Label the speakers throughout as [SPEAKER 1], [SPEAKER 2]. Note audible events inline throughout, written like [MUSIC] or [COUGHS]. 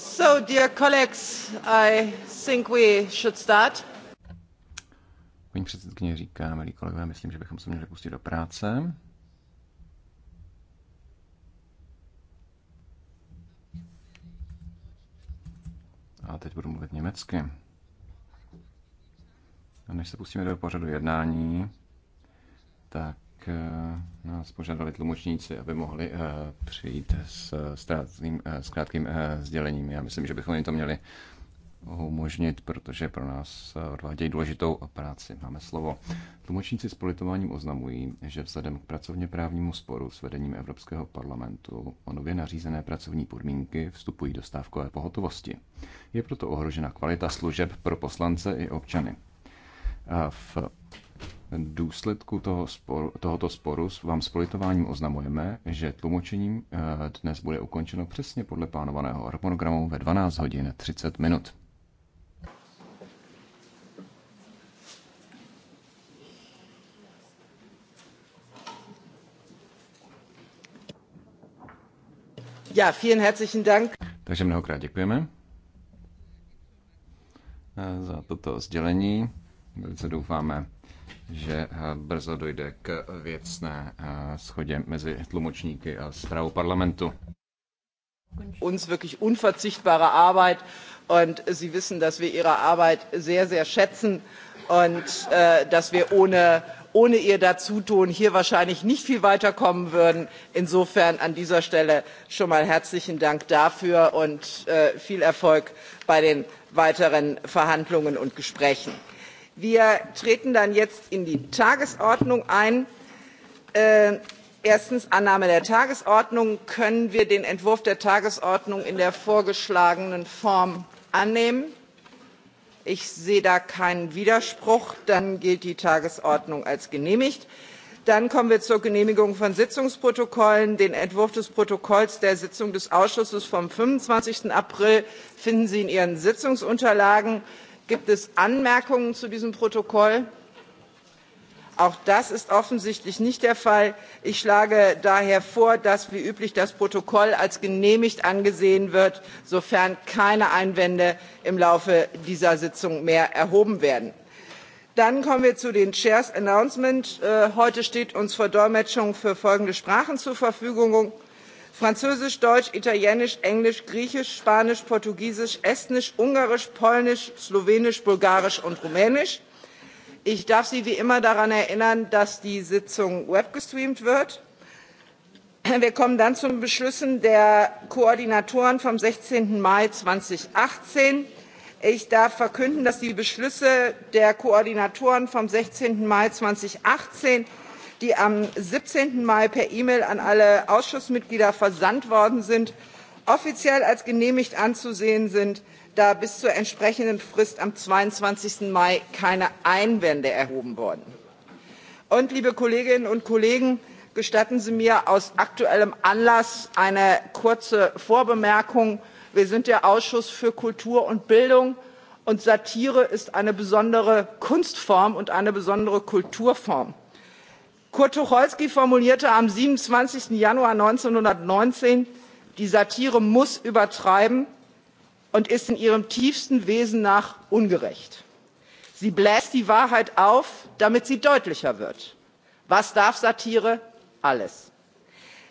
[SPEAKER 1] So, dear colleagues, I think we should start.
[SPEAKER 2] Paní předsedkyně říká, milí kolegové, myslím, že bychom se měli pustit do práce. A teď budu mluvit německy. A než se pustíme do pořadu jednání, tak tak eh, nás požádali tlumočníci, aby mohli eh, přijít s, ztrátkým, s krátkým eh, sdělením. Já myslím, že bychom jim to měli umožnit, protože pro nás odvádějí důležitou práci. Máme slovo. Tlumočníci s politováním oznamují, že vzhledem k pracovně právnímu sporu s vedením Evropského parlamentu o nově nařízené pracovní podmínky vstupují do stávkové pohotovosti. Je proto ohrožena kvalita služeb pro poslance i občany. V důsledku toho sporu, tohoto sporu vám s politováním oznamujeme, že tlumočením eh, dnes bude ukončeno přesně podle plánovaného harmonogramu ve 12 hodin 30 minut.
[SPEAKER 1] Ja, vielen herzlichen Dank.
[SPEAKER 2] Takže mnohokrát děkujeme eh, za toto sdělení. Velice doufáme, že eh, brzo dojde k věcné eh, schodě mezi tlumočníky a strávou parlamentu.
[SPEAKER 1] Uns wirklich unverzichtbare Arbeit und Sie wissen, dass wir Ihre Arbeit sehr, sehr schätzen und äh, dass wir ohne, ohne Ihr Dazutun hier wahrscheinlich nicht viel weiterkommen würden. Insofern an dieser Stelle schon mal herzlichen Dank dafür und äh, viel Erfolg bei den weiteren Verhandlungen und Gesprächen wir treten dann jetzt in die tagesordnung ein. Äh, erstens annahme der tagesordnung können wir den entwurf der tagesordnung in der vorgeschlagenen form annehmen? ich sehe da keinen widerspruch dann gilt die tagesordnung als genehmigt. dann kommen wir zur genehmigung von sitzungsprotokollen. den entwurf des protokolls der sitzung des ausschusses vom. 25. april finden sie in ihren sitzungsunterlagen gibt es anmerkungen zu diesem protokoll? auch das ist offensichtlich nicht der fall. ich schlage daher vor dass wie üblich das protokoll als genehmigt angesehen wird sofern keine einwände im laufe dieser sitzung mehr erhoben werden. dann kommen wir zu den chairs Announcement. Äh, heute steht uns verdolmetschung für folgende sprachen zur verfügung französisch deutsch italienisch englisch griechisch spanisch portugiesisch estnisch ungarisch polnisch slowenisch bulgarisch und rumänisch. ich darf sie wie immer daran erinnern dass die sitzung webgestreamt wird. wir kommen dann zu den beschlüssen der koordinatoren vom. sechzehn mai. zweitausendachtzehn ich darf verkünden dass die beschlüsse der koordinatoren vom. sechzehn mai zweitausendachtzehn die am. siebzehn mai per e mail an alle ausschussmitglieder versandt worden sind offiziell als genehmigt anzusehen sind da bis zur entsprechenden frist am. zweiundzwanzig mai keine einwände erhoben wurden. und liebe kolleginnen und kollegen gestatten sie mir aus aktuellem anlass eine kurze vorbemerkung wir sind der ausschuss für kultur und bildung und satire ist eine besondere kunstform und eine besondere kulturform kurt tucholsky formulierte am. siebenundzwanzig januar eintausendneunhundertneunzehn die satire muss übertreiben und ist in ihrem tiefsten wesen nach ungerecht. sie bläst die wahrheit auf damit sie deutlicher wird. was darf satire? alles!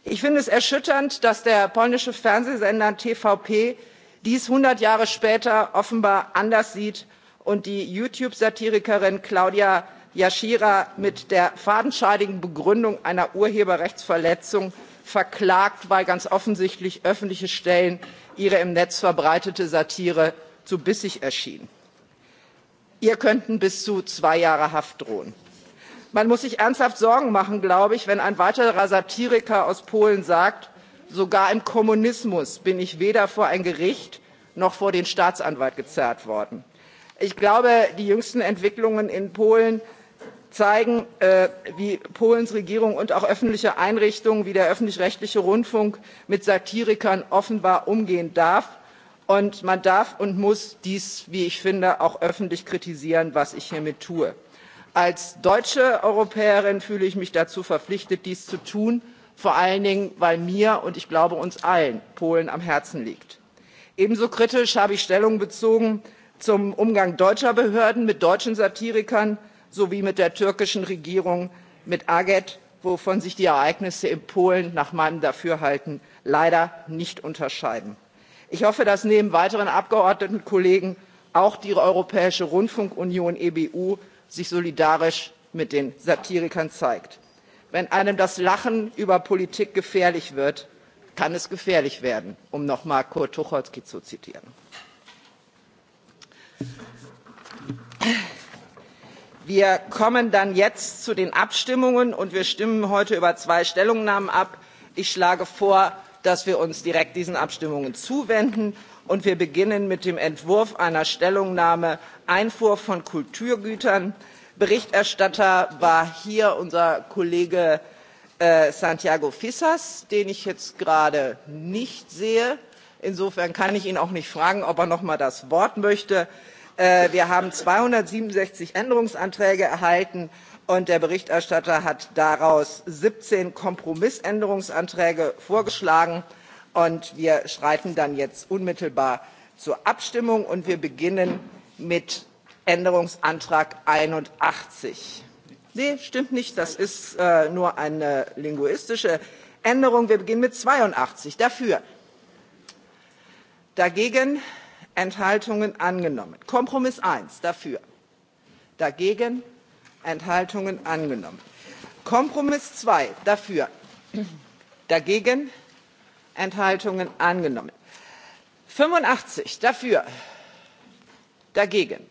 [SPEAKER 1] ich finde es erschütternd dass der polnische fernsehsender tvp dies hundert jahre später offenbar anders sieht und die youtube satirikerin claudia Yashira mit der fadenscheinigen Begründung einer Urheberrechtsverletzung verklagt, weil ganz offensichtlich öffentliche Stellen ihre im Netz verbreitete Satire zu bissig erschien. Ihr könnten bis zu zwei Jahre Haft drohen. Man muss sich ernsthaft Sorgen machen, glaube ich, wenn ein weiterer Satiriker aus Polen sagt, sogar im Kommunismus bin ich weder vor ein Gericht noch vor den Staatsanwalt gezerrt worden. Ich glaube, die jüngsten Entwicklungen in Polen zeigen äh, wie polens regierung und auch öffentliche einrichtungen wie der öffentlich rechtliche rundfunk mit satirikern offenbar umgehen darf und man darf und muss dies wie ich finde auch öffentlich kritisieren was ich hiermit tue. als deutsche europäerin fühle ich mich dazu verpflichtet dies zu tun vor allen dingen weil mir und ich glaube uns allen polen am herzen liegt. ebenso kritisch habe ich stellung bezogen zum umgang deutscher behörden mit deutschen satirikern sowie mit der türkischen regierung mit aged wovon sich die ereignisse in polen nach meinem dafürhalten leider nicht unterscheiden. ich hoffe dass neben weiteren abgeordnetenkollegen auch die europäische rundfunkunion ebu sich solidarisch mit den satirikern zeigt. wenn einem das lachen über politik gefährlich wird kann es gefährlich werden um noch mal kurt tucholsky zu zitieren wir kommen dann jetzt zu den abstimmungen und wir stimmen heute über zwei stellungnahmen ab. ich schlage vor dass wir uns direkt diesen abstimmungen zuwenden und wir beginnen mit dem entwurf einer stellungnahme einfuhr von kulturgütern. berichterstatter war hier unser kollege äh, santiago fisas den ich jetzt gerade nicht sehe. insofern kann ich ihn auch nicht fragen ob er noch mal das wort möchte. Äh, wir haben zweihundertsiebenundsechzig änderungsanträge erhalten und der berichterstatter hat daraus siebzehn kompromissänderungsanträge vorgeschlagen und wir schreiten dann jetzt unmittelbar zur abstimmung und wir beginnen mit änderungsantrag einundachtzig nee stimmt nicht das ist äh, nur eine linguistische änderung wir beginnen mit zweiundachtzig dafür dagegen Enthaltungen angenommen. Kompromiss 1 dafür. Dagegen Enthaltungen angenommen. Kompromiss 2 dafür. Dagegen Enthaltungen angenommen. 85 dafür. Dagegen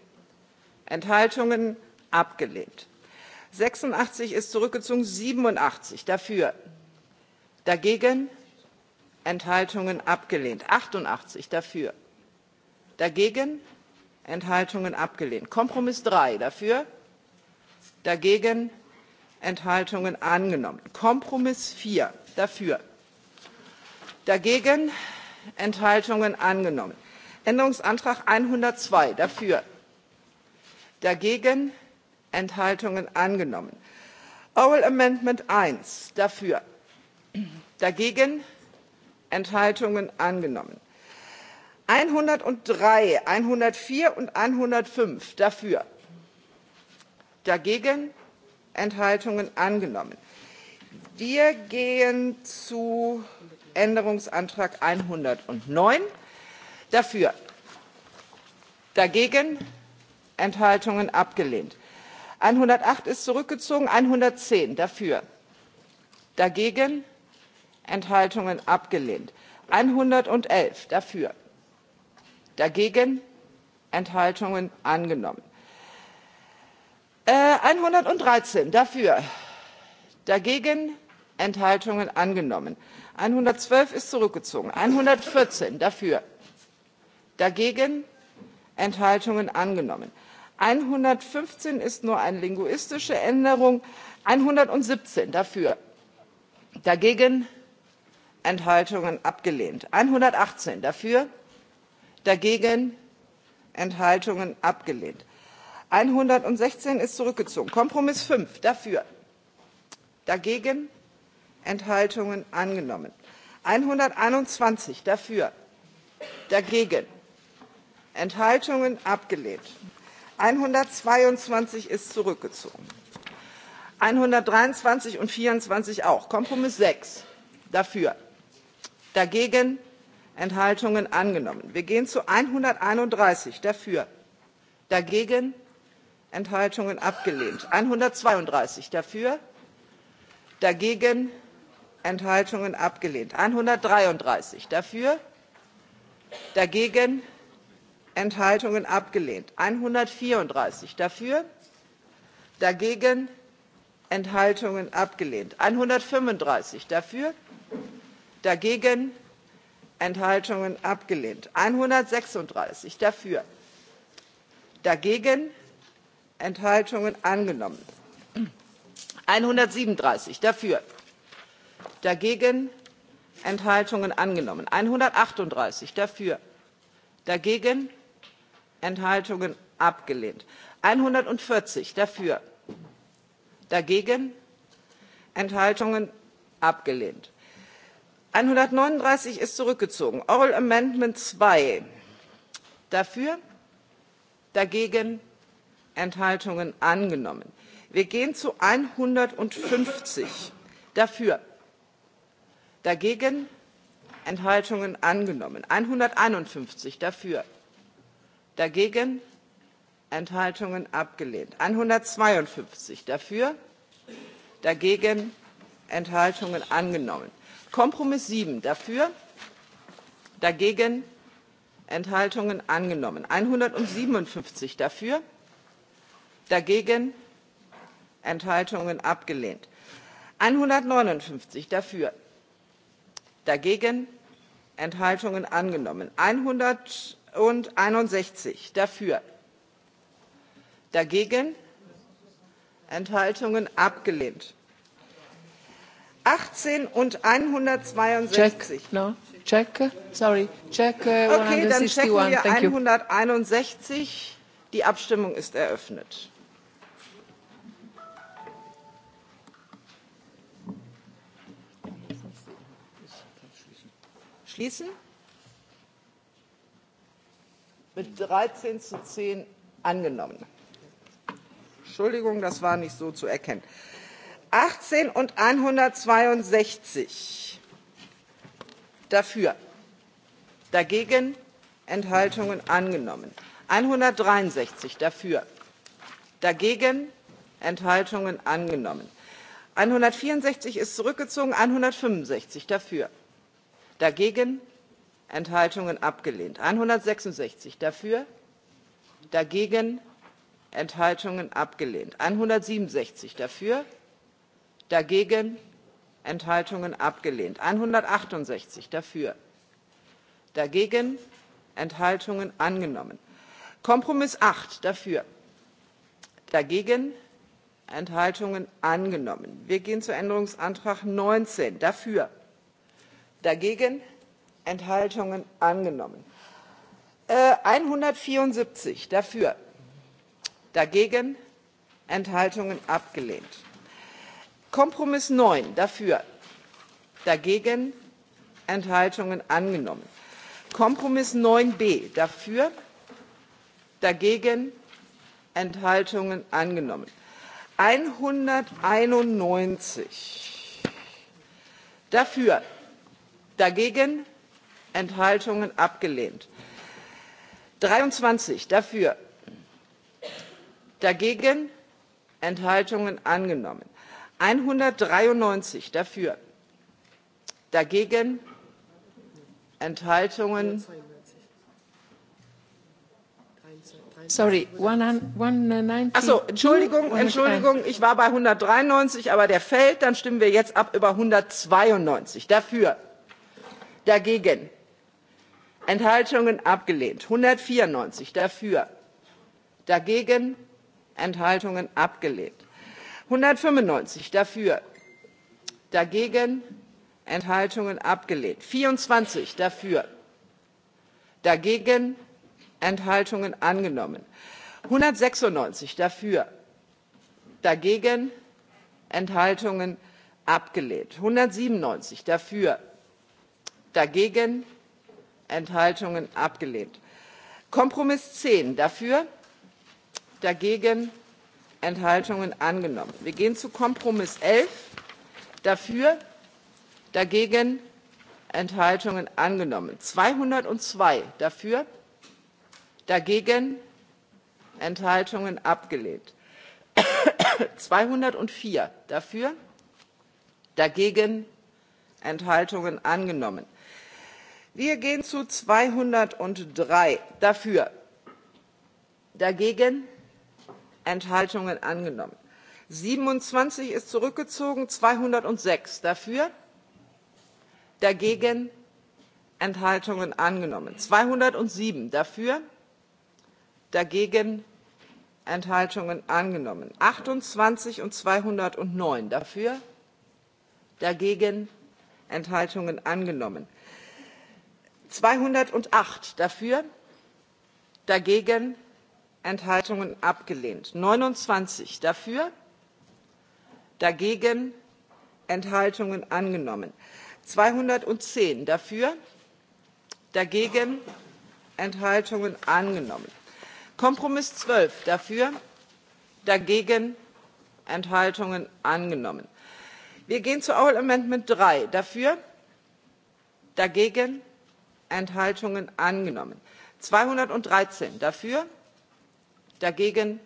[SPEAKER 1] Enthaltungen abgelehnt. 86 ist zurückgezogen, 87 dafür. Dagegen Enthaltungen abgelehnt. 88 dafür dagegen enthaltungen abgelehnt; kompromiss drei dafür dagegen enthaltungen angenommen; kompromiss vier dafür dagegen enthaltungen angenommen; änderungsantrag einhundertzwei dafür dagegen enthaltungen angenommen; oral amendment eins dafür dagegen enthaltungen angenommen; einhundertdrei einhundertvier und einhundertfünf dafür dagegen enthaltungen angenommen. wir gehen zu änderungsantrag einhundertneun dafür dagegen enthaltungen abgelehnt; einhundertacht ist zurückgezogen einhundertzehn dafür dagegen enthaltungen abgelehnt; einhundertelf dafür dagegen enthaltungen angenommen; äh, einhundertdreizehn dafür dagegen enthaltungen angenommen; einhundertzwölf ist zurückgezogen; einhundertvierzehn dafür dagegen enthaltungen angenommen; einhundertfünfzehn ist nur eine linguistische änderung; einhundertsiebzehn dafür dagegen enthaltungen abgelehnt; einhundertachtzehn dafür dagegen enthaltungen abgelehnt; einhundertsechzehn ist zurückgezogen; kompromiss fünf dafür dagegen enthaltungen angenommen; einhunderteinundzwanzig dafür dagegen enthaltungen abgelehnt; einhundertzweiundzwanzig ist zurückgezogen; einhundertdreiundzwanzig und vierundzwanzig auch; kompromiss sechs dafür dagegen enthaltungen angenommen. wir gehen zu einhunderteinunddreißig dafür dagegen enthaltungen abgelehnt; einhundertzweiunddreißig dafür dagegen enthaltungen abgelehnt; einhundertdreiunddreißig dafür dagegen enthaltungen abgelehnt; einhundertvierunddreißig dafür dagegen enthaltungen abgelehnt; einhundertfünfunddreißig dafür dagegen enthaltungen abgelehnt; einhundertsechsunddreißig dafür dagegen enthaltungen angenommen; einhundertsiebenunddreißig dafür dagegen enthaltungen angenommen; einhundertachtunddreißig dafür dagegen enthaltungen abgelehnt; einhundertvierzig dafür dagegen enthaltungen abgelehnt; einhundertneununddreißig ist zurückgezogen oral amendment zwei dafür dagegen enthaltungen angenommen. wir gehen zu einhundertfünfzig dafür dagegen enthaltungen angenommen einhunderteinundfünfzig dafür dagegen enthaltungen abgelehnt einhundertzweiundfünfzig dafür dagegen enthaltungen angenommen kompromiss sieben dafür dagegen enthaltungen angenommen; einhundertsiebenundfünfzig dafür dagegen enthaltungen abgelehnt; einhundertneunundfünfzig dafür dagegen enthaltungen angenommen; einhunderteinundsechzig dafür dagegen enthaltungen abgelehnt; achtzehn und einhundertzweiundsechzig
[SPEAKER 3] no? check sorry check uh, okay dann checken
[SPEAKER 1] wir 161. die abstimmung ist eröffnet schließen mit 13 zu 10 angenommen entschuldigung das war nicht so zu erkennen achtzehn und einhundertzweiundsechzig dafür dagegen enthaltungen angenommen; einhundertdreiundsechzig dafür dagegen enthaltungen angenommen; einhundertvierundsechzig ist zurückgezogen einhundertfünfundsechzig dafür dagegen enthaltungen abgelehnt; einhundertsechsundsechzig dafür dagegen enthaltungen abgelehnt; einhundertsiebenundsechzig dafür dagegen enthaltungen abgelehnt einhundertachtundsechzig dafür dagegen enthaltungen angenommen kompromiss acht dafür dagegen enthaltungen angenommen. wir gehen zu änderungsantrag neunzehn dafür dagegen enthaltungen angenommen äh, einhundertvierundsiebzig dafür dagegen enthaltungen abgelehnt kompromiss neun dafür dagegen enthaltungen angenommen; kompromiss neun b dafür dagegen enthaltungen angenommen; einhunderteinundneunzig dafür dagegen enthaltungen abgelehnt; dreiundzwanzig dafür dagegen enthaltungen angenommen; einhundertdreiundneunzig dafür dagegen enthaltungen
[SPEAKER 4] sorry
[SPEAKER 3] achso entschuldigung entschuldigung
[SPEAKER 1] ich war bei einhundertdreiundneunzig aber der fällt dann stimmen wir jetzt ab über einhundertzweiundneunzig dafür dagegen enthaltungen abgelehnt einhundertvierundneunzig dafür dagegen enthaltungen abgelehnt einhundertfünfundneunzig dafür dagegen enthaltungen abgelehnt; vierundzwanzig dafür dagegen enthaltungen angenommen; einhundertsechsundneunzig dafür dagegen enthaltungen abgelehnt; einhundertsiebenundneunzig dafür dagegen enthaltungen abgelehnt; kompromiss zehn dafür dagegen Enthaltungen angenommen. Wir gehen zu Kompromiss 11. Dafür, dagegen, Enthaltungen angenommen. 202 dafür, dagegen, Enthaltungen abgelehnt. 204 [COUGHS] dafür, dagegen, Enthaltungen angenommen. Wir gehen zu 203 dafür, dagegen, enthaltungen angenommen; siebenundzwanzig ist zurückgezogen zweihundertsechs dafür dagegen enthaltungen angenommen; zweihundertsieben dafür dagegen enthaltungen angenommen; achtundzwanzig und zweihundertneun dafür dagegen enthaltungen angenommen; zweihundertacht dafür dagegen Enthaltungen abgelehnt. 29 dafür, dagegen Enthaltungen angenommen. 210 dafür, dagegen Enthaltungen angenommen. Kompromiss 12 dafür, dagegen Enthaltungen angenommen. Wir gehen zu änderungsantrag Amendment 3 dafür, dagegen Enthaltungen angenommen. 213 dafür, dagegen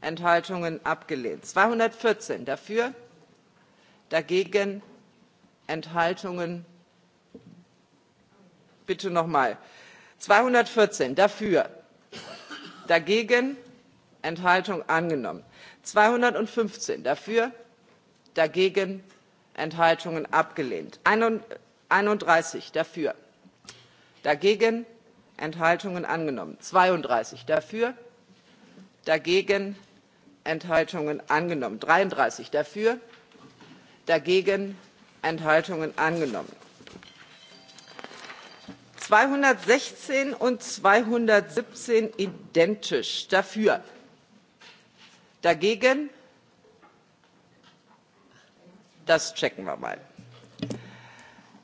[SPEAKER 1] enthaltungen abgelehnt; zweihundertvierzehn dafür dagegen enthaltungen bitte noch mal zweihundertvierzehn dafür dagegen enthaltung angenommen; zweihundertfünfzehn dafür dagegen enthaltungen abgelehnt; einunddreißig dafür dagegen enthaltungen angenommen; zweiunddreißig dafür dagegen enthaltungen angenommen; dreiunddreißig dafür dagegen enthaltungen angenommen; zweihundertsechzehn und zweihundertsiebzehn identisch dafür dagegen das checken wir mal.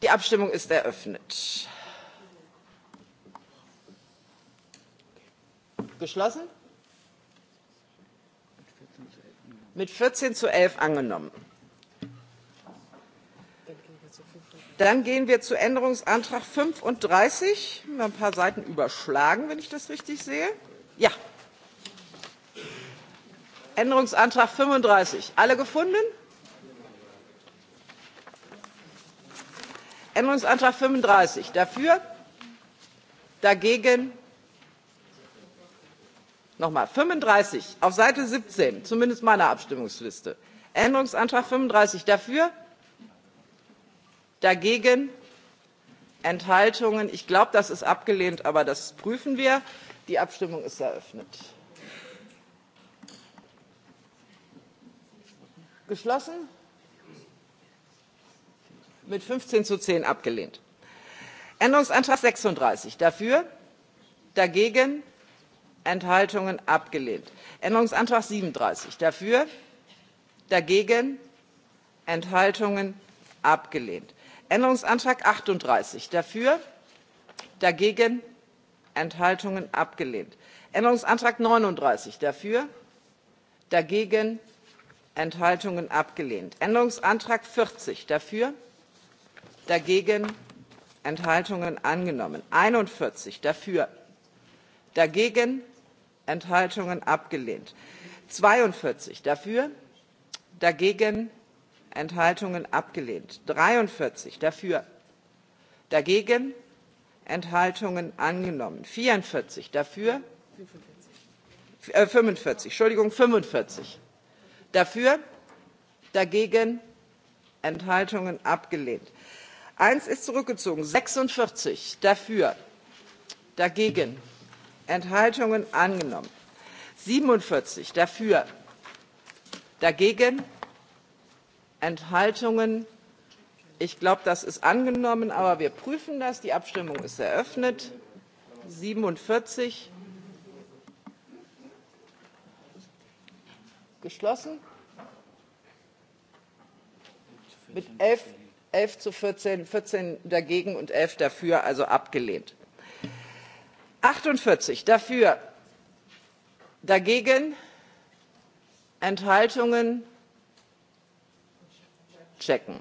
[SPEAKER 1] die abstimmung ist eröffnet. geschlossen? mit 14 zu 11 angenommen. Dann gehen wir zu Änderungsantrag 35. Wir haben ein paar Seiten überschlagen, wenn ich das richtig sehe. Ja. Änderungsantrag 35. Alle gefunden? Änderungsantrag 35. Dafür? Dagegen? nochmal fünfunddreißig auf seite siebzehn zumindest meiner abstimmungsliste änderungsantrag fünfunddreißig dafür dagegen enthaltungen ich glaube das ist abgelehnt aber das prüfen wir. die abstimmung ist eröffnet. geschlossen mit fünfzehn zu zehn abgelehnt. änderungsantrag sechsunddreißig dafür dagegen enthaltungen abgelehnt; änderungsantrag siebenunddreißig dafür dagegen enthaltungen abgelehnt; änderungsantrag achtunddreißig dafür dagegen enthaltungen abgelehnt; änderungsantrag neununddreißig dafür dagegen enthaltungen abgelehnt; änderungsantrag vierzig dafür dagegen enthaltungen angenommen; einundvierzig dafür dagegen enthaltungen abgelehnt; zweiundvierzig dafür dagegen enthaltungen abgelehnt; dreiundvierzig dafür dagegen enthaltungen angenommen; vierundvierzig dafür äh, fünfundvierzig entschuldigung fünfundvierzig dafür dagegen enthaltungen abgelehnt; eins ist zurückgezogen sechsundvierzig dafür dagegen enthaltungen angenommen siebenundvierzig dafür dagegen enthaltungen ich glaube das ist angenommen aber wir prüfen das die abstimmung ist eröffnet siebenundvierzig geschlossen mit elf, zu vierzehn vierzehn dagegen und elf dafür also abgelehnt achtundvierzig dafür dagegen enthaltungen checken.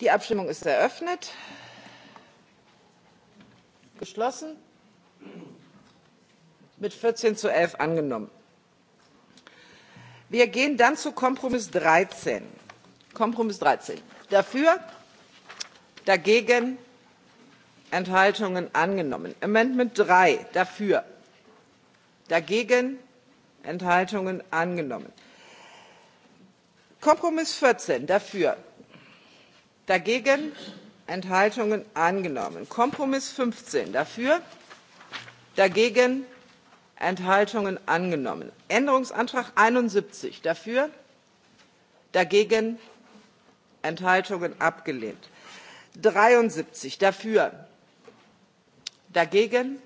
[SPEAKER 1] die abstimmung ist eröffnet geschlossen mit vierzehn zu elf angenommen. wir gehen dann zu kompromiss dreizehn kompromiss dreizehn dafür dagegen enthaltungen angenommen; änderungsantrag drei dafür dagegen enthaltungen angenommen; kompromiss vierzehn dafür dagegen enthaltungen angenommen; kompromiss fünfzehn dafür dagegen enthaltungen angenommen; änderungsantrag einundsiebzig dafür dagegen enthaltungen abgelehnt; dreiundsiebzig dafür dagegen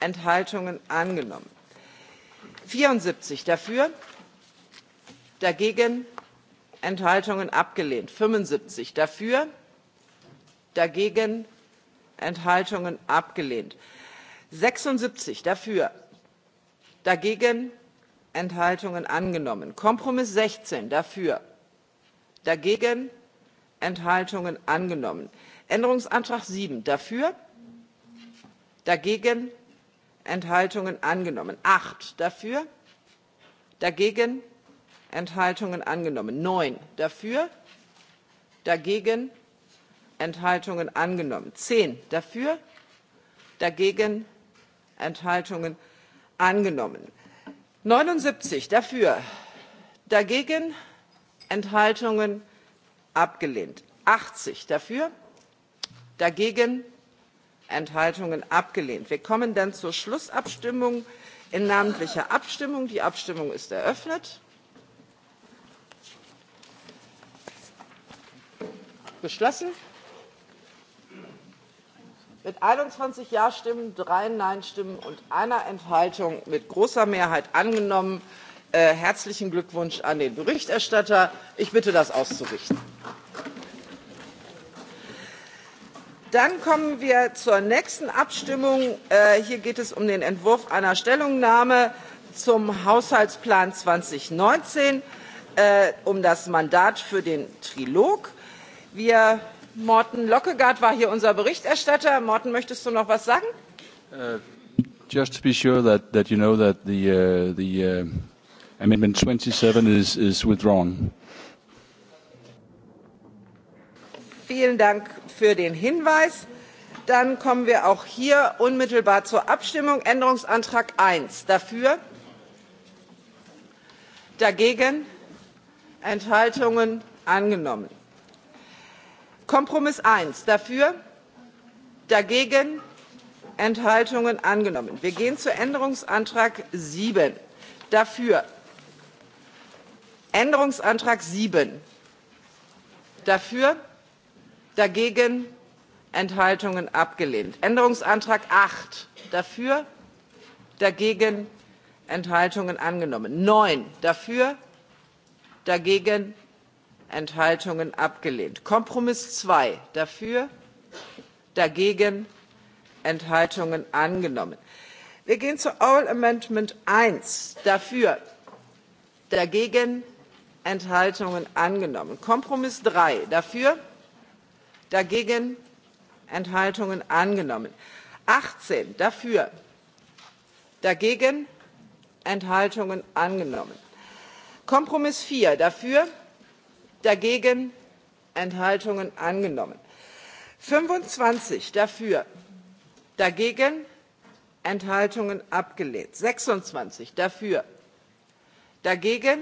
[SPEAKER 1] enthaltungen angenommen; vierundsiebzig dafür dagegen enthaltungen abgelehnt; fünfundsiebzig dafür dagegen enthaltungen abgelehnt; sechsundsiebzig dafür dagegen enthaltungen angenommen; kompromiss sechzehn dafür dagegen enthaltungen angenommen; änderungsantrag sieben dafür dagegen enthaltungen angenommen acht dafür dagegen enthaltungen angenommen neun dafür dagegen enthaltungen angenommen zehn dafür dagegen enthaltungen angenommen neunundsiebzig dafür dagegen enthaltungen abgelehnt achtzig dafür dagegen enthaltungen abgelehnt. wir kommen dann zur schlussabstimmung in namentlicher abstimmung. die abstimmung ist eröffnet. geschlossen. mit einundzwanzig ja stimmen drei nein stimmen und einer enthaltung mit großer mehrheit angenommen. Äh, herzlichen glückwunsch an den berichterstatter. ich bitte das auszurichten. dann kommen wir zur nächsten abstimmung äh, hier geht es um den entwurf einer stellungnahme zum haushaltsplan 2019, äh, um das mandat für den trilog. wir morten lockegaard war hier unser berichterstatter. morten möchtest du noch etwas sagen?
[SPEAKER 5] Uh, just to be sure that, that you know that the, uh, the uh, amendment 27 is, is withdrawn.
[SPEAKER 1] Vielen Dank für den Hinweis. Dann kommen wir auch hier unmittelbar zur Abstimmung. Änderungsantrag 1. Dafür? Dagegen? Enthaltungen? Angenommen. Kompromiss 1. Dafür? Dagegen? Enthaltungen? Angenommen. Wir gehen zu Änderungsantrag 7. Dafür? Änderungsantrag 7. Dafür? dagegen enthaltungen abgelehnt; änderungsantrag acht dafür dagegen enthaltungen angenommen; neun dafür dagegen enthaltungen abgelehnt; kompromiss zwei dafür dagegen enthaltungen angenommen. wir gehen zu änderungsantrag eins dafür dagegen enthaltungen angenommen; kompromiss drei dafür dagegen enthaltungen angenommen achtzehn dafür dagegen enthaltungen angenommen kompromiss vier dafür dagegen enthaltungen angenommen fünfundzwanzig dafür dagegen enthaltungen abgelehnt sechsundzwanzig dafür dagegen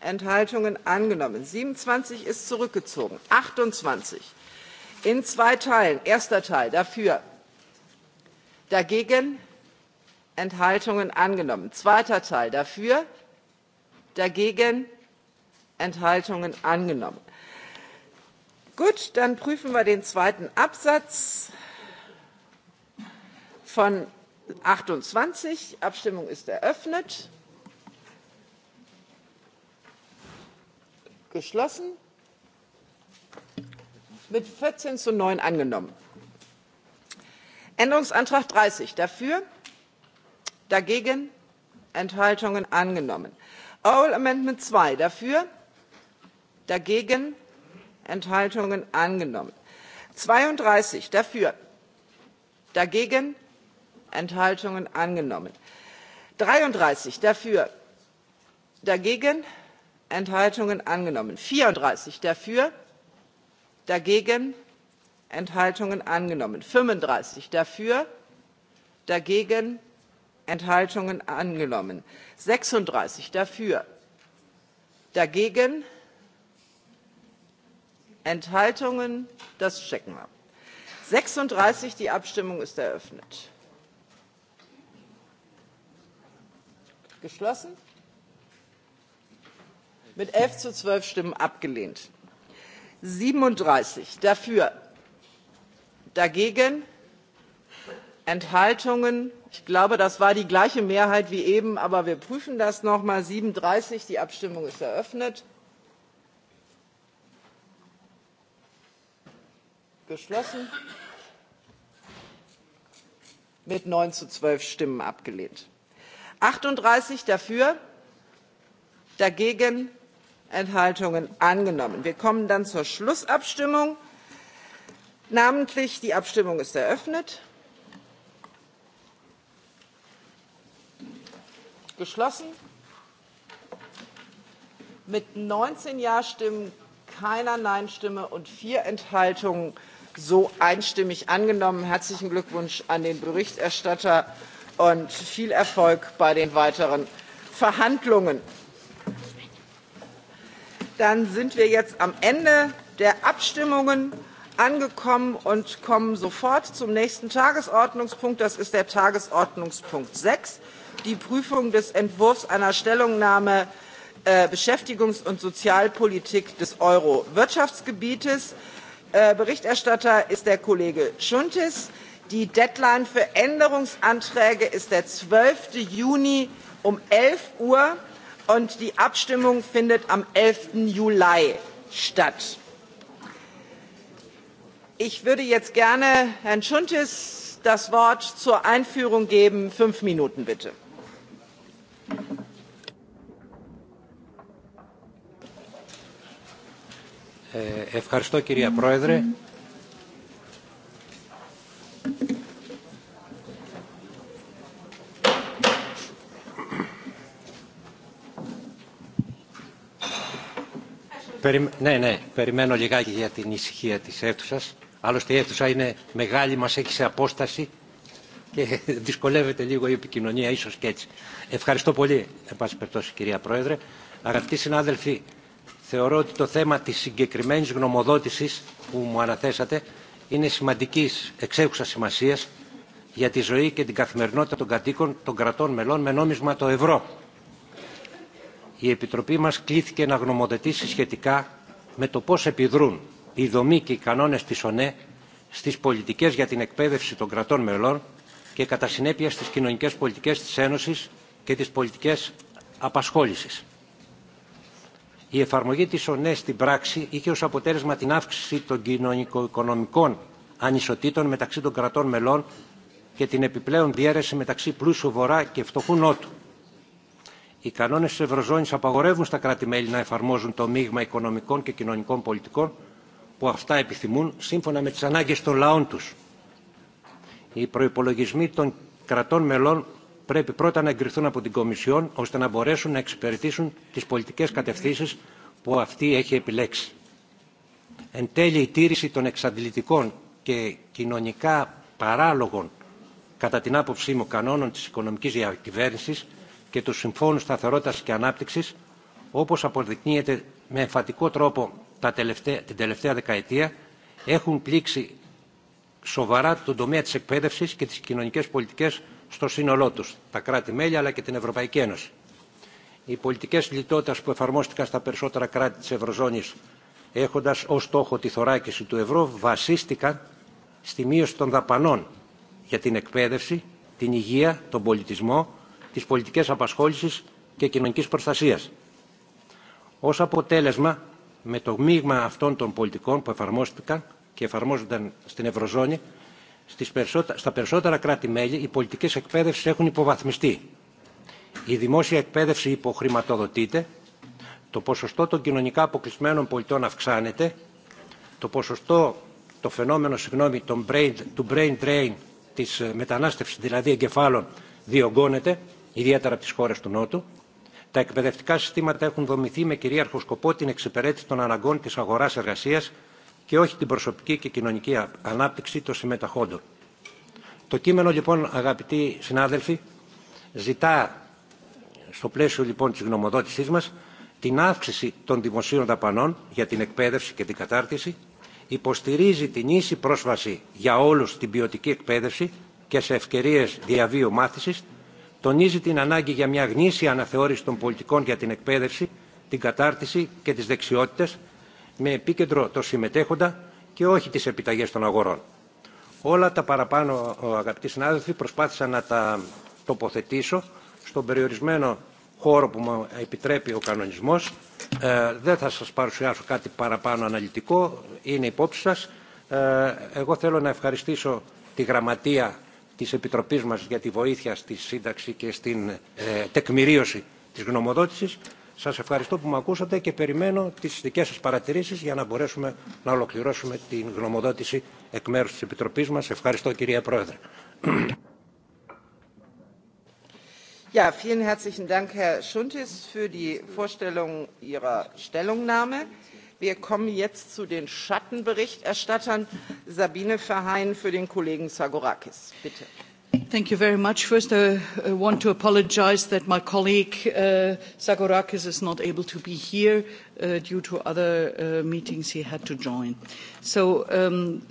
[SPEAKER 1] enthaltungen angenommen siebenundzwanzig ist zurückgezogen achtundzwanzig in zwei Teilen. Erster Teil dafür, dagegen, Enthaltungen angenommen. Zweiter Teil dafür, dagegen, Enthaltungen angenommen. Gut, dann prüfen wir den zweiten Absatz von 28. Abstimmung ist eröffnet. Geschlossen mit 14 zu 9 angenommen. Änderungsantrag 30 dafür, dagegen, Enthaltungen angenommen. Oral Amendment 2 dafür, dagegen, Enthaltungen angenommen. 32 dafür, dagegen, Enthaltungen angenommen. 33 dafür, dagegen, Enthaltungen angenommen. 34 dafür, dagegen enthaltungen angenommen; fünfunddreißig dafür dagegen enthaltungen angenommen; sechsunddreißig dafür dagegen enthaltungen das checken wir. sechsunddreißig die abstimmung ist eröffnet. geschlossen mit elf zu zwölf stimmen abgelehnt siebenunddreißig dafür dagegen enthaltungen ich glaube das war die gleiche mehrheit wie eben aber wir prüfen das noch mal siebenunddreißig die abstimmung ist eröffnet geschlossen mit neun zu zwölf stimmen abgelehnt achtunddreißig dafür dagegen enthaltungen angenommen. wir kommen dann zur schlussabstimmung. namentlich die abstimmung ist eröffnet. geschlossen. mit neunzehn ja stimmen keiner nein stimme und vier enthaltungen so einstimmig angenommen. herzlichen glückwunsch an den berichterstatter und viel erfolg bei den weiteren verhandlungen dann sind wir jetzt am Ende der Abstimmungen angekommen und kommen sofort zum nächsten Tagesordnungspunkt. Das ist der Tagesordnungspunkt 6, die Prüfung des Entwurfs einer Stellungnahme äh, Beschäftigungs- und Sozialpolitik des Euro-Wirtschaftsgebietes. Äh, Berichterstatter ist der Kollege Schuntis. Die Deadline für Änderungsanträge ist der 12. Juni um 11 Uhr und die abstimmung findet am. elf juli statt. ich würde jetzt gerne herrn chountis das wort zur einführung geben fünf minuten bitte.
[SPEAKER 6] Ευχαριστώ κυρία Πρόεδρε. Mm -hmm. Περι... Ναι, ναι, περιμένω λιγάκι για την ησυχία της αίθουσας. Άλλωστε η αίθουσα είναι μεγάλη, μας έχει σε απόσταση και δυσκολεύεται λίγο η επικοινωνία, ίσως και έτσι. Ευχαριστώ πολύ, εν πάση περιπτώσει, κυρία Πρόεδρε. Αγαπητοί συνάδελφοι, θεωρώ ότι το θέμα της συγκεκριμένης γνωμοδότησης που μου αναθέσατε είναι σημαντικής εξέχουσα σημασίας για τη ζωή και την καθημερινότητα των κατοίκων των κρατών μελών με νόμισμα το ευρώ η Επιτροπή μας κλήθηκε να γνωμοδετήσει σχετικά με το πώς επιδρούν η δομή και οι κανόνες της ΟΝΕ στις πολιτικές για την εκπαίδευση των κρατών μελών και κατά συνέπεια στις κοινωνικές πολιτικές της Ένωσης και τις πολιτικές απασχόλησης. Η εφαρμογή της ΟΝΕ στην πράξη είχε ως αποτέλεσμα την αύξηση των κοινωνικο-οικονομικών ανισοτήτων μεταξύ των κρατών μελών και την επιπλέον διαίρεση μεταξύ πλούσιου βορρά και φτωχού νότου. Οι κανόνες της Ευρωζώνης απαγορεύουν στα κράτη-μέλη να εφαρμόζουν το μείγμα οικονομικών και κοινωνικών πολιτικών που αυτά επιθυμούν σύμφωνα με τις ανάγκες των λαών τους. Οι προϋπολογισμοί των κρατών μελών πρέπει πρώτα να εγκριθούν από την Κομισιόν ώστε να μπορέσουν να εξυπηρετήσουν τις πολιτικές κατευθύνσεις που αυτή έχει επιλέξει. Εν τέλει, η τήρηση των εξαντλητικών και κοινωνικά παράλογων, κατά την άποψή μου, κανόνων της οικονομικής διακυβέρνησης και του Συμφώνου Σταθερότητας και Ανάπτυξης, όπως αποδεικνύεται με εμφατικό τρόπο τα τελευταία, την τελευταία δεκαετία, έχουν πλήξει σοβαρά τον τομέα της εκπαίδευσης και τις κοινωνικές πολιτικές στο σύνολό τους, τα κράτη-μέλη αλλά και την Ευρωπαϊκή Ένωση. Οι πολιτικές λιτότητας που εφαρμόστηκαν στα περισσότερα κράτη της Ευρωζώνης έχοντας ως στόχο τη θωράκιση του ευρώ βασίστηκαν στη μείωση των δαπανών για την εκπαίδευση, την υγεία, τον πολιτισμό, της πολιτικής απασχόλησης και κοινωνικής προστασίας. Ως αποτέλεσμα, με το μείγμα αυτών των πολιτικών που εφαρμόστηκαν και εφαρμόζονταν στην Ευρωζώνη, στις περισσότερα, στα περισσότερα κράτη-μέλη οι πολιτικές εκπαίδευσης έχουν υποβαθμιστεί. Η δημόσια εκπαίδευση υποχρηματοδοτείται, το ποσοστό των κοινωνικά αποκλεισμένων πολιτών αυξάνεται, το ποσοστό, το φαινόμενο, συγγνώμη, brain, του brain drain της μετανάστευσης, δηλαδή εγκεφάλων, διωγγώνεται ιδιαίτερα από τις χώρες του Νότου. Τα εκπαιδευτικά συστήματα έχουν δομηθεί με κυρίαρχο σκοπό την εξυπηρέτηση των αναγκών της αγοράς εργασίας και όχι την προσωπική και κοινωνική ανάπτυξη των συμμεταχόντων. Το κείμενο λοιπόν αγαπητοί συνάδελφοι ζητά στο πλαίσιο λοιπόν της γνωμοδότησής μας την αύξηση των δημοσίων δαπανών για την εκπαίδευση και την κατάρτιση, υποστηρίζει την ίση πρόσβαση για όλους στην ποιοτική εκπαίδευση και σε ευκαιρίες διαβίου μάθησης τονίζει την ανάγκη για μια γνήσια αναθεώρηση των πολιτικών για την εκπαίδευση, την κατάρτιση και τις δεξιότητες με επίκεντρο το συμμετέχοντα και όχι τις επιταγές των αγορών. Όλα τα παραπάνω, αγαπητοί συνάδελφοι, προσπάθησα να τα τοποθετήσω στον περιορισμένο χώρο που μου επιτρέπει ο κανονισμός. Ε, δεν θα σας παρουσιάσω κάτι παραπάνω αναλυτικό, είναι υπόψη σας. Ε, εγώ θέλω να ευχαριστήσω τη γραμματεία της Επιτροπής μας για τη βοήθεια στη σύνταξη και στην ε, τεκμηρίωση της γνωμοδότησης. Σας ευχαριστώ που με ακούσατε και περιμένω τις δικές σας παρατηρήσεις για να μπορέσουμε να ολοκληρώσουμε την γνωμοδότηση εκ μέρους της Επιτροπής μας. Ευχαριστώ κυρία Πρόεδρε.
[SPEAKER 1] Ja, vielen herzlichen Dank, Herr Schuntis, für die Vorstellung Ihrer Stellungnahme wir kommen jetzt zu den schattenberichterstattern sabine verheyen für den kollegen sagorakis bitte.
[SPEAKER 7] Thank you very much. First, I want to apologize that my colleague uh, Sagorakis is not able to be here uh, due to other uh, meetings he had to join. So um,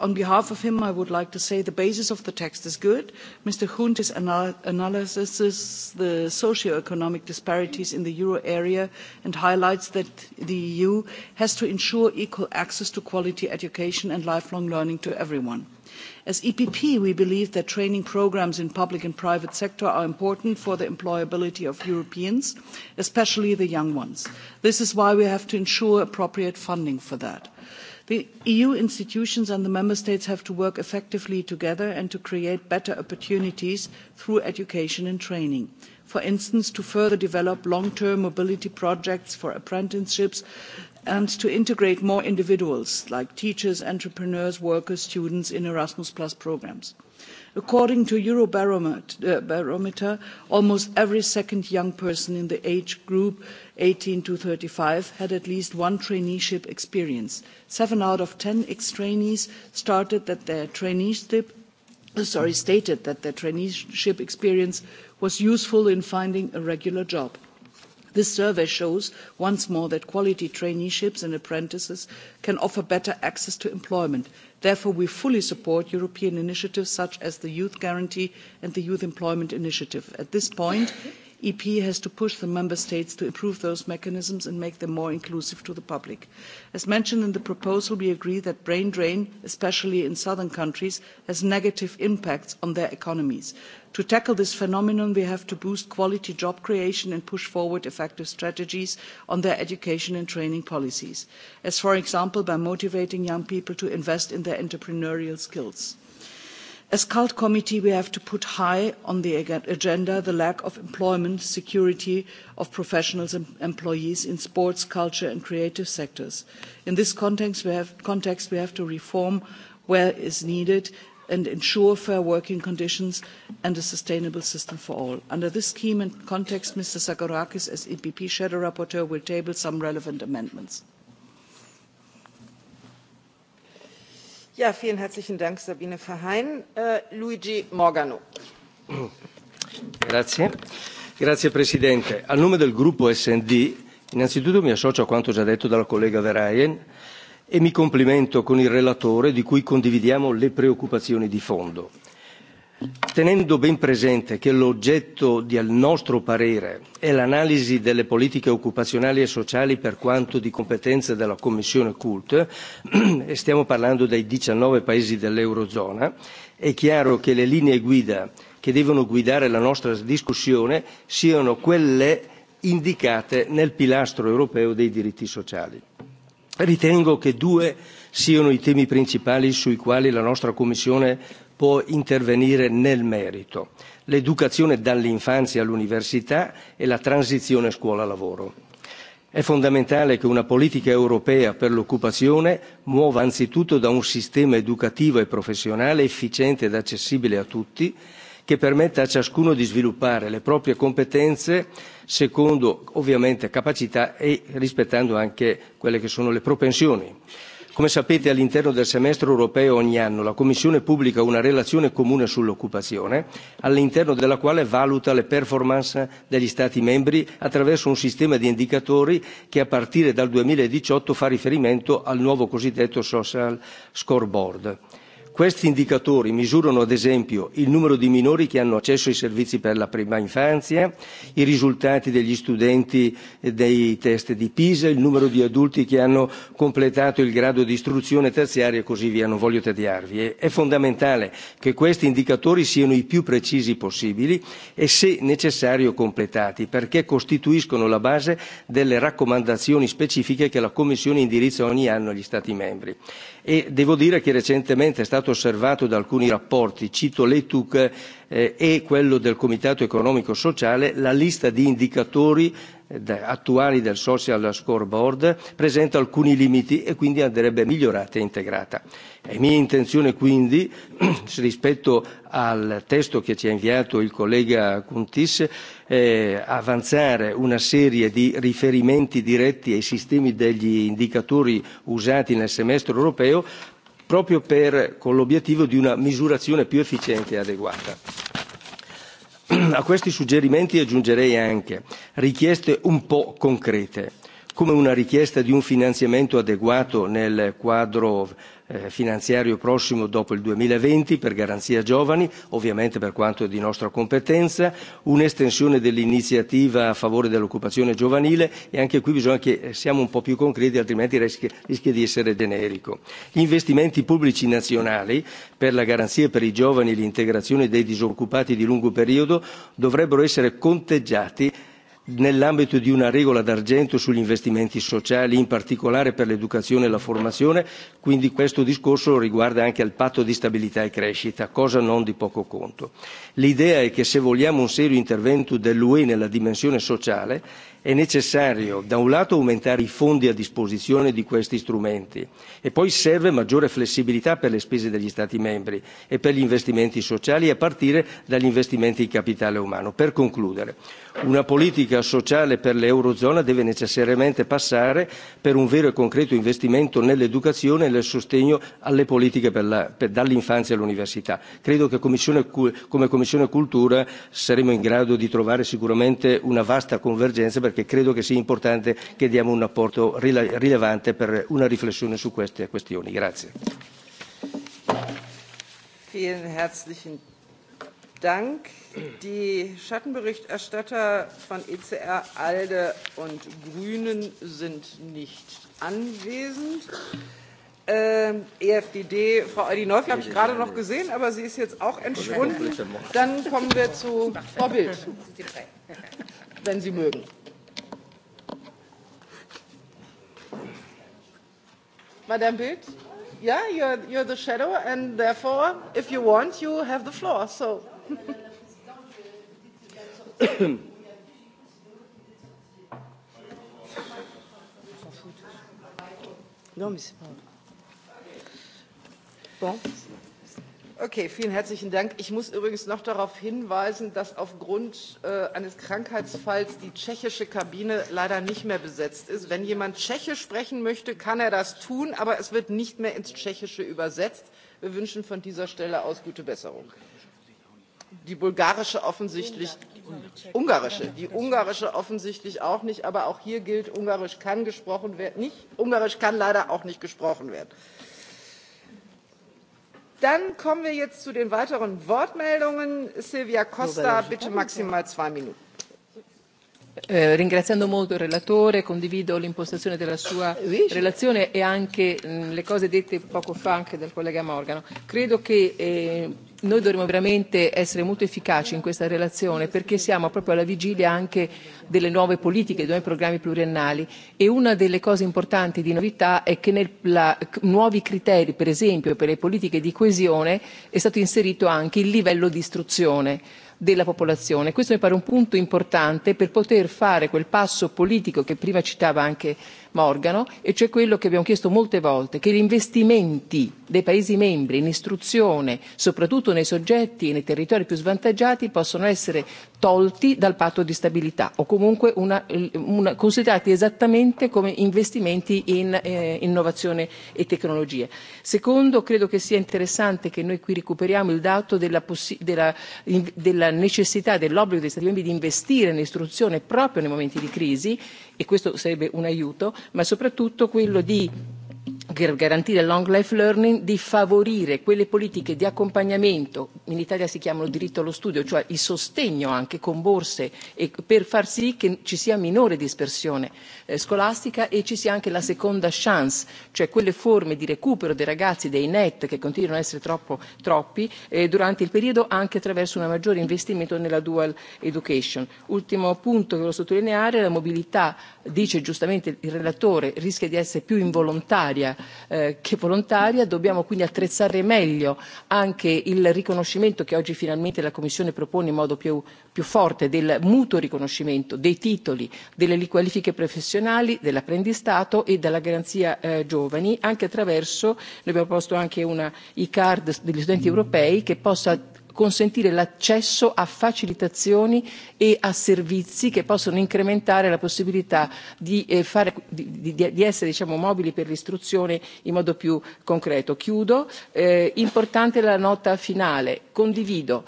[SPEAKER 7] on behalf of him i would like to say the basis of the text is good mr huntis analysis analyses the socio economic disparities in the euro area and highlights that the eu has to ensure equal access to quality education and lifelong learning to everyone. as epp we believe that training programmes in public and private sector are important for the employability of europeans especially the young ones. this is why we have to ensure appropriate funding for that. The EU institutions and the Member States have to work effectively together and to create better opportunities through education and training. For instance, to further develop long-term mobility projects for apprenticeships and to integrate more individuals like teachers, entrepreneurs, workers, students in Erasmus programmes According to Eurobarometer, uh, almost every second young person in the age group 18 to 35 had at least one traineeship experience. Seven out of ten ex-trainees started that their traineeship uh, sorry, stated that their traineeship experience was useful in finding a regular job. This survey shows once more that quality traineeships and apprentices can offer better access to employment. Therefore, we fully support European initiatives such as the Youth Guarantee and the Youth Employment Initiative. At this point, ep has to push the member states to improve those mechanisms and make them more inclusive to the public. as mentioned in the proposal we agree that brain drain especially in southern countries has negative impacts on their economies. to tackle this phenomenon we have to boost quality job creation and push forward effective strategies on their education and training policies as for example by motivating young people to invest in their entrepreneurial skills. As CULT committee, we have to put high on the agenda the lack of employment security of professionals and employees in sports, culture and creative sectors. In this context we, have, to reform where is needed and ensure fair working conditions and a sustainable system for all. Under this scheme and context, Mr. Sakorakis, as EPP Shadow Rapporteur, will table some relevant amendments.
[SPEAKER 1] Ja, vielen herzlichen Dank, Sabine Verheyen. Äh, Luigi Morgano.
[SPEAKER 8] Grazie. Grazie Presidente. A nome del gruppo SD innanzitutto mi associo a quanto già detto dalla collega verheyen e mi complimento con il relatore di cui condividiamo le preoccupazioni di fondo Tenendo ben presente che l'oggetto del nostro parere è l'analisi delle politiche occupazionali e sociali per quanto di competenza della Commissione CULT, e stiamo parlando dei 19 paesi dell'Eurozona, è chiaro che le linee guida che devono guidare la nostra discussione siano quelle indicate nel pilastro europeo dei diritti sociali. Ritengo che due siano i temi principali sui quali la nostra Commissione può intervenire nel merito. L'educazione dall'infanzia all'università e la transizione scuola-lavoro. È fondamentale che una politica europea per l'occupazione muova anzitutto da un sistema educativo e professionale efficiente ed accessibile a tutti, che permetta a ciascuno di sviluppare le proprie competenze secondo ovviamente capacità e rispettando anche quelle che sono le propensioni Come sapete all'interno del semestre europeo ogni anno la Commissione pubblica una relazione comune sull'occupazione, all'interno della quale valuta le performance degli Stati membri attraverso un sistema di indicatori che a partire dal 2018 fa riferimento al nuovo cosiddetto social scoreboard. Questi indicatori misurano ad esempio il numero di minori che hanno accesso ai servizi per la prima infanzia, i risultati degli studenti dei test di Pisa, il numero di adulti che hanno completato il grado di istruzione terziaria e così via, non voglio tediarvi. È fondamentale che questi indicatori siano i più precisi possibili e se necessario completati, perché costituiscono la base delle raccomandazioni specifiche che la Commissione indirizza ogni anno agli Stati membri. E devo dire che recentemente è stato stato osservato da alcuni rapporti, cito l'ETUC eh, e quello del Comitato Economico Sociale, la lista di indicatori eh, attuali del social scoreboard presenta alcuni limiti e quindi andrebbe migliorata e integrata. È mia intenzione quindi, [CLEARS THROAT] rispetto al testo che ci ha inviato il collega Kuntis, eh, avanzare una serie di riferimenti diretti ai sistemi degli indicatori usati nel semestre europeo proprio per, con l'obiettivo di una misurazione più efficiente e adeguata. [CLEARS THROAT] A questi suggerimenti aggiungerei anche richieste un po' concrete, come una richiesta di un finanziamento adeguato nel quadro Eh, finanziario prossimo dopo il 2020 per Garanzia Giovani, ovviamente per quanto è di nostra competenza, un'estensione dell'iniziativa a favore dell'occupazione giovanile e anche qui bisogna che eh, siamo un po' più concreti, altrimenti rischia, rischia di essere generico. Investimenti pubblici nazionali per la garanzia per i giovani e l'integrazione dei disoccupati di lungo periodo dovrebbero essere conteggiati nell'ambito di una regola d'argento sugli investimenti sociali, in particolare per l'educazione e la formazione, quindi questo discorso riguarda anche al patto di stabilità e crescita, cosa non di poco conto. L'idea è che se vogliamo un serio intervento dell'UE nella dimensione sociale È necessario, da un lato, aumentare i fondi a disposizione di questi strumenti e poi serve maggiore flessibilità per le spese degli Stati membri e per gli investimenti sociali a partire dagli investimenti in capitale umano. Per concludere, una politica sociale per l'Eurozona deve necessariamente passare per un vero e concreto investimento nell'educazione e nel sostegno alle politiche per la, per, dall'infanzia all'università. Credo che Commissione, come Commissione Cultura saremo in grado di trovare sicuramente una vasta convergenza perché credo che sia importante che diamo un apporto rilevante per una riflessione su queste questioni. Grazie.
[SPEAKER 1] Vielen herzlichen Dank. Die Schattenberichterstatter von ECR, ALDE und Grünen sind nicht anwesend. Ähm, EFDD, Frau Aldi Eudinolf, habe ich gerade noch gesehen, aber sie ist jetzt auch entschwunden. Dann kommen wir zu Frau Bild, wenn Sie mögen. Madame But? Yeah, you're, you're the shadow, and therefore, if you want, you have the floor. So.
[SPEAKER 4] [COUGHS]
[SPEAKER 1] non, mais c'est pas. Bon. Okay, vielen herzlichen Dank. Ich muss übrigens noch darauf hinweisen, dass aufgrund äh, eines Krankheitsfalls die tschechische Kabine leider nicht mehr besetzt ist. Wenn jemand Tschechisch sprechen möchte, kann er das tun, aber es wird nicht mehr ins Tschechische übersetzt. Wir wünschen von dieser Stelle aus gute Besserung. Die bulgarische offensichtlich, ungarische, die ungarische offensichtlich auch nicht, aber auch hier gilt, ungarisch kann gesprochen werden, nicht, ungarisch kann leider auch nicht gesprochen werden. Dann kommen wir jetzt zu den weiteren Wortmeldungen. Silvia Costa, bitte maximal zwei Minuten.
[SPEAKER 3] Eh, ringraziando molto il relatore, condivido l'impostazione della sua eh, relazione e anche mh, mm, le cose dette poco fa anche dal collega Morgano. Credo che eh, noi dovremmo veramente essere molto efficaci in questa relazione perché siamo proprio alla vigilia anche delle nuove politiche, dei nuovi programmi pluriennali e una delle cose importanti di novità è che nei nuovi criteri, per esempio per le politiche di coesione, è stato inserito anche il livello di istruzione della popolazione. Questo mi pare un punto importante per poter fare quel passo politico che prima citava anche Morgano, e cioè quello che abbiamo chiesto molte volte, che gli investimenti dei Paesi membri in istruzione, soprattutto nei soggetti e nei territori più svantaggiati, possono essere tolti dal patto di stabilità o comunque una, una, considerati esattamente come investimenti in eh, innovazione e tecnologie. Secondo, credo che sia interessante che noi qui recuperiamo il dato della, della, in, della necessità dell'obbligo degli Stati membri di investire in istruzione proprio nei momenti di crisi e questo sarebbe un aiuto, ma soprattutto quello di per garantire il long life learning di favorire quelle politiche di accompagnamento in Italia si chiamano diritto allo studio, cioè il sostegno anche con borse e per far sì che ci sia minore dispersione Eh, scolastica e ci sia anche la seconda chance, cioè quelle forme di recupero dei ragazzi dei net che continuano ad essere troppo, troppi eh, durante il periodo anche attraverso un maggiore investimento nella dual education. Ultimo punto che voglio sottolineare, la mobilità, dice giustamente il relatore, rischia di essere più involontaria eh, che volontaria, dobbiamo quindi attrezzare meglio anche il riconoscimento che oggi finalmente la Commissione propone in modo più, più forte del mutuo riconoscimento dei titoli, delle qualifiche professionali professionali, dell'apprendistato e della garanzia eh, giovani, anche attraverso, noi abbiamo proposto anche una e-card degli studenti mm. europei che possa consentire l'accesso a facilitazioni e a servizi che possono incrementare la possibilità di, eh, fare, di, di, di essere diciamo, mobili per l'istruzione in modo più concreto. Chiudo. Eh, importante la nota finale. Condivido.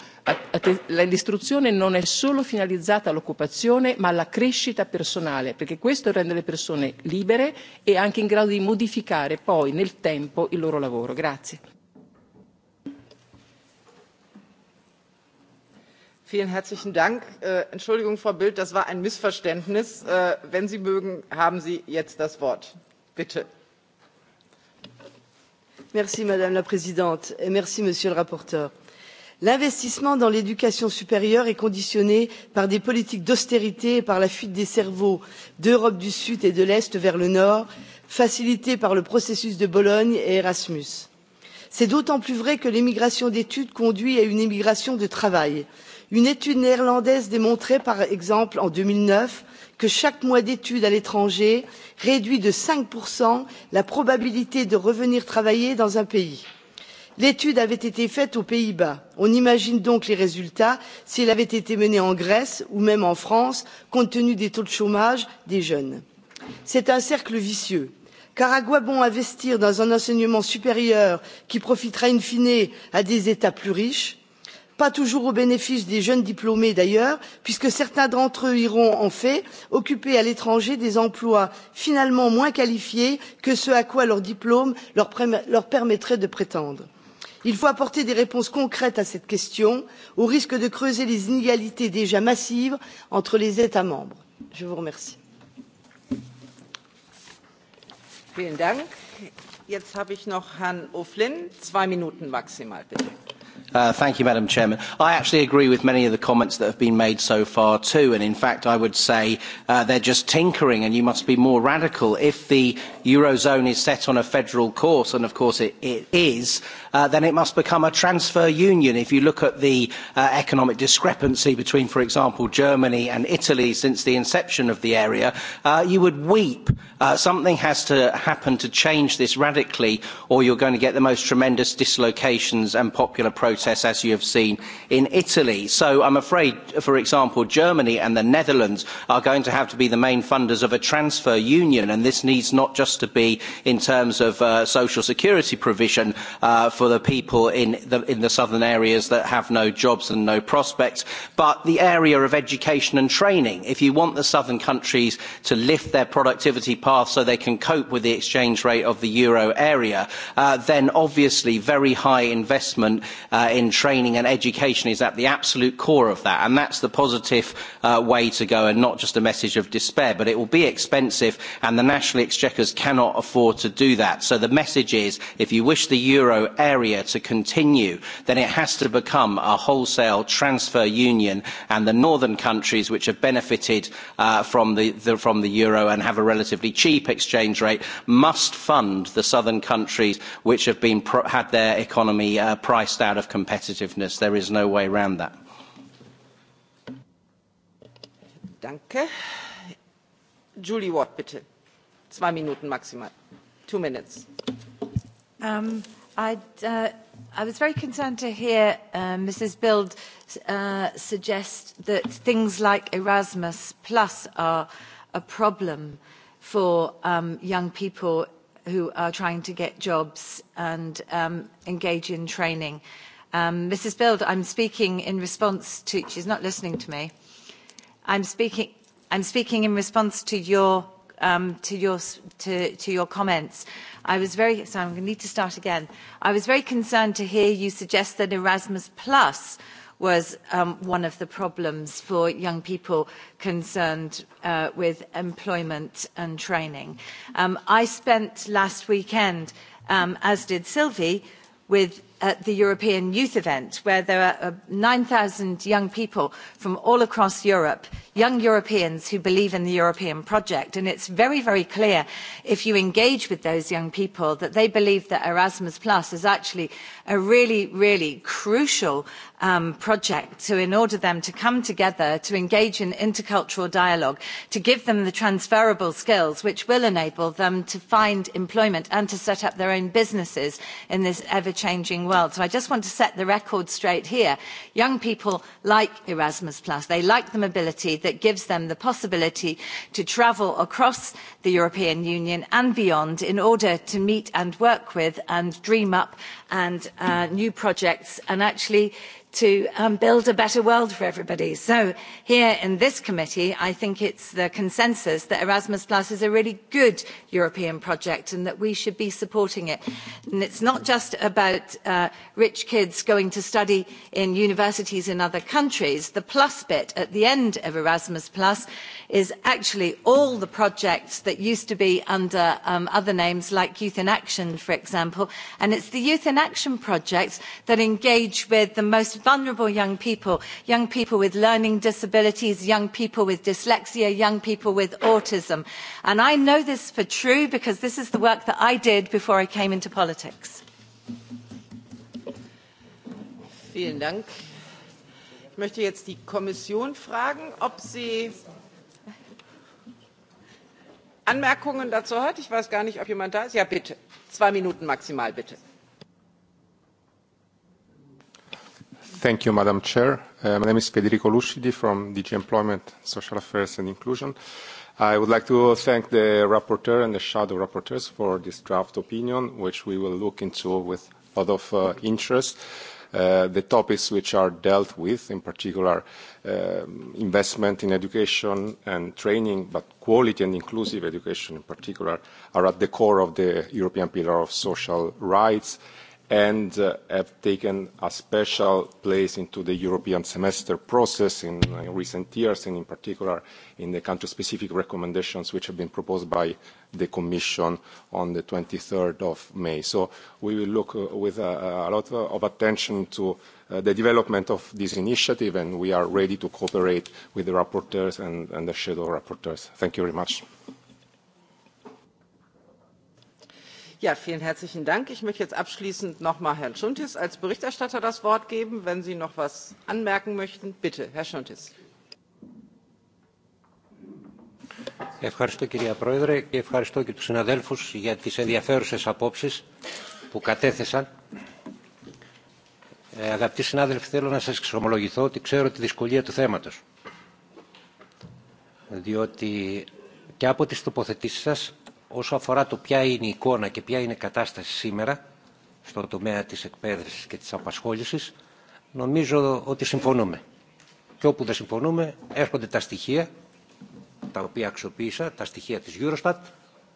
[SPEAKER 3] L'istruzione non è solo finalizzata all'occupazione ma alla crescita personale perché questo rende le persone libere e anche in grado di modificare poi nel tempo il loro lavoro. Grazie.
[SPEAKER 1] Vielen herzlichen Dank. Äh, Entschuldigung, Frau Bild, das war ein Missverständnis. Äh, wenn Sie mögen, haben Sie jetzt das Wort. Bitte.
[SPEAKER 9] Merci, Madame la Présidente, et merci, Monsieur le rapporteur. L'investissement dans l'éducation supérieure est conditionné par des politiques d'austérité et par la fuite des cerveaux d'Europe du Sud et de l'Est vers le Nord, facilitée par le processus de Bologne et Erasmus. C'est d'autant plus vrai que l'émigration d'études conduit à une émigration de travail une étude néerlandaise démontrait par exemple en deux mille neuf que chaque mois d'études à l'étranger réduit de cinq la probabilité de revenir travailler dans un pays. l'étude avait été faite aux pays bas on imagine donc les résultats si elle avait été menée en grèce ou même en france compte tenu des taux de chômage des jeunes. c'est un cercle vicieux car à quoi bon investir dans un enseignement supérieur qui profitera in fine à des états plus riches? pas toujours au bénéfice des jeunes diplômés d'ailleurs puisque certains d'entre eux iront en fait occuper à l'étranger des emplois finalement moins qualifiés que ce à quoi leur diplôme leur permettrait de prétendre. il faut apporter des réponses concrètes à cette question au risque de creuser les inégalités déjà massives entre les états membres.
[SPEAKER 1] je vous remercie. Vielen Dank. Jetzt habe ich noch Herrn O'Flynn, zwei Minuten maximal bitte.
[SPEAKER 10] Uh, thank you, Madam Chairman. I actually agree with many of the comments that have been made so far too, and in fact, I would say uh, they're just tinkering, and you must be more radical. If the eurozone is set on a federal course, and of course it, it is, uh, then it must become a transfer union. If you look at the uh, economic discrepancy between, for example, Germany and Italy since the inception of the area, uh, you would weep. Uh, something has to happen to change this radically, or you're going to get the most tremendous dislocations and popular protests protests, as you have seen in Italy. So I'm afraid, for example, Germany and the Netherlands are going to have to be the main funders of a transfer union, and this needs not just to be in terms of uh, social security provision uh, for the people in the, in the southern areas that have no jobs and no prospects, but the area of education and training. If you want the southern countries to lift their productivity path so they can cope with the exchange rate of the euro area, uh, then obviously very high investment uh, in training and education is at the absolute core of that. And that's the positive uh, way to go and not just a message of despair. But it will be expensive and the national exchequers cannot afford to do that. So the message is if you wish the euro area to continue, then it has to become a wholesale transfer union and the northern countries which have benefited uh, from, the, the, from the euro and have a relatively cheap exchange rate must fund the southern countries which have been had their economy uh, priced out of competitiveness. There is no way around that.
[SPEAKER 1] Danke. Julie Ward, bitte. Zwei Minuten maximal. Two minutes.
[SPEAKER 11] Um, I'd, uh, I was very concerned to hear uh, Mrs. Bild uh, suggest that things like Erasmus Plus are a problem for um, young people who are trying to get jobs and um, engage in training Um, Mrs. Bild, I'm speaking in response to, she's not listening to me. I'm speaking, I'm speaking in response to your, um, to your, to, to your comments. I was very, so I'm going to need to start again. I was very concerned to hear you suggest that Erasmus Plus was um, one of the problems for young people concerned uh, with employment and training. Um, I spent last weekend, um, as did Sylvie, with at the European Youth Event, where there are 9,000 uh, young people from all across Europe young Europeans who believe in the European project. And it's very, very clear if you engage with those young people that they believe that Erasmus Plus is actually a really, really crucial um, project to in order them to come together, to engage in intercultural dialogue, to give them the transferable skills which will enable them to find employment and to set up their own businesses in this ever-changing world. So I just want to set the record straight here. Young people like Erasmus Plus. They like the mobility that gives them the possibility to travel across the European Union and beyond in order to meet and work with and dream up and uh, new projects and actually to um, build a better world for everybody. So here in this committee, I think it's the consensus that Erasmus is a really good European project and that we should be supporting it. And it's not just about uh, rich kids going to study in universities in other countries. The plus bit at the end of Erasmus is actually all the projects that used to be under um, other names like Youth in Action, for example. And it's the Youth in Action projects that engage with the most vulnerable young people, young people with learning disabilities, young people with dyslexia, young people with autism. And I know this for true because this is the work that I did before I came into politics.
[SPEAKER 1] Vielen Dank. Ich möchte jetzt die Kommission fragen, ob sie Anmerkungen dazu hat. Ich weiß gar nicht, ob jemand da ist. Ja, bitte. Zwei Minuten maximal, bitte.
[SPEAKER 5] Thank you, Madam Chair. Uh, my name is Federico Lucidi from DG Employment, Social Affairs and Inclusion. I would like to thank the rapporteur and the shadow rapporteurs for this draft opinion, which we will look into with a lot of uh, interest. Uh, the topics which are dealt with, in particular, uh, investment in education and training, but quality and inclusive education in particular, are at the core of the European Pillar of Social Rights and uh, have taken a special place into the European semester process in, recent years, and in particular in the country-specific recommendations which have been proposed by the Commission on the 23rd of May. So we will look uh, with a lot of attention to uh, the development of this initiative, and we are ready to cooperate with the rapporteurs and the shadow
[SPEAKER 6] rapporteurs. Thank you very much.
[SPEAKER 1] vielen herzlichen dank. ich möchte jetzt abschließend noch mal herrn chountis als berichterstatter das wort geben wenn sie noch etwas anmerken möchten. bitte herr chountis.
[SPEAKER 6] Και από τις τοποθετήσεις σας όσο αφορά το ποια είναι η εικόνα και ποια είναι η κατάσταση σήμερα στον τομέα της εκπαίδευσης και της απασχόλησης, νομίζω ότι συμφωνούμε. Και όπου δεν συμφωνούμε έρχονται τα στοιχεία, τα οποία αξιοποίησα, τα στοιχεία της Eurostat,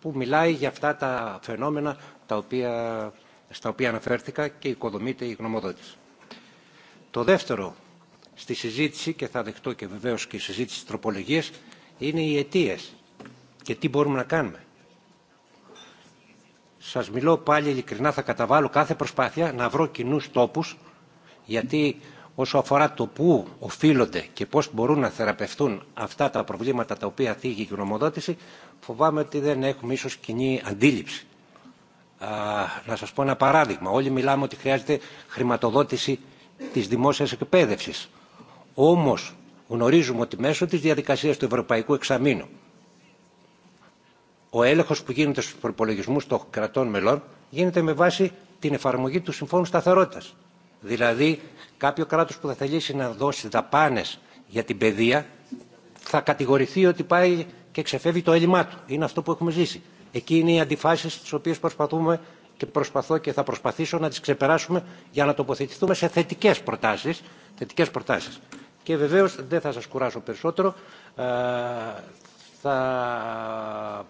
[SPEAKER 6] που μιλάει για αυτά τα φαινόμενα τα οποία, στα οποία αναφέρθηκα και οικοδομείται η γνωμοδότηση. Το δεύτερο στη συζήτηση, και θα δεχτώ και βεβαίως και η συζήτηση της τροπολογίας, είναι οι αιτίες και τι μπορούμε να κάνουμε σας μιλώ πάλι ειλικρινά θα καταβάλω κάθε προσπάθεια να βρω κοινού τόπου, γιατί όσο αφορά το πού οφείλονται και πώς μπορούν να θεραπευτούν αυτά τα προβλήματα τα οποία θίγει η γνωμοδότηση φοβάμαι ότι δεν έχουμε ίσως κοινή αντίληψη. Α, να σας πω ένα παράδειγμα. Όλοι μιλάμε ότι χρειάζεται χρηματοδότηση της δημόσιας εκπαίδευσης. Όμως γνωρίζουμε ότι μέσω της διαδικασίας του Ευρωπαϊκού Εξαμήνου ο έλεγχος που γίνεται στους προπολογισμούς των κρατών μελών γίνεται με βάση την εφαρμογή του Συμφώνου Σταθερότητας. Δηλαδή κάποιο κράτος που θα θελήσει να δώσει δαπάνες για την παιδεία θα κατηγορηθεί ότι πάει και ξεφεύγει το έλλειμμά του. Είναι αυτό που έχουμε ζήσει. Εκεί είναι οι αντιφάσεις τις οποίες προσπαθούμε και προσπαθώ και θα προσπαθήσω να τις ξεπεράσουμε για να τοποθετηθούμε σε θετικές προτάσεις. Θετικές προτάσεις. Και βεβαίως δεν θα σας κουράσω περισσότερο. Ε, θα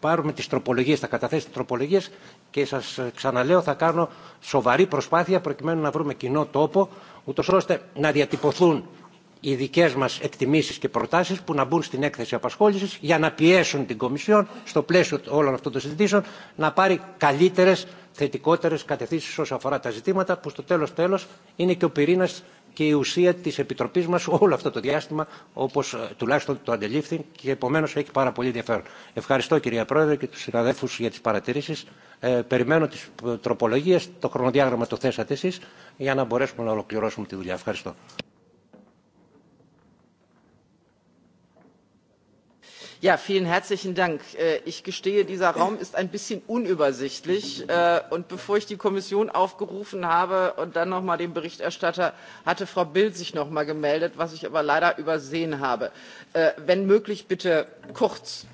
[SPEAKER 6] πάρουμε τις τροπολογίες, θα καταθέσει τις τροπολογίες και σας ξαναλέω θα κάνω σοβαρή προσπάθεια προκειμένου να βρούμε κοινό τόπο ούτως ώστε να διατυπωθούν οι δικέ μα εκτιμήσει και προτάσει που να μπουν στην έκθεση απασχόληση για να πιέσουν την Κομισιόν στο πλαίσιο όλων αυτών των συζητήσεων να πάρει καλύτερε, θετικότερε κατευθύνσει όσον αφορά τα ζητήματα που στο τέλο τέλο είναι και ο πυρήνα και η ουσία της Επιτροπής μας όλο αυτό το διάστημα, όπως τουλάχιστον το αντιλήφθη και επομένως έχει πάρα πολύ ενδιαφέρον. Ευχαριστώ κυρία Πρόεδρε και τους συναδέλφους για τις παρατηρήσεις. Ε, περιμένω τις τροπολογίες, το χρονοδιάγραμμα το θέσατε εσείς, για να μπορέσουμε να ολοκληρώσουμε τη δουλειά. Ευχαριστώ.
[SPEAKER 1] Ja, vielen herzlichen Dank. Äh, ich gestehe, dieser Raum ist ein bisschen unübersichtlich. Äh, und bevor ich die Kommission aufgerufen habe und dann nochmal den Berichterstatter, hatte Frau Bild sich nochmal gemeldet, was ich aber leider übersehen habe. Äh, wenn möglich, bitte kurz.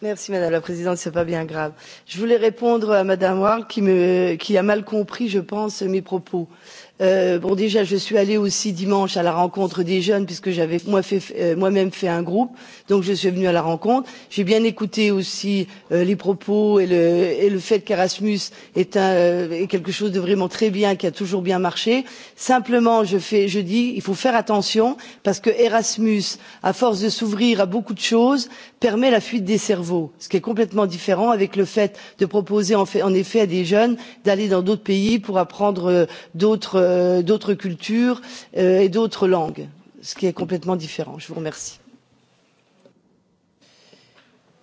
[SPEAKER 9] Merci Madame la Présidente, c'est pas bien grave. Je voulais répondre à Madame Ward qui, me, qui a mal compris, je pense, mes propos. Euh, Euh, bon, déjà, je suis allée aussi dimanche à la rencontre des jeunes, puisque j'avais moi euh, moi-même fait un groupe, donc je suis venue à la rencontre. J'ai bien écouté aussi euh, les propos et le, et le fait qu'Erasmus est, un, euh, est quelque chose de vraiment très bien, qui a toujours bien marché. Simplement, je, fais, je dis, il faut faire attention, parce que Erasmus, à force de s'ouvrir à beaucoup de choses, permet la fuite des cerveaux, ce qui est complètement différent avec le fait de proposer en, fait, en effet à des jeunes d'aller dans d'autres pays pour apprendre euh, d'autres Euh, d'autres cultures euh, et d'autres langues, ce qui est complètement différent. Je vous remercie.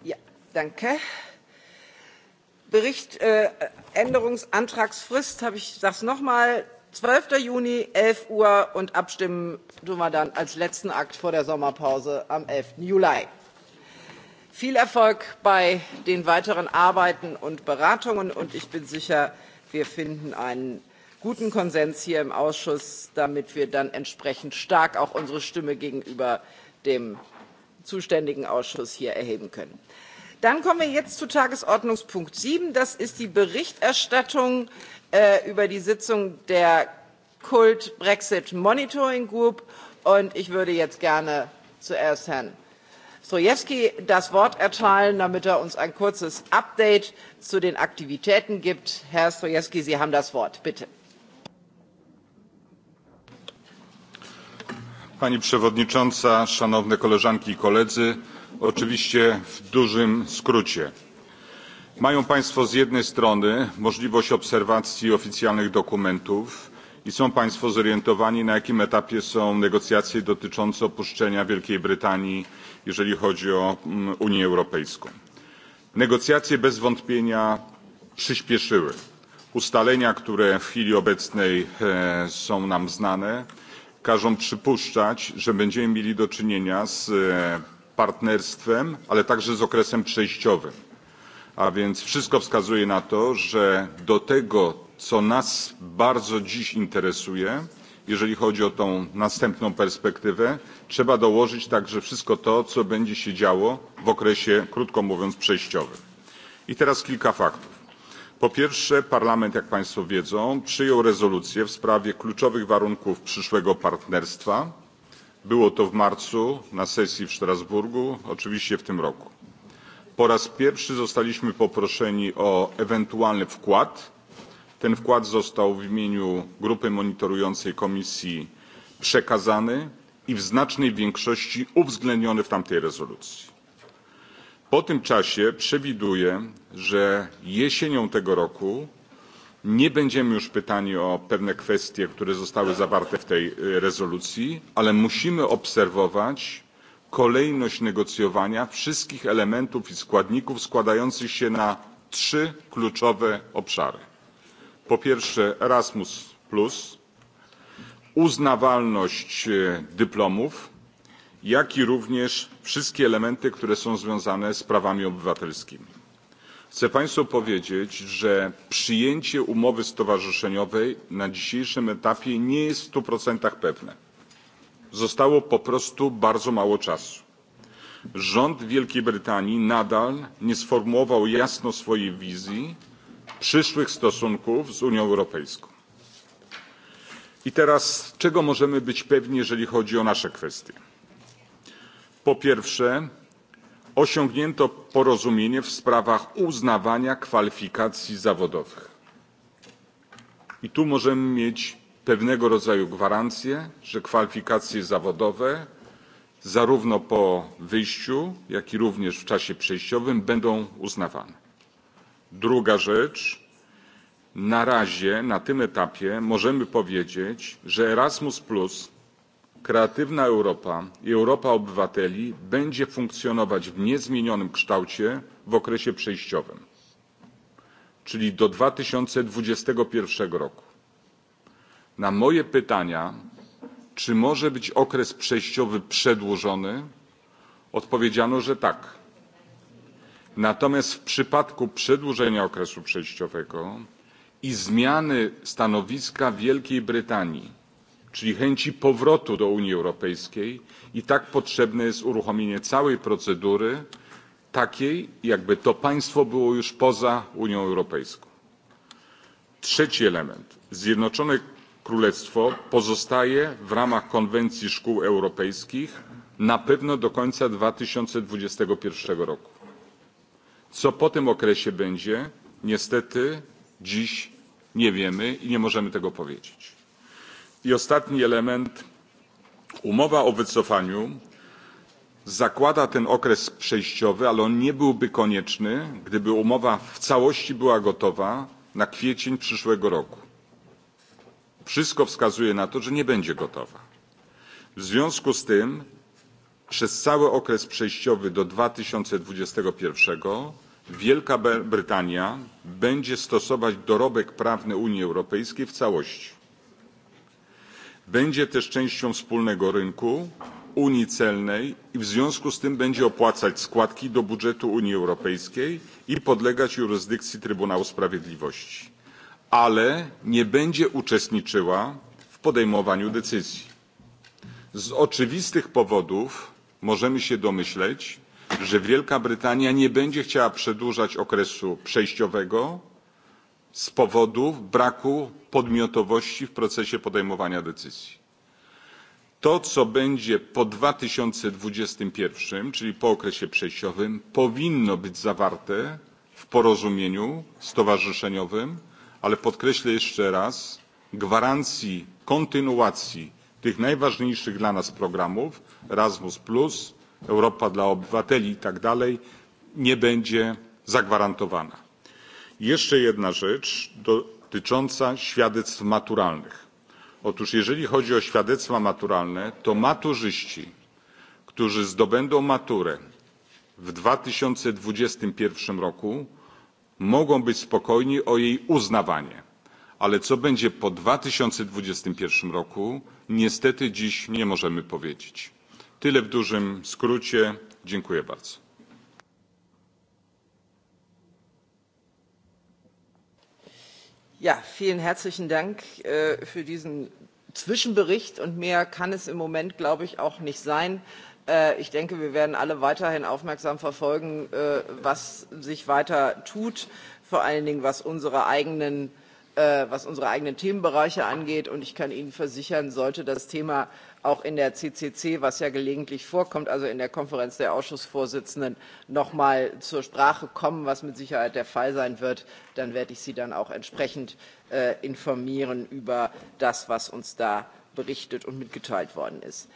[SPEAKER 1] Ja, danke. Bericht, äh, Änderungsantragsfrist habe ich, nochmal, 12. Juni, 11 Uhr und abstimmen tun wir dann als letzten Akt vor der Sommerpause am 11. Juli viel erfolg bei den weiteren arbeiten und beratungen und ich bin sicher wir finden einen guten Konsens hier im Ausschuss, damit wir dann entsprechend stark auch unsere Stimme gegenüber dem zuständigen Ausschuss hier erheben können. Dann kommen wir jetzt zu Tagesordnungspunkt 7. Das ist die Berichterstattung äh, über die Sitzung der Kult Brexit Monitoring Group. Und ich würde jetzt gerne zuerst Herrn Strojewski das Wort erteilen, damit er uns ein kurzes Update zu den Aktivitäten gibt. Herr Strojewski, Sie haben das Wort. Bitte.
[SPEAKER 5] pani przewodnicząca! szanowne koleżanki i koledzy! oczywiście w dużym skrócie mają państwo z jednej strony możliwość obserwacji oficjalnych dokumentów i są państwo zorientowani na jakim etapie są negocjacje dotyczące opuszczenia wielkiej brytanii jeżeli chodzi o mm, unię europejską. negocjacje bez wątpienia przyspieszyły ustalenia które w chwili obecnej e, są nam znane każą przypuszczać, że będziemy mieli do czynienia z e, partnerstwem, ale także z okresem przejściowym. A więc wszystko wskazuje na to, że do tego, co nas bardzo dziś interesuje, jeżeli chodzi o tę następną perspektywę, trzeba dołożyć także wszystko to, co będzie się działo w okresie, krótko mówiąc, przejściowym. I teraz kilka faktów po pierwsze parlament jak państwo wiedzą przyjął rezolucję w sprawie kluczowych warunków przyszłego partnerstwa było to w marcu na sesji w strasburgu oczywiście w tym roku. po raz pierwszy zostaliśmy poproszeni o ewentualny wkład ten wkład został w imieniu grupy monitorującej komisji przekazany i w znacznej większości uwzględniony w tamtej rezolucji. Po tym czasie przewiduję, że jesienią tego roku nie będziemy już pytani o pewne kwestie, które zostały zawarte w tej rezolucji, ale musimy obserwować kolejność negocjowania wszystkich elementów i składników składających się na trzy kluczowe obszary. Po pierwsze Erasmus, uznawalność dyplomów jak i również wszystkie elementy które są związane z prawami obywatelskimi. chcę państwu powiedzieć że przyjęcie umowy stowarzyszeniowej na dzisiejszym etapie nie jest w sto pewne. zostało po prostu bardzo mało czasu. rząd wielkiej brytanii nadal nie sformułował jasno swojej wizji przyszłych stosunków z unią europejską. i teraz czego możemy być pewni jeżeli chodzi o nasze kwestie? Po pierwsze, osiągnięto porozumienie w sprawach uznawania kwalifikacji zawodowych. I tu możemy mieć pewnego rodzaju gwarancję, że kwalifikacje zawodowe zarówno po wyjściu, jak i również w czasie przejściowym będą uznawane. Druga rzecz, na razie, na tym etapie możemy powiedzieć, że Erasmus Plus kreatywna Europa i Europa obywateli będzie funkcjonować w niezmienionym kształcie w okresie przejściowym, czyli do 2021 roku. Na moje pytania, czy może być okres przejściowy przedłużony, odpowiedziano, że tak. Natomiast w przypadku przedłużenia okresu przejściowego i zmiany stanowiska Wielkiej Brytanii czyli chęci powrotu do Unii Europejskiej i tak potrzebne jest uruchomienie całej procedury takiej, jakby to państwo było już poza Unią Europejską. Trzeci element. Zjednoczone Królestwo pozostaje w ramach konwencji szkół europejskich na pewno do końca 2021 roku. Co po tym okresie będzie, niestety dziś nie wiemy i nie możemy tego powiedzieć. I ostatni element. Umowa o wycofaniu zakłada ten okres przejściowy, ale on nie byłby konieczny, gdyby umowa w całości była gotowa na kwiecień przyszłego roku. Wszystko wskazuje na to, że nie będzie gotowa. W związku z tym przez cały okres przejściowy do 2021 Wielka Brytania będzie stosować dorobek prawny Unii Europejskiej w całości. Będzie też częścią wspólnego rynku Unii celnej i w związku z tym będzie opłacać składki do budżetu Unii Europejskiej i podlegać jurysdykcji Trybunału Sprawiedliwości, ale nie będzie uczestniczyła w podejmowaniu decyzji. Z oczywistych powodów możemy się domyśleć, że Wielka Brytania nie będzie chciała przedłużać okresu przejściowego z powodu braku podmiotowości w procesie podejmowania decyzji. to co będzie po dwa tysiące dwadzieścia jeden czyli po okresie przejściowym powinno być zawarte w porozumieniu stowarzyszeniowym ale podkreślę jeszcze raz gwarancji kontynuacji tych najważniejszych dla nas programów erasmus europa dla obywateli itd. nie będzie zagwarantowana. Jeszcze jedna rzecz dotycząca świadectw maturalnych. Otóż jeżeli chodzi o świadectwa maturalne, to maturzyści, którzy zdobędą maturę w 2021 roku, mogą być spokojni o jej uznawanie. Ale co będzie po 2021 roku, niestety dziś nie możemy powiedzieć. Tyle w dużym skrócie. Dziękuję bardzo.
[SPEAKER 1] Ja, vielen herzlichen Dank äh, für diesen Zwischenbericht. Und mehr kann es im Moment, glaube ich, auch nicht sein. Äh, ich denke, wir werden alle weiterhin aufmerksam verfolgen, äh, was sich weiter tut, vor allen Dingen was unsere eigenen äh, was unsere eigenen Themenbereiche angeht. Und ich kann Ihnen versichern, sollte das Thema auch in der CCC, was ja gelegentlich vorkommt, also in der Konferenz der Ausschussvorsitzenden, noch mal zur Sprache kommen, was mit Sicherheit der Fall sein wird. Dann werde ich Sie dann auch entsprechend äh, informieren über das, was uns da berichtet und mitgeteilt worden ist.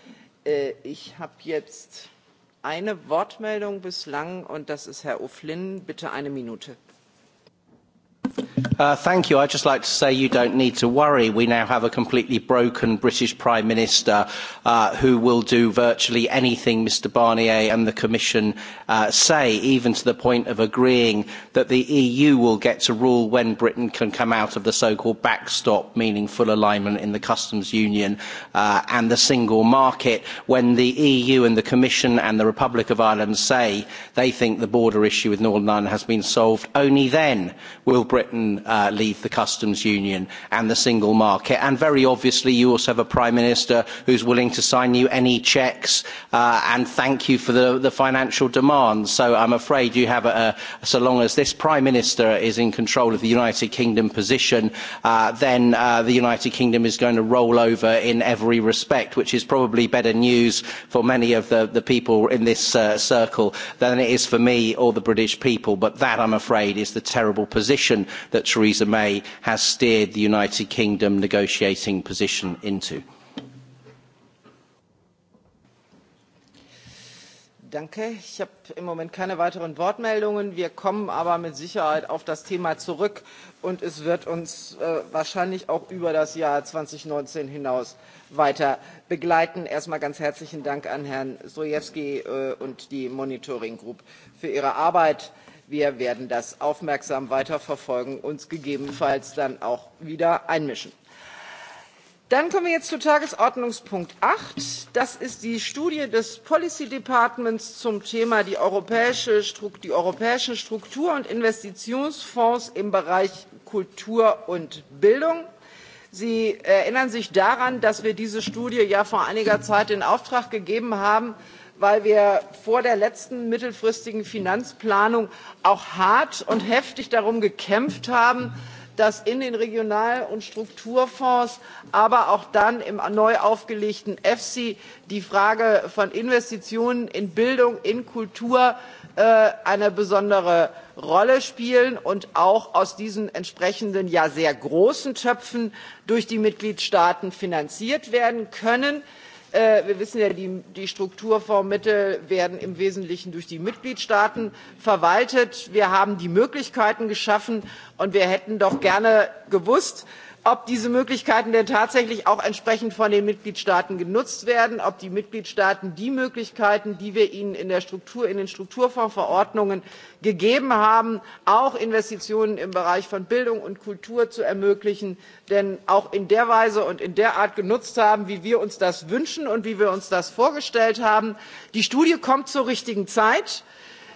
[SPEAKER 1] Äh, ich habe jetzt eine Wortmeldung bislang und das ist Herr O'Flynn. Bitte eine Minute.
[SPEAKER 10] Uh, thank you. I'd just like to say you don't need to worry. We now have a completely broken British Prime Minister uh, who will do virtually anything Mr Barnier and the Commission uh, say, even to the point of agreeing that the EU will get to rule when Britain can come out of the so-called backstop, meaning full alignment in the customs union uh, and the single market, when the EU and the Commission and the Republic of Ireland say they think the border issue with Northern Ireland has been solved. Only then will Britain uh, leave the customs union and the single market. And very obviously, you also have a prime minister who's willing to sign you any checks uh, and thank you for the, the financial demands. So I'm afraid you have a, a, so long as this prime minister is in control of the United Kingdom position, uh, then uh, the United Kingdom is going to roll over in every respect, which is probably better news for many of the, the people in this uh, circle than it is for me or the British people. But that, I'm afraid, is the terrible position that that Theresa May has steered the United Kingdom negotiating position into.
[SPEAKER 1] Danke. Ich habe im Moment keine weiteren Wortmeldungen. Wir kommen aber mit Sicherheit auf das Thema zurück und es wird uns äh, wahrscheinlich auch über das Jahr 2019 hinaus weiter begleiten. Erstmal ganz herzlichen Dank an Herrn äh, und die Monitoring Group für ihre Arbeit wir werden das aufmerksam weiterverfolgen uns gegebenenfalls dann auch wieder einmischen. Dann kommen wir jetzt zu Tagesordnungspunkt 8. Das ist die Studie des Policy Departments zum Thema die, europäische, die europäischen Struktur- und Investitionsfonds im Bereich Kultur und Bildung. Sie erinnern sich daran, dass wir diese Studie ja vor einiger Zeit in Auftrag gegeben haben weil wir vor der letzten mittelfristigen finanzplanung auch hart und heftig darum gekämpft haben dass in den regional und strukturfonds aber auch dann im neu aufgelegten efsi die frage von investitionen in bildung in kultur äh, eine besondere rolle spielen und auch aus diesen entsprechenden ja sehr großen töpfen durch die mitgliedstaaten finanziert werden können. Äh, wir wissen ja die, strukturfondsmittel werden im wesentlichen durch die mitgliedstaaten verwaltet wir haben die möglichkeiten geschaffen und wir hätten doch gerne gewusst ob diese möglichkeiten denn tatsächlich auch entsprechend von den mitgliedstaaten genutzt werden ob die mitgliedstaaten die möglichkeiten die wir ihnen in, den strukturfondsverordnungen gegeben haben auch investitionen im bereich von bildung und kultur zu ermöglichen denn auch in der weise und in der art genutzt haben wie wir uns das wünschen und wie wir uns das vorgestellt haben. die studie kommt zur richtigen zeit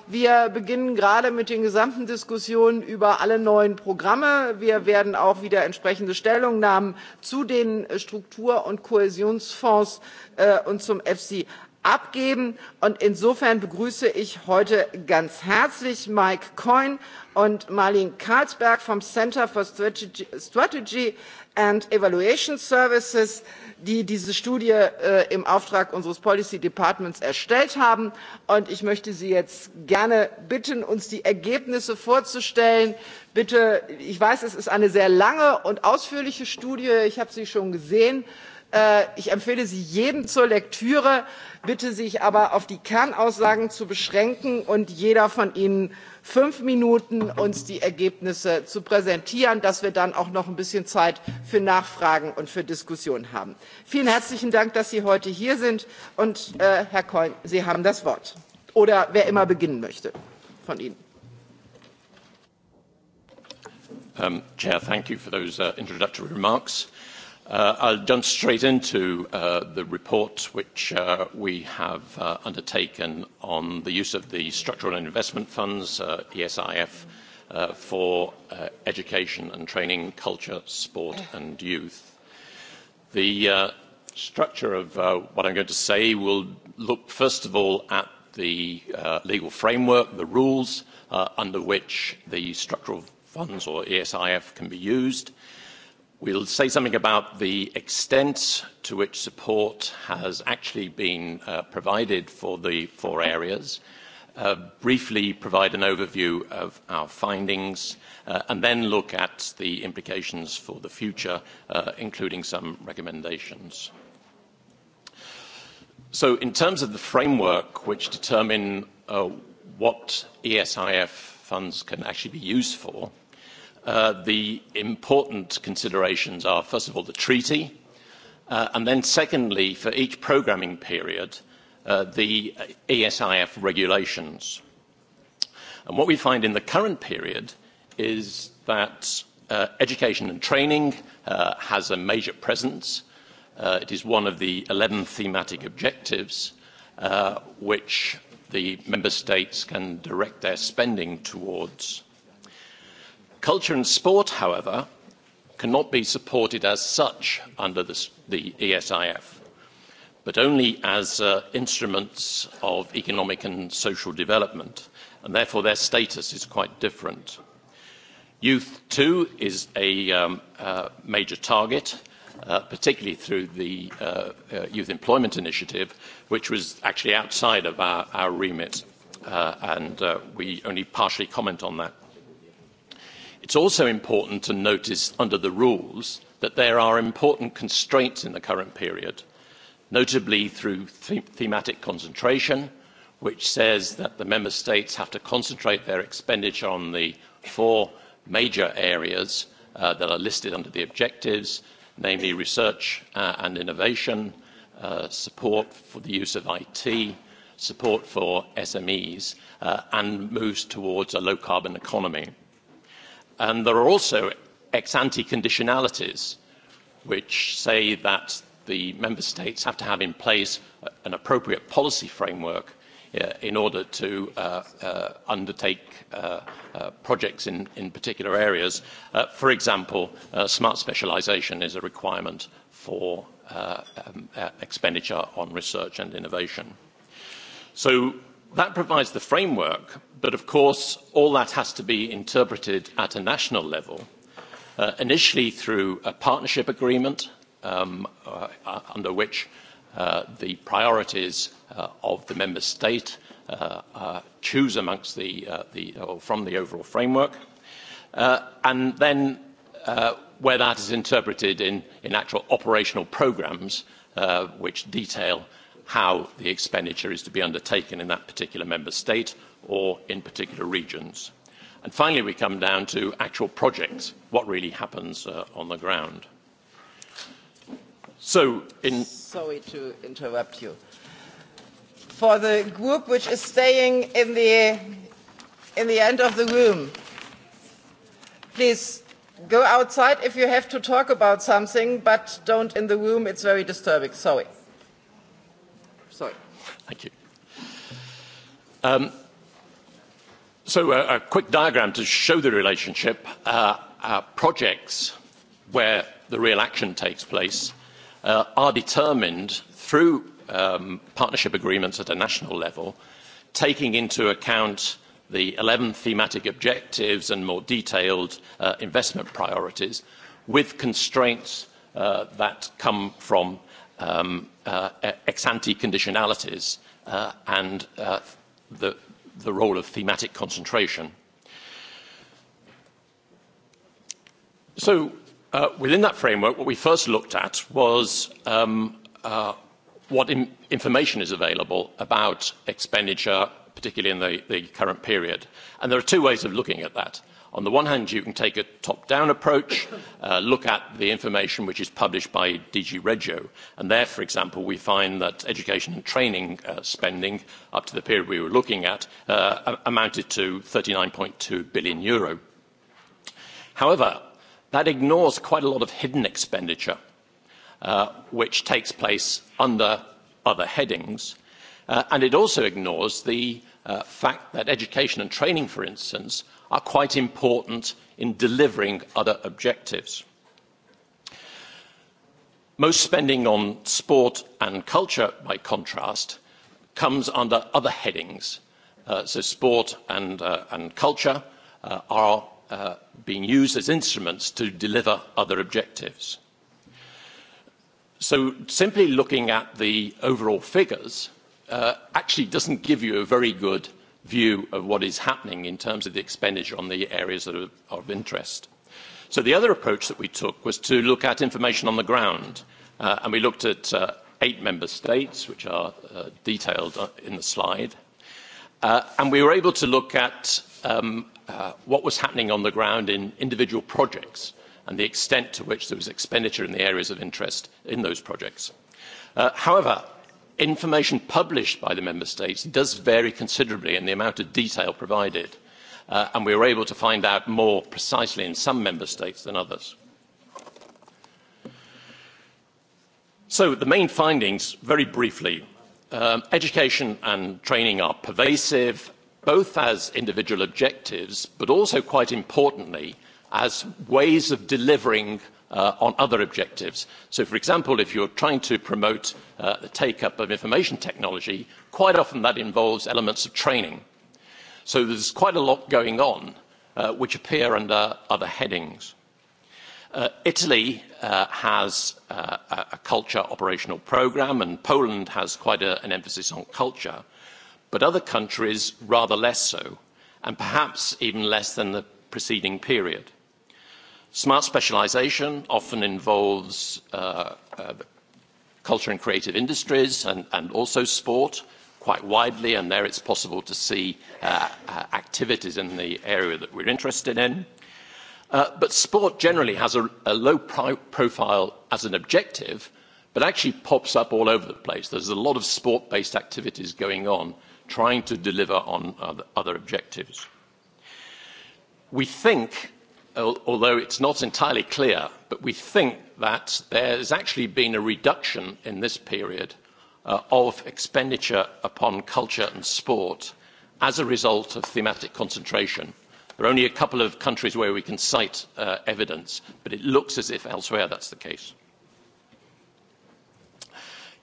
[SPEAKER 1] wir beginnen gerade mit den gesamten diskussionen über alle neuen programme. wir werden auch wieder entsprechende stellungnahmen zu den struktur und kohäsionsfonds äh, und zum efsi abgeben. Und insofern begrüße ich heute ganz herzlich Mike Coyne und Marlene Karlsberg vom Center for Strategy, and Evaluation Services, die diese Studie äh, im Auftrag unseres Policy Departments erstellt haben. Und ich möchte Sie jetzt gerne bitten, uns die Ergebnisse vorzustellen. Bitte, ich weiß, es ist eine sehr lange und ausführliche Studie. Ich habe sie schon gesehen. Äh, ich empfehle sie jedem zur lektüre bitte sich aber auf die kernaussagen zu beschränken und jeder von ihnen fünf minuten uns die ergebnisse zu präsentieren damit wir dann auch noch ein bisschen zeit für nachfragen und für diskussionen haben. vielen herzlichen dank dass sie heute hier sind und äh, herr cohn sie haben das wort oder wer immer beginnen möchte von ihnen.
[SPEAKER 12] Um, Chair, thank you for those uh, introductory remarks. Uh, I'll jump straight into uh, the report which uh, we have undertaken on the use of the structural and investment funds, ESIF, for education and training, culture, sport, and youth. The structure of what I'm going to say will look, first of all, at the legal framework, the rules under which the structural funds or ESIF can be used. We'll say something about the extent to which support has actually been uh, provided for the four areas, uh, briefly provide an overview of our findings, uh, and then look at the implications for the future, uh, including some recommendations. So in terms of the framework which determine uh, what ESIF funds can actually be used for, Uh, the important considerations are, first of all, the treaty, uh, and then secondly, for each programming period, uh, the ESIF regulations. And what we find in the current period is that uh, education and training uh, has a major presence. It is one of the 11 thematic objectives, which the member states can direct their spending towards. Culture and sport, however, cannot be supported as such under the, the ESIF, but only as uh, instruments of economic and social development, and therefore their status is quite different. Youth, too, is a um, uh, major target, uh, particularly through the uh, uh, Youth Employment Initiative, which was actually outside of our, our remit, uh, and uh, we only partially comment on that It's also important to notice under the rules that there are important constraints in the current period, notably through the thematic concentration, which says that the member states have to concentrate their expenditure on the four major areas uh, that are listed under the objectives, namely research uh, and innovation, uh, support for the use of IT, support for SMEs, uh, and moves towards a low carbon economy. And there are also ex ante conditionalities which say that the member states have to have in place an appropriate policy framework uh, in order to uh, uh, undertake uh, uh projects in, in particular areas. Uh, for example, smart specialization is a requirement for um, expenditure on research and innovation. So That provides the framework, but of course, all that has to be interpreted at a national level, uh, initially through a partnership agreement um, uh, under which uh, the priorities uh, of the member state uh, uh, choose amongst the, uh, the or from the overall framework, uh, and then uh, where that is interpreted in, in actual operational programs uh, which detail uh, how the expenditure is to be undertaken in that particular member state or in particular regions. And finally, we come down to actual projects, what really happens uh, on the ground. So, in... Sorry to interrupt you.
[SPEAKER 1] For the group which is staying in the, in the end of the room, please go outside if you have to talk about something, but don't in the room. It's very disturbing. Sorry. Sorry.
[SPEAKER 12] Thank you. Um, so a, uh, a quick diagram to show the relationship. Uh, our projects where the real action takes place uh, are determined through um, partnership agreements at a national level, taking into account the 11 thematic objectives and more detailed uh, investment priorities with constraints uh, that come from um, uh, e-, ex ante conditionalities uh, and uh, the, the role of thematic concentration. So, uh, within that framework, what we first looked at was um, uh, what in information is available about expenditure, particularly in the, the current period. And there are two ways of looking at that. On the one hand, you can take a top-down approach, uh, look at the information which is published by DG Regio. And there, for example, we find that education and training uh, spending up to the period we were looking at uh, amounted to 39.2 billion euro. However, that ignores quite a lot of hidden expenditure, uh, which takes place under other headings. Uh, and it also ignores the uh, fact that education and training, for instance, are quite important in delivering other objectives. Most spending on sport and culture, by contrast, comes under other headings. Uh, sport and, uh, culture uh, are being used as instruments to deliver other objectives. simply looking at the overall figures actually doesn't give you a very good view of what is happening in terms of the expenditure on the areas that are of interest. So the other approach that we took was to look at information on the ground. Uh, and we looked at uh, eight member states, which are uh, detailed uh, in the slide. Uh, and we were able to look at um, uh, what was happening on the ground in individual projects and the extent to which there was expenditure in the areas of interest in those projects. Uh, however, information published by the member states does vary considerably in the amount of detail provided, uh, and we were able to find out more precisely in some member states than others. So the main findings, very briefly, um, education and training are pervasive, both as individual objectives, but also quite importantly, as ways of delivering uh, on other objectives. So, for example, if you're trying to promote uh, the take up of information technology, quite often that involves elements of training. So, there's quite a lot going on uh, which appear under other headings. Uh, Italy uh, has uh, a culture operational program, and Poland has quite a, an emphasis on culture, but other countries rather less so, and perhaps even less than the preceding period. Smart specialization often involves uh, uh, culture and creative industries and, and also sport quite widely, and there it's possible to see uh, uh activities in the area that we're interested in. Uh, but sport generally has a, a low pro profile as an objective, but actually pops up all over the place. There's a lot of sport based activities going on, trying to deliver on other, other objectives. We think although it's not entirely clear, but we think that there's actually been a reduction in this period uh, of expenditure upon culture and sport as a result of thematic concentration. There are only a couple of countries where we can cite uh, evidence, but it looks as if elsewhere that's the case.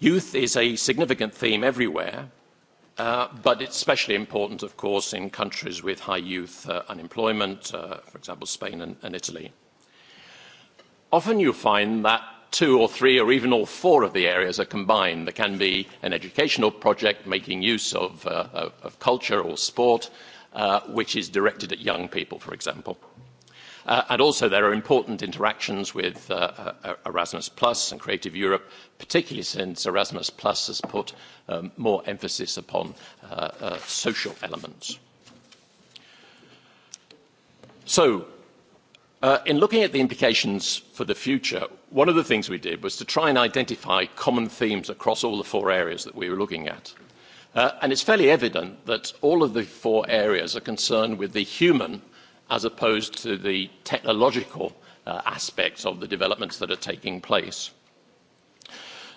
[SPEAKER 12] Youth is a significant theme everywhere, Uh, but it's especially important, of course, in countries with high youth uh, unemployment, uh, for example, Spain and, and Italy. Often you find that two or three or even all four of the areas are combined. There can be an educational project making use of, uh, of culture or sport, uh, which is directed at young people, for example. Uh, Uh, and also there are important interactions with uh, uh, uh, Erasmus Plus and Creative Europe, particularly since Erasmus Plus has put um, more emphasis upon uh, uh, social elements. So, uh, in looking at the implications for the future, one of the things we did was to try and identify common themes across all the four areas that we were looking at. Uh, and it's fairly evident that all of the four areas are concerned with the human as opposed to the technological uh, aspects of the developments that are taking place.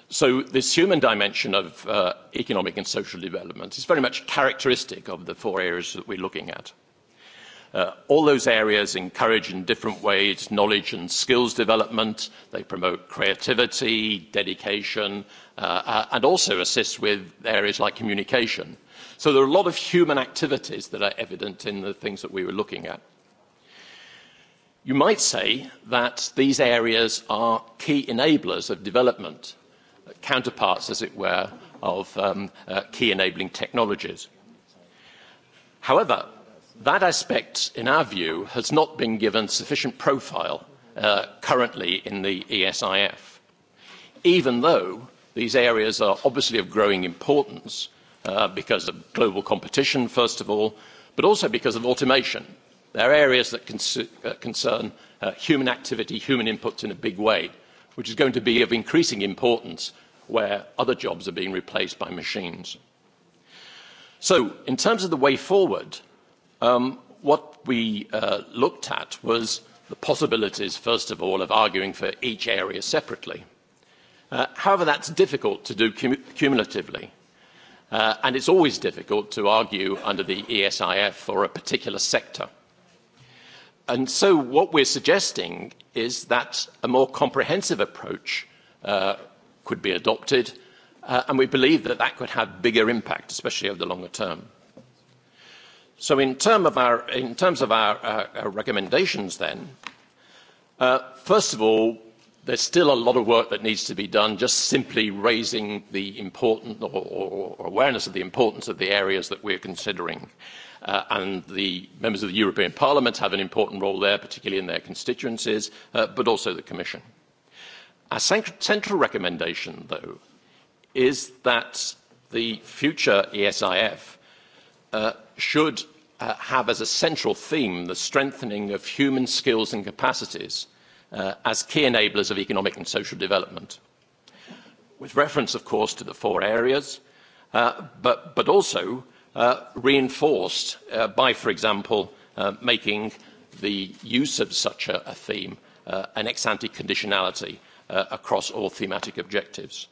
[SPEAKER 12] So this human dimension of uh, economic and social development is very much characteristic of the four areas that we're looking at. Uh, all those areas encourage in different ways knowledge and skills development. They promote creativity, dedication, uh, uh and also assist with areas like communication. So there are a lot of human activities that are evident in the things that we were looking at. You might say that these areas are key enablers of development, counterparts, as it were, of um, uh, key enabling technologies. However, that aspect, in our view, has not been given sufficient profile uh, currently in the ESIF, even though these areas are obviously of growing importance uh, because of global competition, first of all, but also because of automation They're areas that uh, concern uh, human activity, human input in a big way, which is going to be of increasing importance where other jobs are being replaced by machines. So in terms of the way forward, um, what we uh, looked at was the possibilities, first of all, of arguing for each area separately. Uh, however, that's difficult to do cumulatively. Uh, and it's always difficult to argue under the ESIF for a particular sector. And so what we're suggesting is that a more comprehensive approach uh, could be adopted, uh, and we believe that that could have bigger impact, especially over the longer term. So in, term of our, in terms of our, uh, our recommendations then, uh, first of all, there's still a lot of work that needs to be done just simply raising the important or, or awareness of the importance of the areas that we're considering uh, and the members of the European Parliament have an important role there, particularly in their constituencies, uh, but also the Commission. Our central recommendation, though, is that the future ESIF uh, should uh, have as a central theme the strengthening of human skills and capacities uh, as key enablers of economic and social development. With reference, of course, to the four areas, uh, but, but also Uh, reinforced uh, by, for example, uh, making the use of such a, a theme uh, an ex-ante conditionality uh, across all thematic objectives.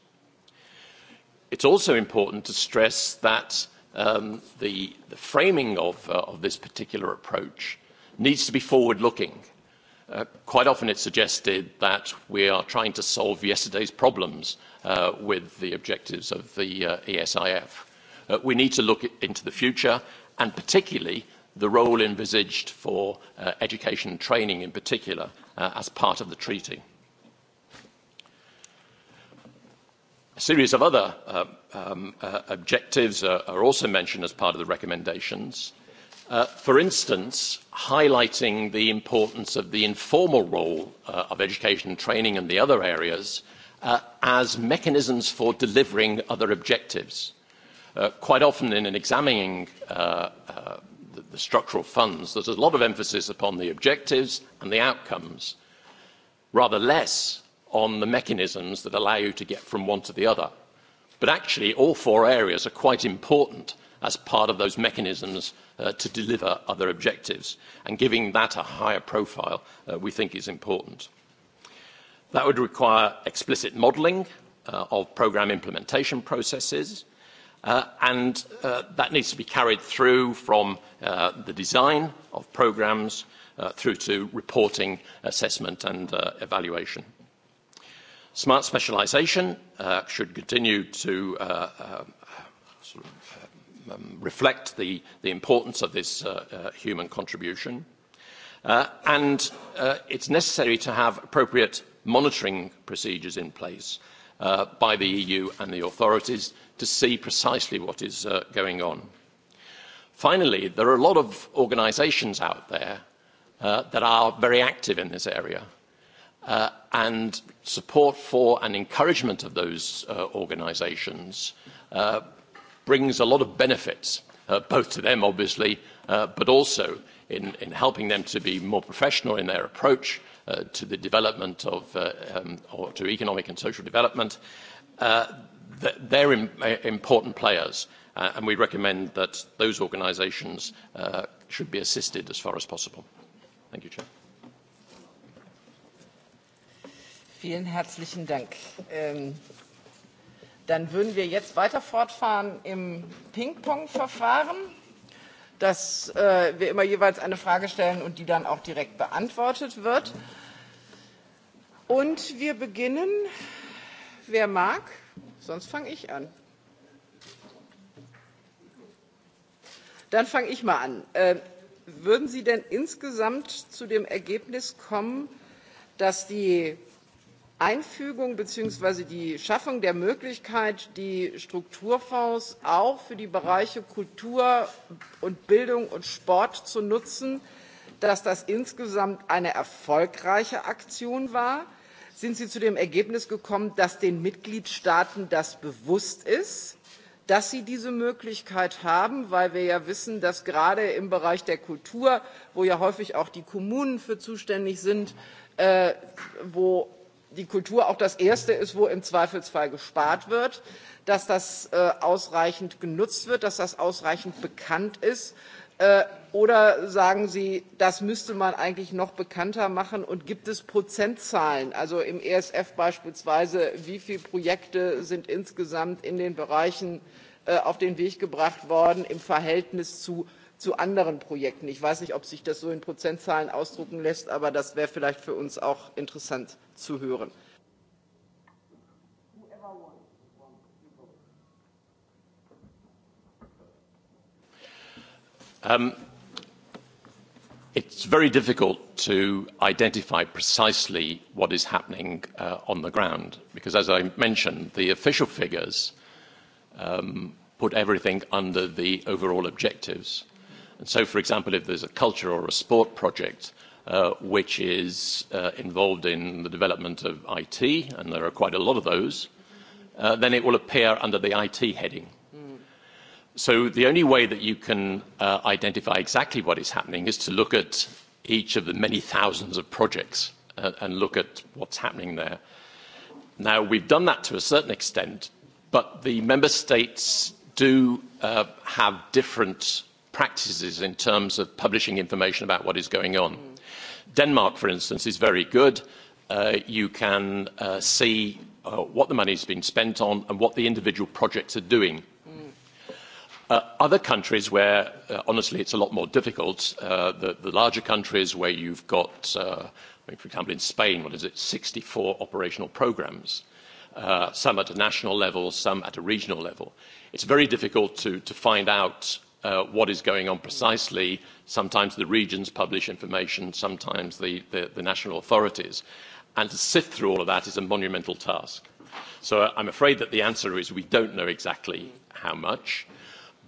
[SPEAKER 12] It's also important to stress that um, the, the framing of, uh, of this particular approach needs to be forward-looking. Uh, quite often it's suggested that we are trying to solve yesterday's problems uh, with the objectives of the uh, ESIF. Uh, we need to look into the future and particularly the role envisaged for uh, education and training in particular uh, as part of the treaty. A series of other uh, um, uh, objectives uh, are also mentioned as part of the recommendations. Uh, for instance, highlighting the importance of the informal role uh, of education and training and the other areas uh, as mechanisms for delivering other objectives. Uh, quite often in, in examining uh, uh, the, the structural funds, there's a lot of emphasis upon the objectives and the outcomes, rather less on the mechanisms that allow you to get from one to the other. But actually, all four areas are quite important as part of those mechanisms uh, to deliver other objectives, and giving that a higher profile, uh, we think is important. That would require explicit modelling uh, of programme implementation processes, Uh, and uh, that needs to be carried through from uh, the design of programmes uh, through to reporting, assessment and uh, evaluation. Smart specialisation uh, should continue to uh, uh, sort of, uh, um, reflect the, the importance of this uh, uh, human contribution. Uh, and uh, it's necessary to have appropriate monitoring procedures in place Uh, by the EU and the authorities to see precisely what is uh, going on. Finally, there are a lot of organisations out there uh, that are very active in this area. Uh, and support for and encouragement of those uh, organisations uh, brings a lot of benefits, uh, both to them, obviously, uh, but also in, in helping them to be more professional in their approach uh, to the development of, uh, um, or to economic and social development, uh, they're Im uh, important players. Uh, and we recommend that those organisations uh, should be assisted as far as possible. Thank you, Chair.
[SPEAKER 1] Vielen herzlichen Dank. Ähm, dann würden wir jetzt weiter fortfahren im Ping-Pong-Verfahren, dass äh, wir immer jeweils eine Frage stellen und die dann auch direkt beantwortet wird. Mhm. Und wir beginnen, wer mag, sonst fange ich an. Dann fange ich mal an. Äh, würden Sie denn insgesamt zu dem Ergebnis kommen, dass die Einfügung bzw. die Schaffung der Möglichkeit, die Strukturfonds auch für die Bereiche Kultur und Bildung und Sport zu nutzen, dass das insgesamt eine erfolgreiche Aktion war? sind sie zu dem ergebnis gekommen dass den mitgliedstaaten das bewusst ist dass sie diese möglichkeit haben weil wir ja wissen dass gerade im bereich der kultur wo ja häufig auch die kommunen für zuständig sind äh, wo die kultur auch das erste ist wo im zweifelsfall gespart wird dass das äh, ausreichend genutzt wird dass das ausreichend bekannt ist äh, Oder sagen Sie, das müsste man eigentlich noch bekannter machen? Und gibt es Prozentzahlen? Also im ESF beispielsweise, wie viele Projekte sind insgesamt in den Bereichen äh, auf den Weg gebracht worden im Verhältnis zu, zu anderen Projekten? Ich weiß nicht, ob sich das so in Prozentzahlen ausdrucken lässt, aber das wäre vielleicht für uns auch interessant
[SPEAKER 12] zu hören. Um, It's very difficult to identify precisely what is happening uh, on the ground because, as I mentioned, the official figures um, put everything under the overall objectives. And so, for example, if there's a culture or a sport project uh, which is uh, involved in the development of IT, and there are quite a lot of those, uh, then it will appear under the IT heading. So the only way that you can uh, identify exactly what is happening is to look at each of the many thousands of projects uh, and look at what's happening there. Now, we've done that to a certain extent, but the member states do uh, have different practices in terms of publishing information about what is going on. Mm. Denmark, for instance, is very good. Uh, you can uh, see uh, what the money has been spent on and what the individual projects are doing. Uh, other countries where, uh, honestly, it's a lot more difficult, uh, the, larger countries where you've got, for example, in Spain, what is it, 64 operational programs, some at a national level, some at a regional level. It's very difficult to, find out what is going on precisely. Sometimes the regions publish information, sometimes the, national authorities. And to sift through all of that is a monumental task. So I'm afraid that the answer is we don't know exactly how much.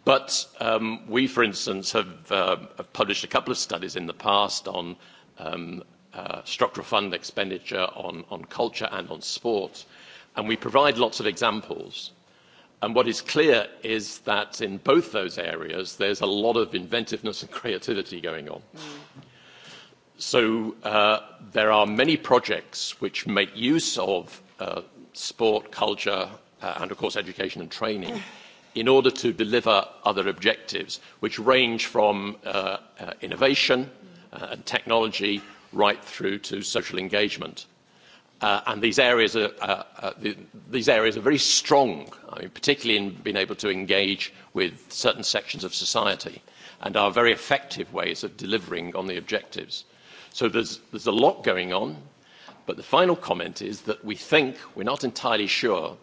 [SPEAKER 12] But um, we, for instance, um, have, published a couple of studies in the past on um, uh, structural fund expenditure on, culture and on sport, and we provide lots of examples. And what is clear is that in both those areas, there's a lot of inventiveness and creativity going on. Mm. So uh, there are many projects which make use of uh, sport, culture, uh, and of course education and training [LAUGHS] in order to deliver other objectives, which range from uh, uh, innovation uh, and technology right through to social engagement. Uh, and these areas are, uh, uh, the, these areas are very strong, I mean, particularly in being able to engage with certain sections of society and are very effective ways of delivering on the objectives. So there's, there's a lot going on, but the final comment is that we think, we're not entirely sure,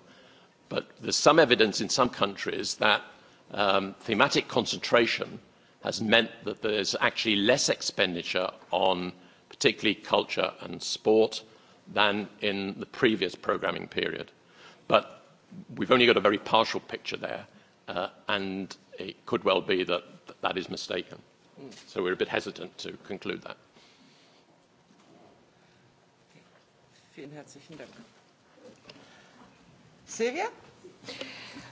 [SPEAKER 12] But there's some evidence in some countries that um, thematic concentration has meant that there's actually less expenditure on particularly culture and sport than in the previous programming period. But we've only got a very partial picture there, uh, and it could well be that that is mistaken. So we're a bit hesitant to conclude that.
[SPEAKER 1] Vielen herzlichen Dank.
[SPEAKER 3] Silvia?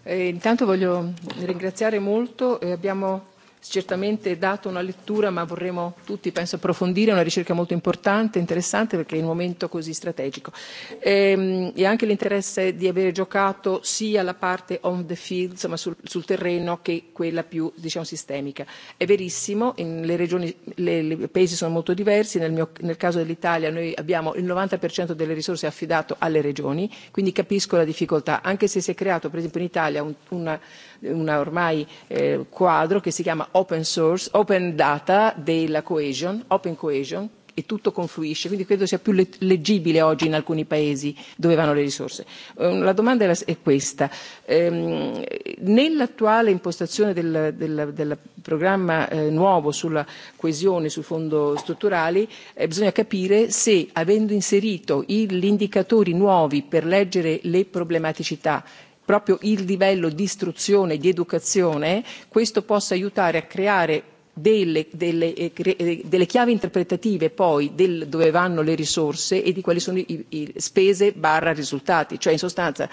[SPEAKER 3] Eh, intanto voglio ringraziare molto, eh, abbiamo certamente dato una lettura, ma vorremmo tutti, penso, approfondire, una ricerca molto importante, interessante, perché è in un momento così strategico. E, e anche l'interesse di avere giocato sia la parte on the field, insomma sul, sul terreno, che quella più, diciamo, sistemica. È verissimo, in, le regioni, le, le paesi sono molto diversi, nel, mio, nel caso dell'Italia noi abbiamo il 90% delle risorse affidato alle regioni, quindi capisco la difficoltà, anche se si è creato, per esempio in Italia, un una, una ormai eh, quadro che si chiama open source, open data della cohesion, open cohesion, e tutto confluisce, quindi credo sia più leggibile oggi in alcuni paesi dove vanno le risorse. Ehm, la domanda è questa. Ehm, nell'attuale impostazione del, del, del programma eh, nuovo sulla coesione, sul fondo strutturali, eh, bisogna capire se, avendo inserito gli indicatori nuovi per leggere le problematicità proprio il livello di istruzione e di educazione, questo possa aiutare a creare delle, delle, eh, eh, delle chiavi interpretative poi del dove vanno le risorse e di quali sono i, i spese barra risultati. Cioè in sostanza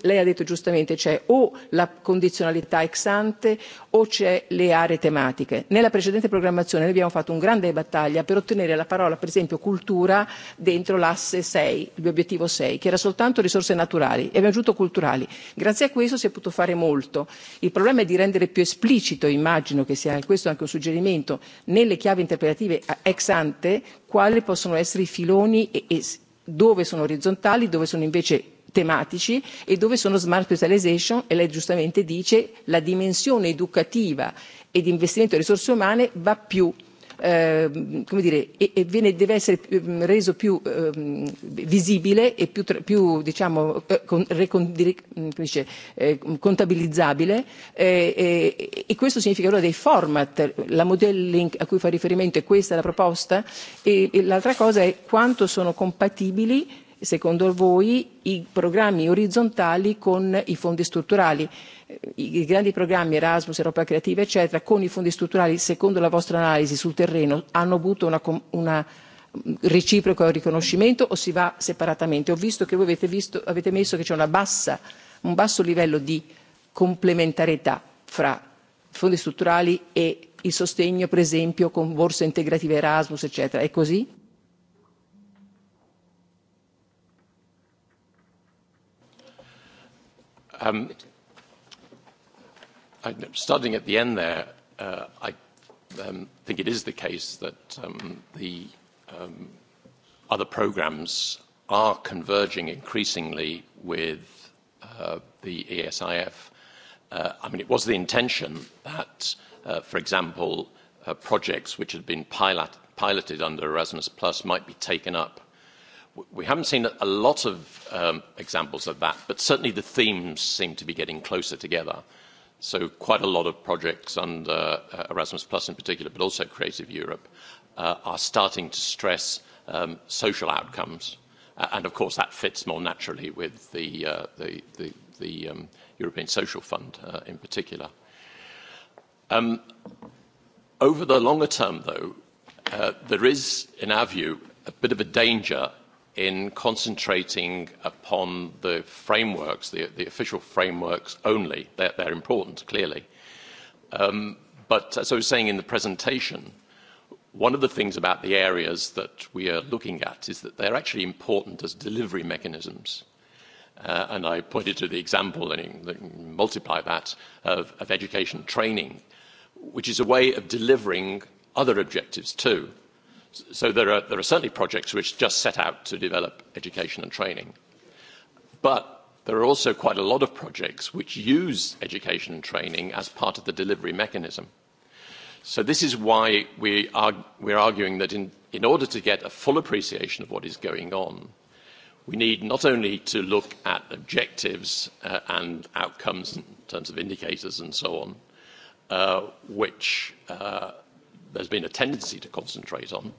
[SPEAKER 3] lei ha detto giustamente c'è o la condizionalità ex ante o c'è le aree tematiche. Nella precedente programmazione noi abbiamo fatto un grande battaglia per ottenere la parola, per esempio, cultura dentro l'asse 6, l'obiettivo 6, che era soltanto risorse naturali e abbiamo aggiunto culturali. Grazie a questo si è potuto fare molto. Il problema è di rendere più esplicito, immagino che sia questo anche un suggerimento, nelle chiavi interpretative ex ante quali possono essere i filoni e, e dove sono orizzontali, dove sono invece tematici e dove sono smart specialization e lei giustamente dice la dimensione educativa e di investimento in risorse umane va più eh, come dire, e, e viene, deve essere ehm, reso più eh, visibile e più, più diciamo, eh, con, recondire, mm, come dice, eh, contabilizzabile eh, eh, e questo significa allora dei format, la modelling a cui fa riferimento è questa la proposta e, e l'altra cosa è quanto sono compatibili secondo voi i programmi orizzontali con i fondi strutturali i grandi programmi Erasmus, Europa Creativa eccetera con i fondi strutturali secondo la vostra analisi sul terreno hanno avuto una, una reciproco riconoscimento o si va separatamente? Ho visto che voi avete, visto, avete messo che c'è una bassa, un basso livello di complementarietà fra fondi strutturali e il sostegno per esempio con borse integrative Erasmus eccetera. È così?
[SPEAKER 12] Um, I, starting at the end there, uh, I um, think it is the case that um, the um, other programs are converging increasingly with uh, the ESIF. Uh, I mean, it was the intention that, uh, for example, uh, projects which had been pilot, piloted under Erasmus Plus might be taken up we haven't seen a lot of um, examples of that, but certainly the themes seem to be getting closer together. So quite a lot of projects under uh, Erasmus Plus in particular, but also Creative Europe, uh, are starting to stress um, social outcomes. Uh, and of course, that fits more naturally with the, uh, the, the, the um, European Social Fund uh, in particular. Um, over the longer term, though, uh, there is, in our view, a bit of a danger in concentrating upon the frameworks, the, the official frameworks only. They're, they're important, clearly. Um, but as I was saying in the presentation, one of the things about the areas that we are looking at is that they're actually important as delivery mechanisms. Uh, and I pointed to the example, and multiply that, of, of education training, which is a way of delivering other objectives too. So there are, there are certainly projects which just set out to develop education and training. But there are also quite a lot of projects which use education and training as part of the delivery mechanism. So this is why we are, we're arguing that in, in order to get a full appreciation of what is going on, we need not only to look at objectives uh, and outcomes in terms of indicators and so on, uh, which uh, there's been a tendency to concentrate on,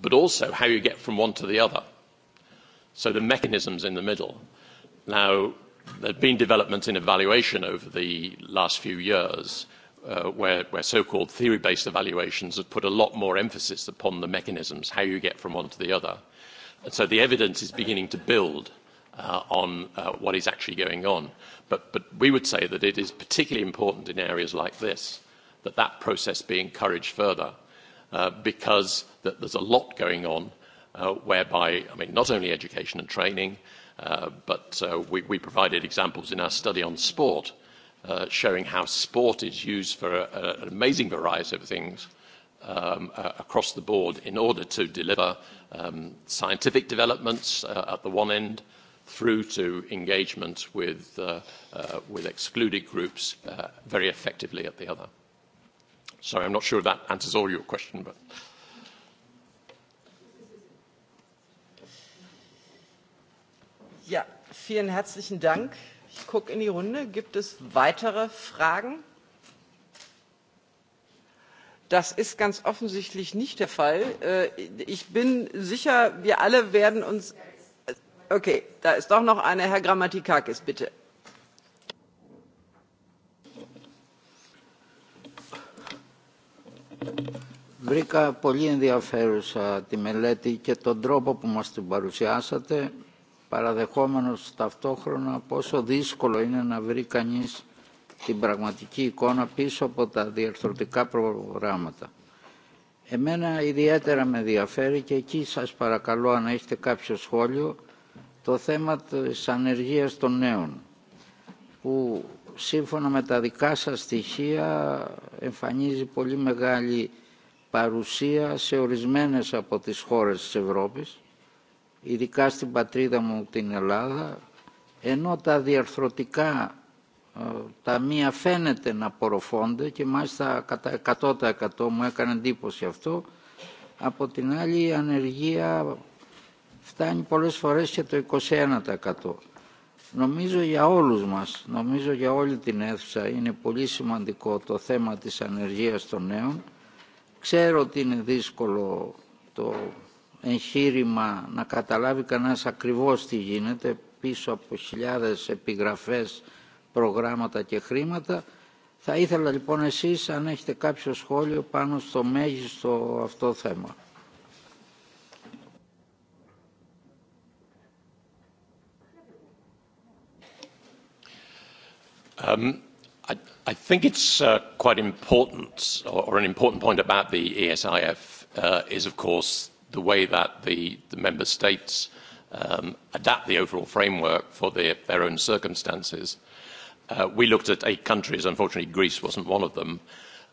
[SPEAKER 12] but also how you get from one to the other. So the mechanisms in the middle. Now, there have been developments in evaluation over the last few years uh, where, where so-called theory-based evaluations have put a lot more emphasis upon the mechanisms, how you get from one to the other. And so the evidence is beginning to build uh, on uh, what is actually going on. But, but we would say that it is particularly important in areas like this that that process be encouraged further uh, because that there's a lot going on uh, whereby, I mean, not only education and training, uh, but uh, we, we provided examples in our study on sport uh, showing how sport is used for a, a, an amazing variety of things um, uh, across the board in order to deliver um, scientific developments uh, at the one end through to engagement with, uh, uh, with excluded groups uh, very effectively at the other. Sorry, I'm not sure that answers all your question, but.
[SPEAKER 1] Ja, vielen herzlichen Dank. Ich gucke in die Runde. Gibt es weitere Fragen? Das ist ganz offensichtlich nicht der Fall. Äh, ich bin sicher, wir alle werden uns. Okay, da ist doch noch eine. Herr Grammatikakis, bitte. Βρήκα
[SPEAKER 13] πολύ ενδιαφέρουσα τη μελέτη και τον τρόπο που μας την παρουσιάσατε, παραδεχόμενος ταυτόχρονα πόσο δύσκολο είναι να βρει κανείς την πραγματική εικόνα πίσω από τα διαρθρωτικά προγράμματα. Εμένα ιδιαίτερα με ενδιαφέρει και εκεί σας παρακαλώ αν έχετε κάποιο σχόλιο το θέμα της ανεργίας των νέων που σύμφωνα με τα δικά σας στοιχεία εμφανίζει πολύ μεγάλη παρουσία σε ορισμένες από τις χώρες της Ευρώπης, ειδικά στην πατρίδα μου την Ελλάδα, ενώ τα διαρθρωτικά τα μία φαίνεται να απορροφώνται και μάλιστα κατά 100% μου έκανε εντύπωση αυτό. Από την άλλη η ανεργία φτάνει πολλές φορές και το 21%. Νομίζω για όλους μας, νομίζω για όλη την αίθουσα είναι πολύ σημαντικό το θέμα της ανεργίας των νέων Ξέρω ότι είναι δύσκολο το εγχείρημα να καταλάβει κανένας ακριβώς τι γίνεται πίσω από χιλιάδες επιγραφές, προγράμματα και χρήματα. Θα ήθελα λοιπόν εσείς αν έχετε κάποιο σχόλιο πάνω στο μέγιστο αυτό θέμα.
[SPEAKER 12] Um, i think it's uh, quite important, or, an important point about the ESIF uh, is, of course, the way that the, the member states um, adapt the overall framework for their, their own circumstances. Uh, we looked at eight countries. Unfortunately, Greece wasn't one of them.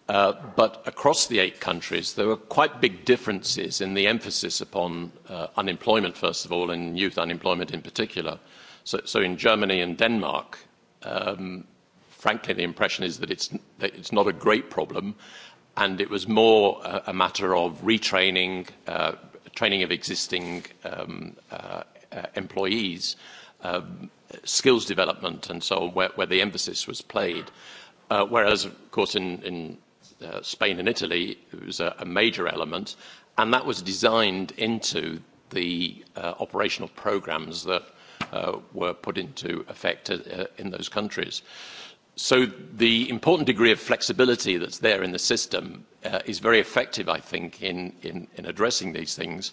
[SPEAKER 12] Uh, but across the eight countries, there were quite big differences in the emphasis upon uh, unemployment, first of all, and youth unemployment in particular. So, so in Germany and Denmark, um, frankly, the impression is that it's, that it's not a great problem. And it was more a, a matter of retraining, uh, training of existing um, uh, uh, employees, um, skills development, and so on, where, where the emphasis was played. Uh, whereas, of course, in, in uh, Spain and Italy, it was a, a major element, and that was designed into the uh, operational programs that uh, were put into effect uh, uh in those countries. Uh, So the important degree of flexibility that's there in the system uh, is very effective, I think, in, in, in addressing these things.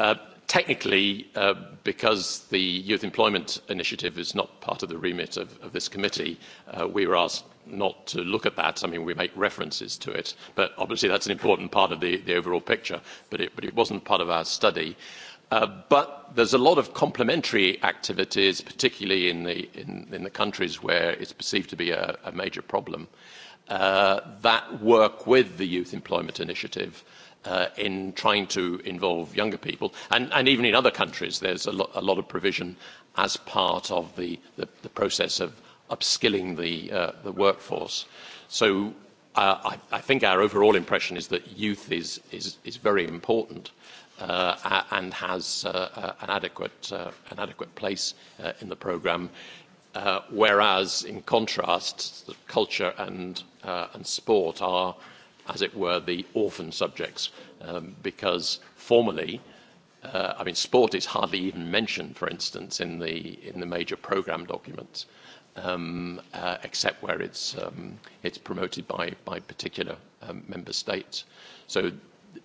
[SPEAKER 12] Uh, technically, uh, because the Youth Employment Initiative is not part of the remit of, of this committee, uh, we were asked not to look at that. I mean, we make references to it, but obviously that's an important part of the, the overall picture, but it, but it wasn't part of our study. Uh, but there's a lot of complementary activities, particularly in the, countries where it's perceived to be a, major problem, uh, that work with the Youth Employment Initiative uh, in trying to involve younger people. And, even in other countries, there's a, a lot of provision as part of the, process of upskilling the, uh, workforce. So I, think our overall impression is that youth is very important uh, and has uh, uh, an, adequate, uh, an adequate place uh, in the programme. Uh, whereas, in contrast, culture and, uh, and sport are, as it were, the orphan subjects, um, because formally, uh, I mean, sport is hardly even mentioned, for instance, in the, in the major programme documents, um, uh, except where it's, um, it's promoted by, by particular um, member states. So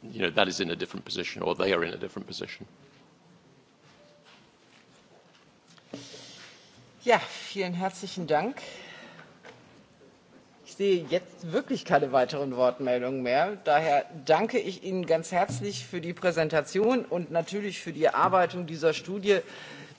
[SPEAKER 12] you know, that is in a different position or they are in a different position.
[SPEAKER 1] Ja, vielen herzlichen Dank. Ich sehe jetzt wirklich keine weiteren Wortmeldungen mehr. Daher danke ich Ihnen ganz herzlich für die Präsentation und natürlich für die Erarbeitung dieser Studie,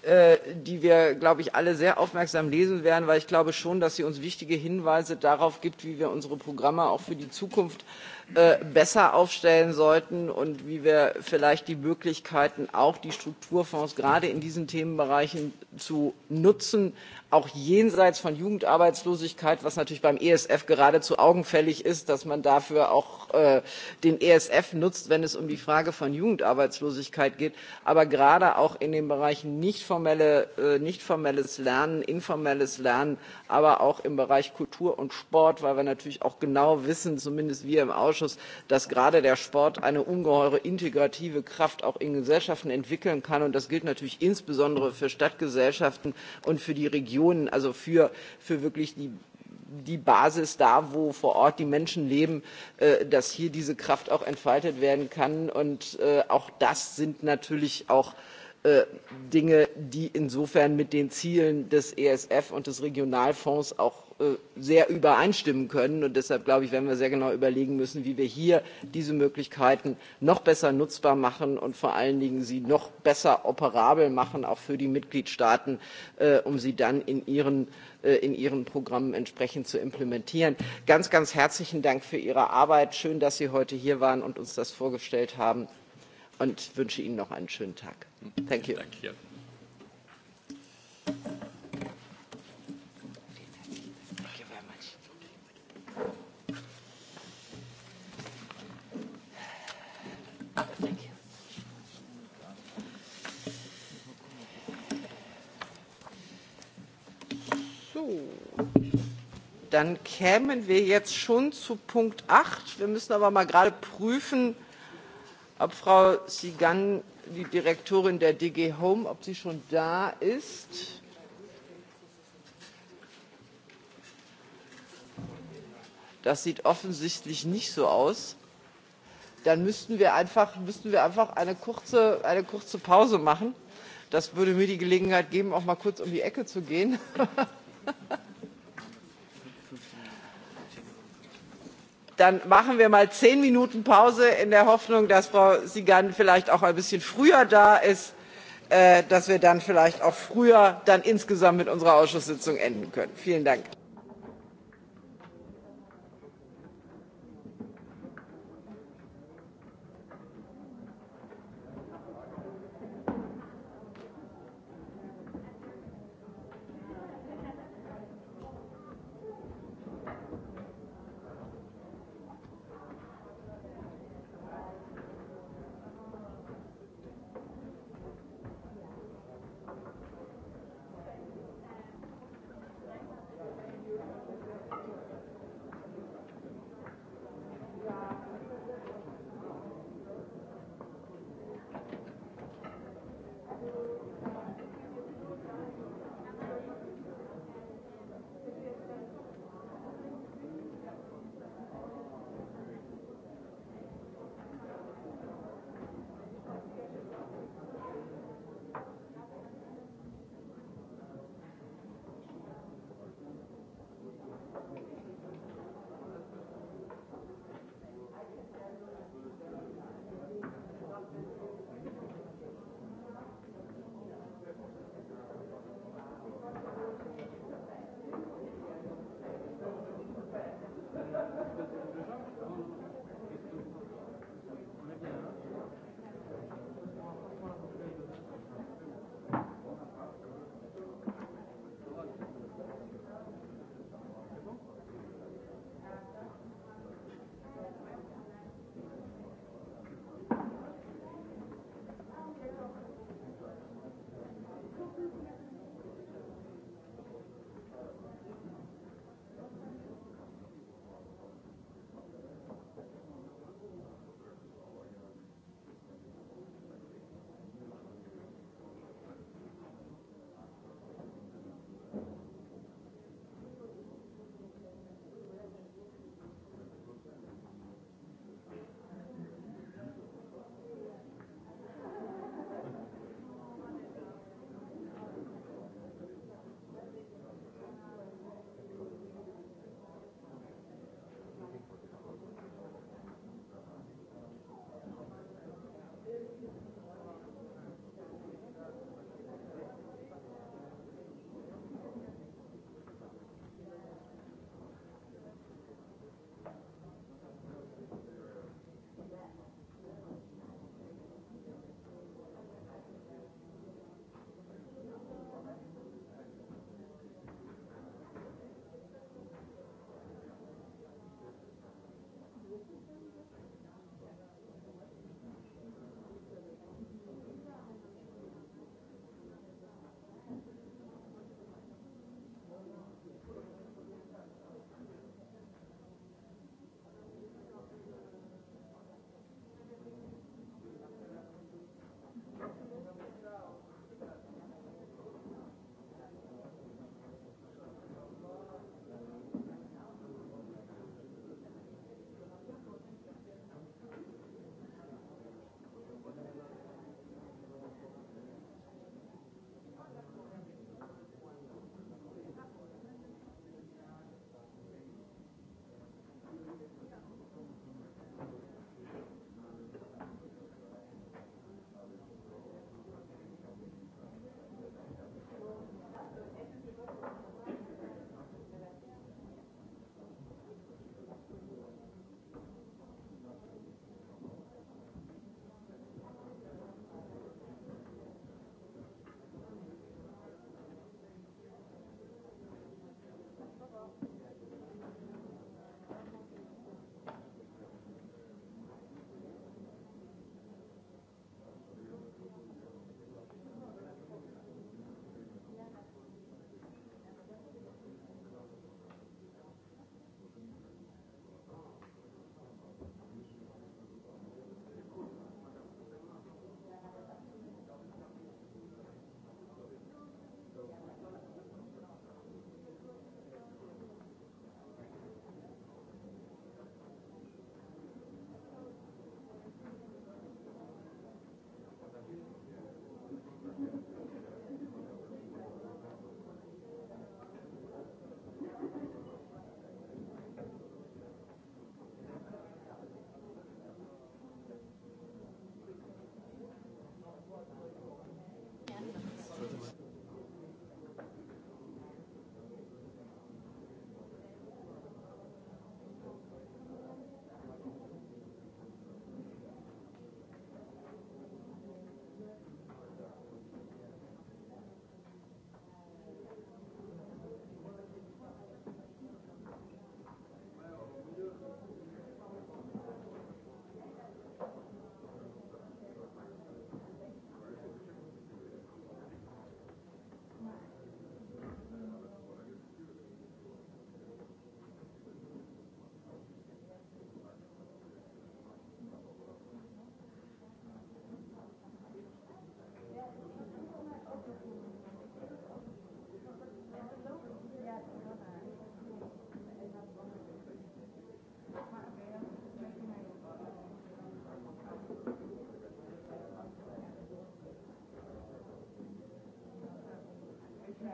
[SPEAKER 1] äh, die wir, glaube ich, alle sehr aufmerksam lesen werden, weil ich glaube schon, dass sie uns wichtige Hinweise darauf gibt, wie wir unsere Programme auch für die Zukunft Äh, besser aufstellen sollten und wie wir vielleicht die Möglichkeiten, auch die Strukturfonds gerade in diesen Themenbereichen zu nutzen, auch jenseits von Jugendarbeitslosigkeit, was natürlich beim ESF geradezu augenfällig ist, dass man dafür auch äh, den ESF nutzt, wenn es um die Frage von Jugendarbeitslosigkeit geht, aber gerade auch in den Bereichen nicht, formelle, äh, nicht formelles Lernen, informelles Lernen, aber auch im Bereich Kultur und Sport, weil wir natürlich auch genau wissen, zumindest wir im Ausschuss, ausschuss dass gerade der sport eine ungeheure integrative kraft auch in gesellschaften entwickeln kann und das gilt natürlich insbesondere für stadtgesellschaften und für die regionen also für, für wirklich die die Basis da, wo vor Ort die Menschen leben, äh, dass hier diese Kraft auch entfaltet werden kann. Und äh, auch das sind natürlich auch äh, Dinge, die insofern mit den Zielen des ESF und des Regionalfonds auch Äh, sehr übereinstimmen können. Und deshalb, glaube ich, werden wir sehr genau überlegen müssen, wie wir hier diese Möglichkeiten noch besser nutzbar machen und vor allen Dingen sie noch besser operabel machen, auch für die Mitgliedstaaten, äh, um sie dann in ihren, äh, in ihren Programmen entsprechend zu implementieren. Ganz, ganz herzlichen Dank für Ihre Arbeit. Schön, dass Sie heute hier waren und uns das vorgestellt haben. Und wünsche Ihnen noch einen schönen Tag. Thank you. Thank you. dann kämen wir jetzt schon zu Punkt 8. Wir müssen aber mal gerade prüfen, ob Frau Sigan, die Direktorin der DG Home, ob sie schon da ist. Das sieht offensichtlich nicht so aus. Dann müssten wir einfach, müssten wir einfach eine, kurze, eine kurze Pause machen. Das würde mir die Gelegenheit geben, auch mal kurz um die Ecke zu gehen. [LAUGHS] dann machen wir mal zehn minuten pause in der hoffnung dass frau zigan vielleicht auch ein bisschen früher da ist äh, dass wir dann vielleicht auch früher dann insgesamt mit unserer ausschusssitzung enden können. vielen dank.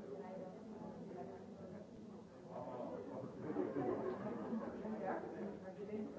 [SPEAKER 4] Thank you.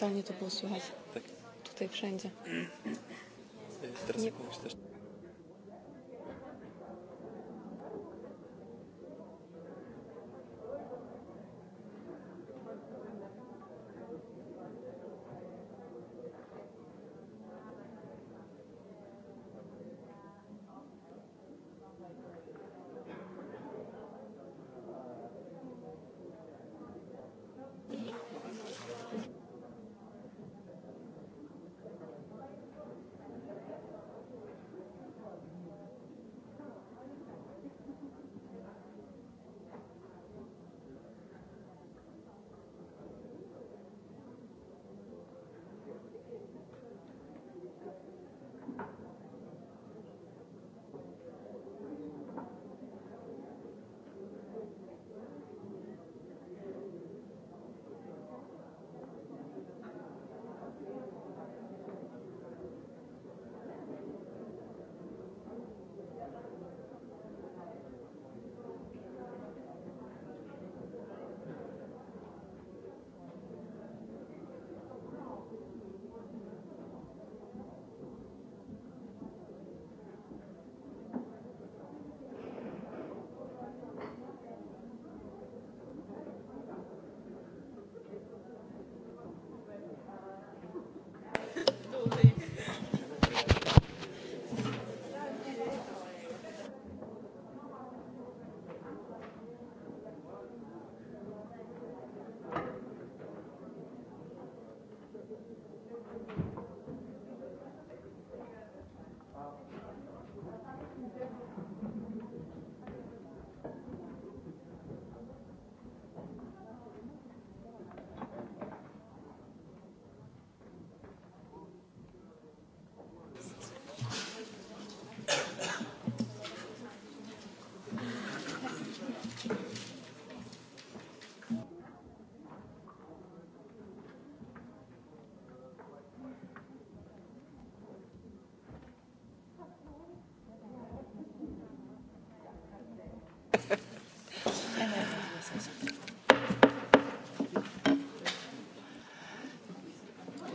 [SPEAKER 3] totalnie to było słychać. Tak. Tutaj wszędzie. Teraz Nie... też.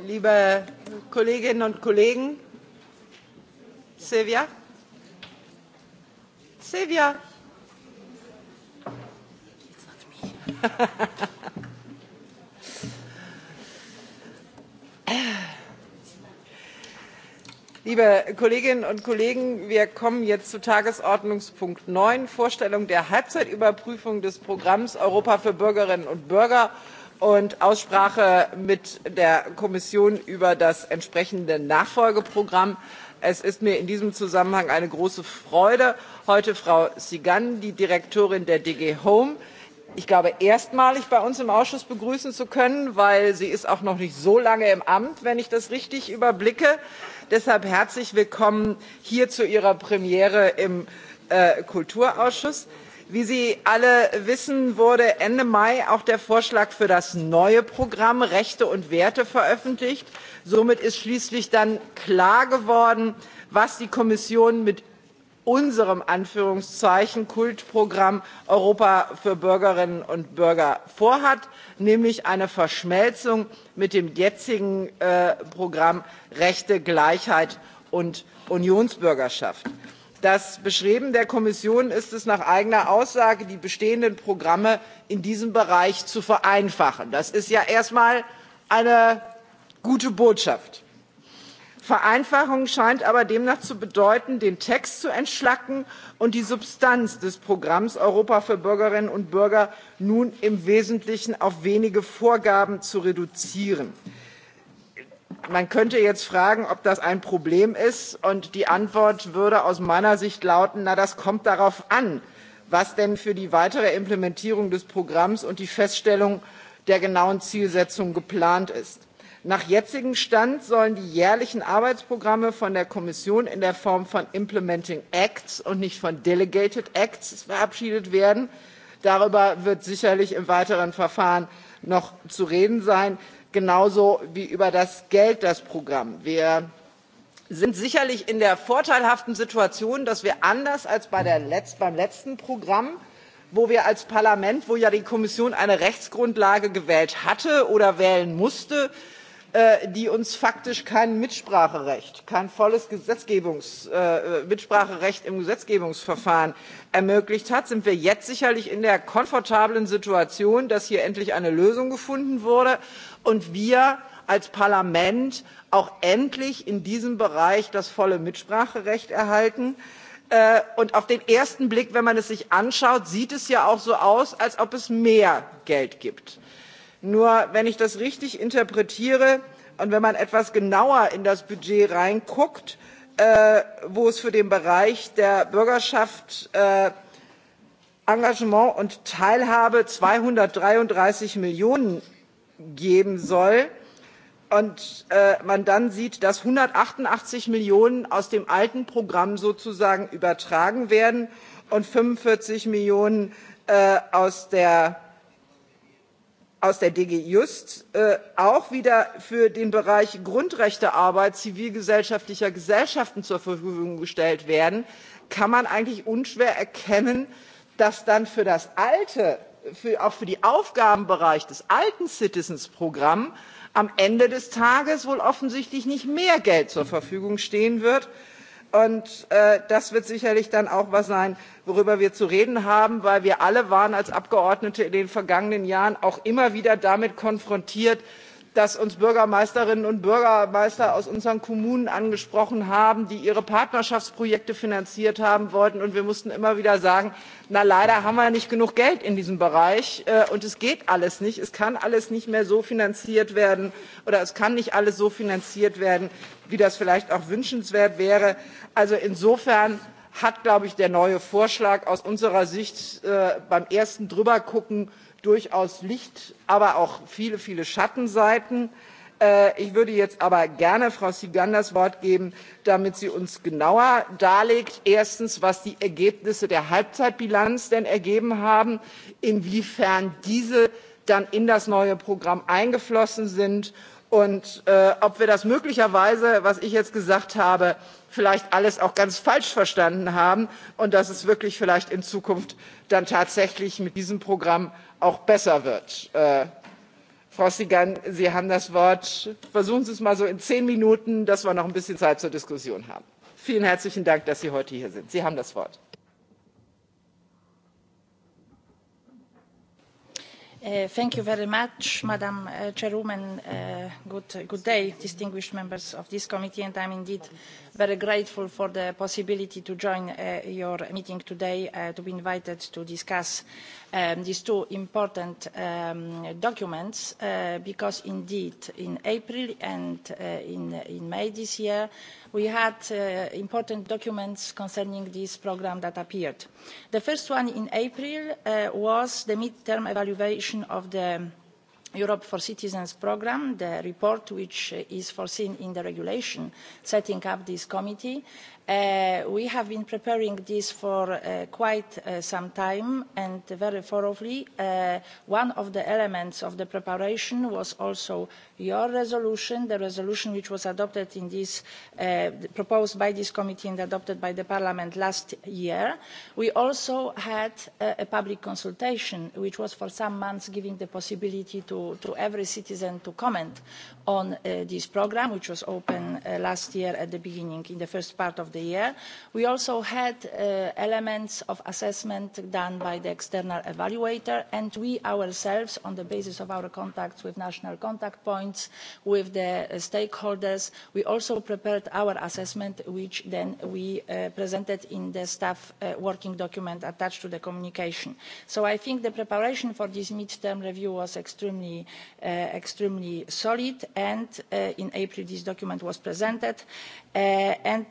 [SPEAKER 1] liebe Kolleginnen und Kollegen. Silvia? Silvia? liebe kolleginnen und kollegen! wir kommen jetzt zu tagesordnungspunkt 9, vorstellung der halbzeitüberprüfung des programms europa für bürgerinnen und bürger und Aussprache mit der Kommission über das entsprechende Nachfolgeprogramm. Es ist mir in diesem Zusammenhang eine große Freude, heute Frau Sigan, die Direktorin der DG Home, ich glaube, erstmalig bei uns im Ausschuss begrüßen zu können, weil sie ist auch noch nicht so lange im Amt, wenn ich das richtig überblicke. Deshalb herzlich willkommen hier zu Ihrer Premiere im äh, Kulturausschuss wie sie alle wissen wurde ende mai auch der vorschlag für das neue programm rechte und werte veröffentlicht. somit ist schließlich dann klar geworden was die kommission mit unserem Anführungszeichen Kultprogramm Europa für Bürgerinnen und Bürger vorhat, nämlich eine Verschmelzung mit dem jetzigen äh, Programm Rechte, Gleichheit und Unionsbürgerschaft das bestreben der kommission ist es nach eigener aussage die bestehenden programme in diesem bereich zu vereinfachen. das ist ja erst einmal eine gute botschaft. vereinfachung scheint aber demnach zu bedeuten den text zu entschlacken und die substanz des programms europa für bürgerinnen und bürger nun im wesentlichen auf wenige vorgaben zu reduzieren man könnte jetzt fragen ob das ein problem ist und die antwort würde aus meiner sicht lauten na das kommt darauf an was denn für die weitere implementierung des programms und die feststellung der genauen zielsetzung geplant ist. nach jetzigem stand sollen die jährlichen arbeitsprogramme von der kommission in der form von implementing acts und nicht von delegated acts verabschiedet werden. darüber wird sicherlich im weiteren verfahren noch zu reden sein genauso wie über das geld das programm. wir sind sicherlich in der vorteilhaften situation dass wir anders als beim letzten programm wo wir als parlament wo ja die kommission eine rechtsgrundlage gewählt hatte oder wählen musste äh, die uns faktisch kein mitspracherecht kein volles Gesetzgebungs, äh, mitspracherecht im gesetzgebungsverfahren ermöglicht hat sind wir jetzt sicherlich in der komfortablen situation dass hier endlich eine lösung gefunden wurde und wir als parlament auch endlich in diesem bereich das volle mitspracherecht erhalten. Äh, und auf den ersten blick wenn man es sich anschaut sieht es ja auch so aus als ob es mehr geld gibt. nur wenn ich das richtig interpretiere und wenn man etwas genauer in das budget hineinguckt äh, wo es für den bereich der bürgerschaft äh, engagement und teilhabe zweihundertdreiunddreißig millionen geben soll und äh, man dann sieht dass einhundertachtundachtzig millionen aus dem alten programm sozusagen übertragen werden und fünfundvierzig millionen äh, aus der aus der DG Just äh, auch wieder für den Bereich Grundrechtearbeit zivilgesellschaftlicher Gesellschaften zur Verfügung gestellt werden, kann man eigentlich unschwer erkennen, dass dann für das alte auch für den aufgabenbereich des alten citizens programms am ende des tages wohl offensichtlich nicht mehr geld zur verfügung stehen wird. Und äh, das wird sicherlich dann auch etwas sein, worüber wir zu reden haben, weil wir alle waren als Abgeordnete in den vergangenen Jahren auch immer wieder damit konfrontiert, dass uns bürgermeisterinnen und bürgermeister aus unseren kommunen angesprochen haben die ihre partnerschaftsprojekte finanziert haben wollten und wir mussten immer wieder sagen na leider haben wir nicht genug geld in diesem bereich äh, und es geht alles nicht es kann alles nicht mehr so finanziert werden oder es kann nicht alles so finanziert werden wie das vielleicht auch wünschenswert wäre. also insofern hat glaube ich der neue vorschlag aus unserer sicht äh, beim ersten drübergucken durchaus licht aber auch viele viele schattenseiten. Äh, ich würde jetzt aber gerne frau sigan das wort geben damit sie uns genauer darlegt erstens was die ergebnisse der halbzeitbilanz denn ergeben haben inwiefern diese dann in das neue programm eingeflossen sind und äh, ob wir das möglicherweise was ich jetzt gesagt habe vielleicht alles auch ganz falsch verstanden haben und dass es wirklich vielleicht in zukunft dann tatsächlich mit diesem programm auch besser wird. Äh, Frau Sigan, Sie haben das Wort. Versuchen Sie es mal so in zehn Minuten, dass wir noch ein bisschen Zeit zur Diskussion haben. Vielen herzlichen Dank, dass Sie heute hier sind. Sie haben das Wort.
[SPEAKER 14] Uh, thank you very much, Madam uh, Chairwoman. Uh, good, good day, distinguished members of this committee, and I'm indeed very grateful for the possibility to join uh, your meeting today, uh, to be invited to discuss um, these two important um, documents, uh, because indeed in April and in, May this year, we had important documents concerning this programme that appeared. The first one in April was the mid-term evaluation of the europe for citizens programme the report which is foreseen in the regulation setting up this committee. Uh, we have been preparing this for uh, quite uh, some time and very thoroughly. one of the elements of the preparation was also your resolution the resolution which was adopted in this proposed by this committee and adopted by parliament last year. we also had a public consultation which was for some months giving the possibility to, to every citizen to comment on this programme which was open last year at the beginning in the first part of the year. We also had uh, elements of assessment done by the external evaluator, and we ourselves, on the basis of our contacts with national contact points, with the uh, stakeholders, we also prepared our assessment, which then we uh, presented in the staff working document attached to the communication. So I think the preparation for this mid-term review was extremely, extremely solid, and in April this document was presented. and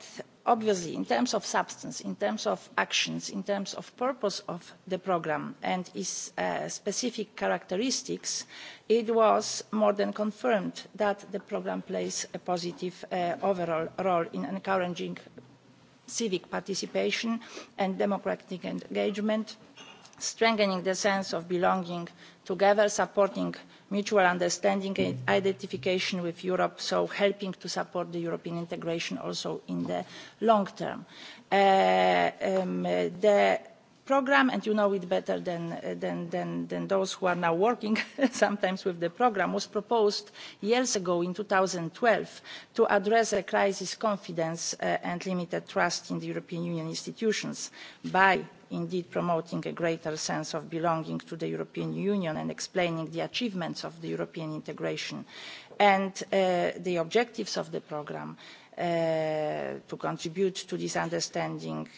[SPEAKER 14] obviously in terms of substance in terms of actions in terms of purpose of the programme and its uh, specific characteristics it was more than confirmed that the programme plays a positive uh, overall role in encouraging civic participation and democratic engagement strengthening the sense of belonging together supporting mutual understanding and identification with europe so helping to support the european integration also in the long term. Uh, um, uh, the program and you know it better than, uh, than, than, than those who are now working [LAUGHS] sometimes with the program was proposed years ago in 2012 to address a crisis confidence uh, and limited trust in the European Union institutions by indeed promoting a greater sense of belonging to the European Union and explaining the achievements of the European integration and uh, the objectives of the program uh, to contribute to this understanding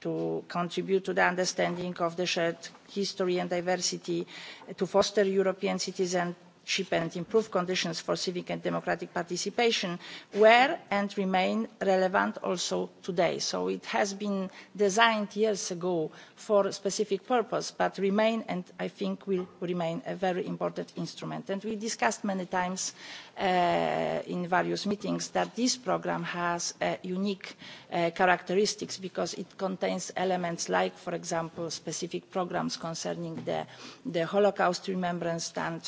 [SPEAKER 14] to contribute to the understanding of the shared history and diversity to foster european citizen citizenship and improve conditions for civic and democratic participation were and remain relevant also today. so it has been designed years ago for a specific purpose but remains and i think will remain a very important instrument. And we discussed many times uh, in various meetings that this programme has uh, unique uh, characteristics because it contains elements like for example specific programmes concerning the, holocaust remembrance and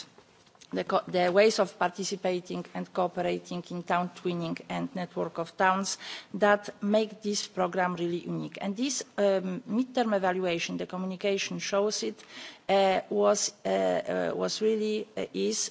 [SPEAKER 14] the, ways of participating and cooperating in town twinning and network of towns that make this programme really unique. And this um, mid-term evaluation, the communication shows it, uh, was, uh, uh was really uh, is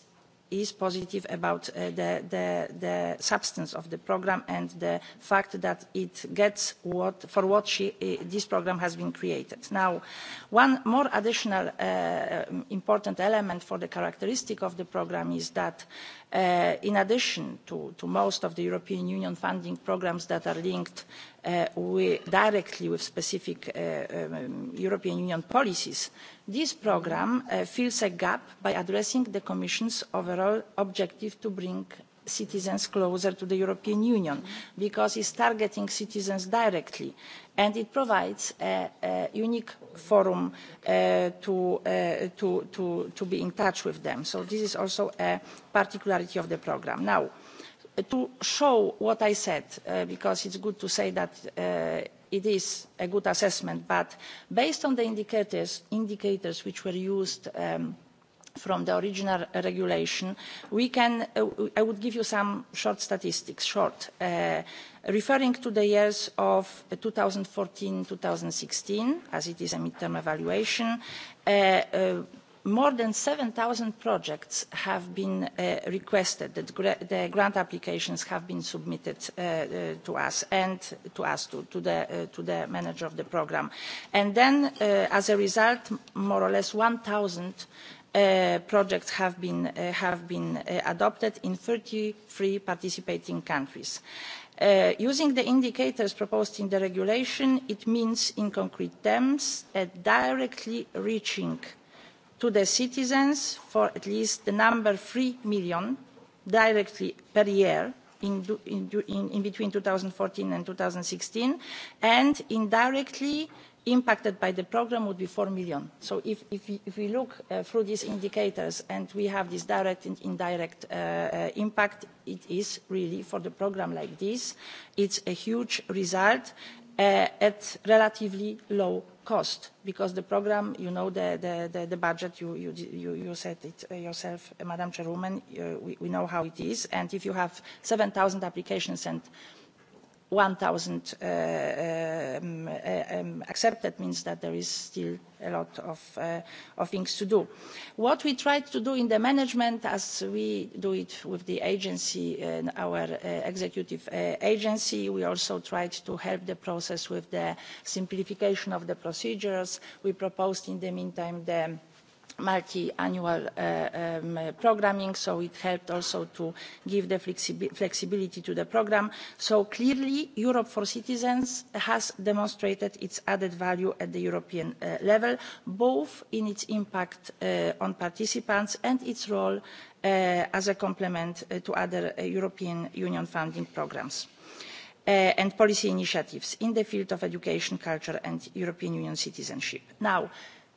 [SPEAKER 14] is positive about uh, the, substance of the programme and the fact that it gets for what uh, this programme has been created. Now, one more additional uh, important element for the characteristic of the programme is that Uh, in addition to, to most of the European Union funding programmes that are linked uh, with, directly with specific uh, um, European Union policies, this programme uh, fills a gap by addressing the Commission's overall objective to bring citizens closer to the European Union because it's targeting citizens directly and it provides a, unique forum uh, uh, to, be in touch with them. So this is also a particularity of the programme. Now, to show what I said, because uh, because it's good to say that it is a good assessment, but based on the indicators, indicators which were used um, from the original regulation uh, i would give you some short statistics uh, referring to the years of 2014 uh, 2016 as it is a midterm evaluation more than 7,000 projects have been requested, that the grant applications have been submitted to us and to us, to, the, to the manager of the programme. And then, as a result, more or less 1,000 Uh, projects have been, uh, have been uh, adopted in 33 participating countries. Uh, using the indicators proposed in the regulation, it means in concrete terms that uh, directly reaching to the citizens for at least the number 3 million directly per year in, in, in between 2014 and 2016 and indirectly impacted by the programme would be four million. so if, we look uh, through these indicators and we have this direct and indirect uh, uh, impact it is really for the programme like this it's a huge result at relatively low cost because the programme you know the, budget you, said it yourself madam chairwoman we, know how it is and if you have seven zero applications and 1,000 uh, um, uh, um, accepted means that there is still a lot of, uh, of things to do. What we tried to do in the management, as we do it with the agency, and our uh, executive uh, agency, we also tried to help the process with the simplification of the procedures. We proposed in the meantime the multiannual eh, programming, so it helped also to give the flexibility to the programme So clearly, Europe for citizens has demonstrated its added value at the European eh, level, both in its impact eh, on participants and its role as a complement to other European Union funding programmes. and policy initiatives in the field of education, culture and European Union citizenship. Now,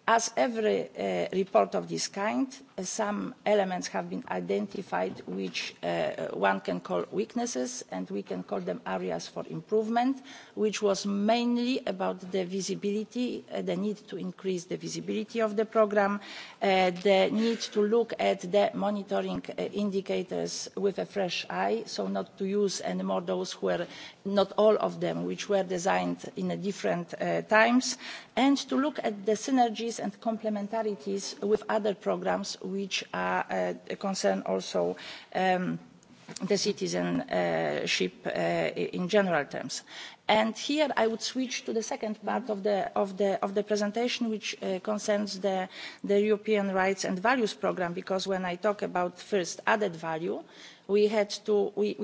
[SPEAKER 14] as every uh, report of this kind uh, some elements have been identified which uh, one can call weaknesses and we can call them areas for improvement which was mainly about the visibility eh, the need to increase the visibility of the program, the need to look at the monitoring indicators with a fresh eye so not to use anymore those who were not all of them which were designed in different times and to look at the synergies synergies and complementarities with other programmes which are, uh, concern also um, the citizenship uh, in general terms. And here I would switch to the second part of the, of the, of the presentation, which uh, concerns the, the European Rights and Values Programme, because when I talk about first added value, we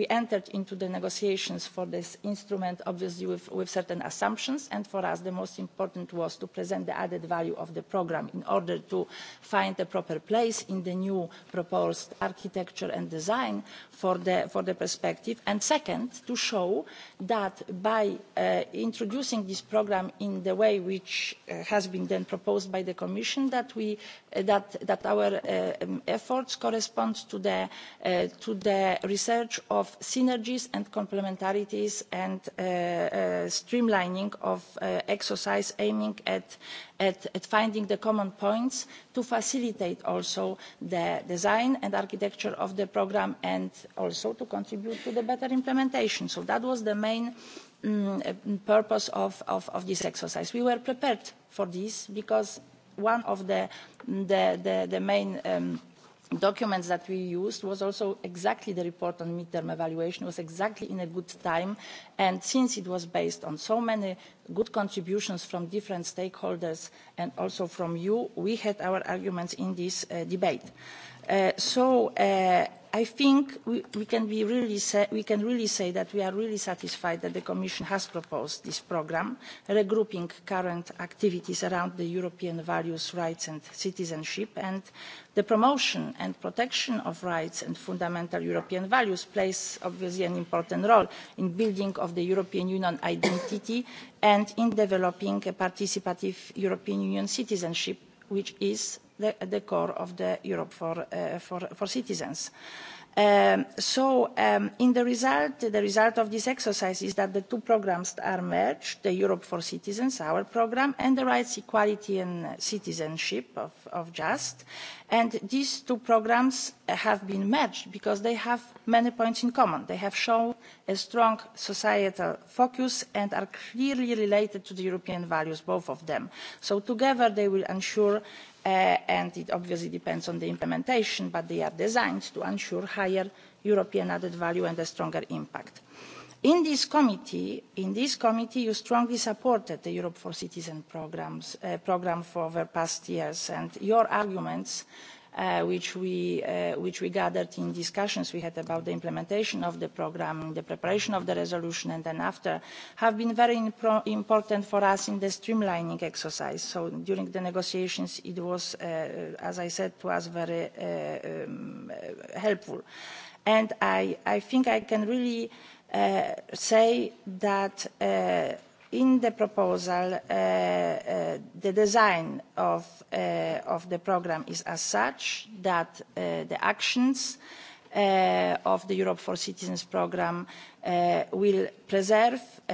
[SPEAKER 14] entered into the negotiations for this instrument obviously with, certain assumptions and for us the most important was to present the added value of the programme in order to find a proper place in the new proposed architecture and design for the perspective and second to show that by uh, introducing this programme in the way which uh, has been then proposed by the commission that uh, our um, efforts correspond to the the research of synergies and complementarities and uh, uh, streamlining of uh, exercise aiming at, finding the common points to facilitate also the design and architecture of the programme and also to contribute to the better implementation. so that was the main mm, purpose of, this exercise. we were prepared for this because one of the, main um, documents that we used was also exactly the report on mid term evaluation was exactly in a good time and since it was based on so many good contributions from different stakeholders and also from you. We had our arguments in this uh, debate. Uh, so uh, I think we, we, can be really say, we can really say that we are really satisfied that the Commission has proposed this programme, regrouping current activities around the European values, rights and citizenship. And the promotion and protection of rights and fundamental European values plays obviously an important role in building of the European Union identity and and in developing a participative european union citizenship which is the, the core of the europe for uh, citizens. Um, so um, in the result, the result of this exercise is that the two programmes are merged, the Europe for Citizens, our programme and the Rights, Equality and Citizenship of, JUST. And these two programmes have been merged because they have many points in common. They have shown a strong societal focus and are clearly related to the European values, both of them. So together they will ensure Uh, and it obviously depends on the implementation but they are designed to ensure higher european added value and a stronger impact. In this, committee, in this committee you strongly supported the europe for citizens programme uh, for the past years and your arguments Uh, uh, which, we, gathered in discussions we had about the implementation of the programme the preparation of the resolution and then after have been very important for us in the streamlining exercise. so during the negotiations it was uh, as i said to us very um, helpful. and i think i can really say that in the proposal, uh, uh, the design of, uh, of the programme is as such that uh, the actions uh, of the Europe for Citizens programme uh, will preserve uh,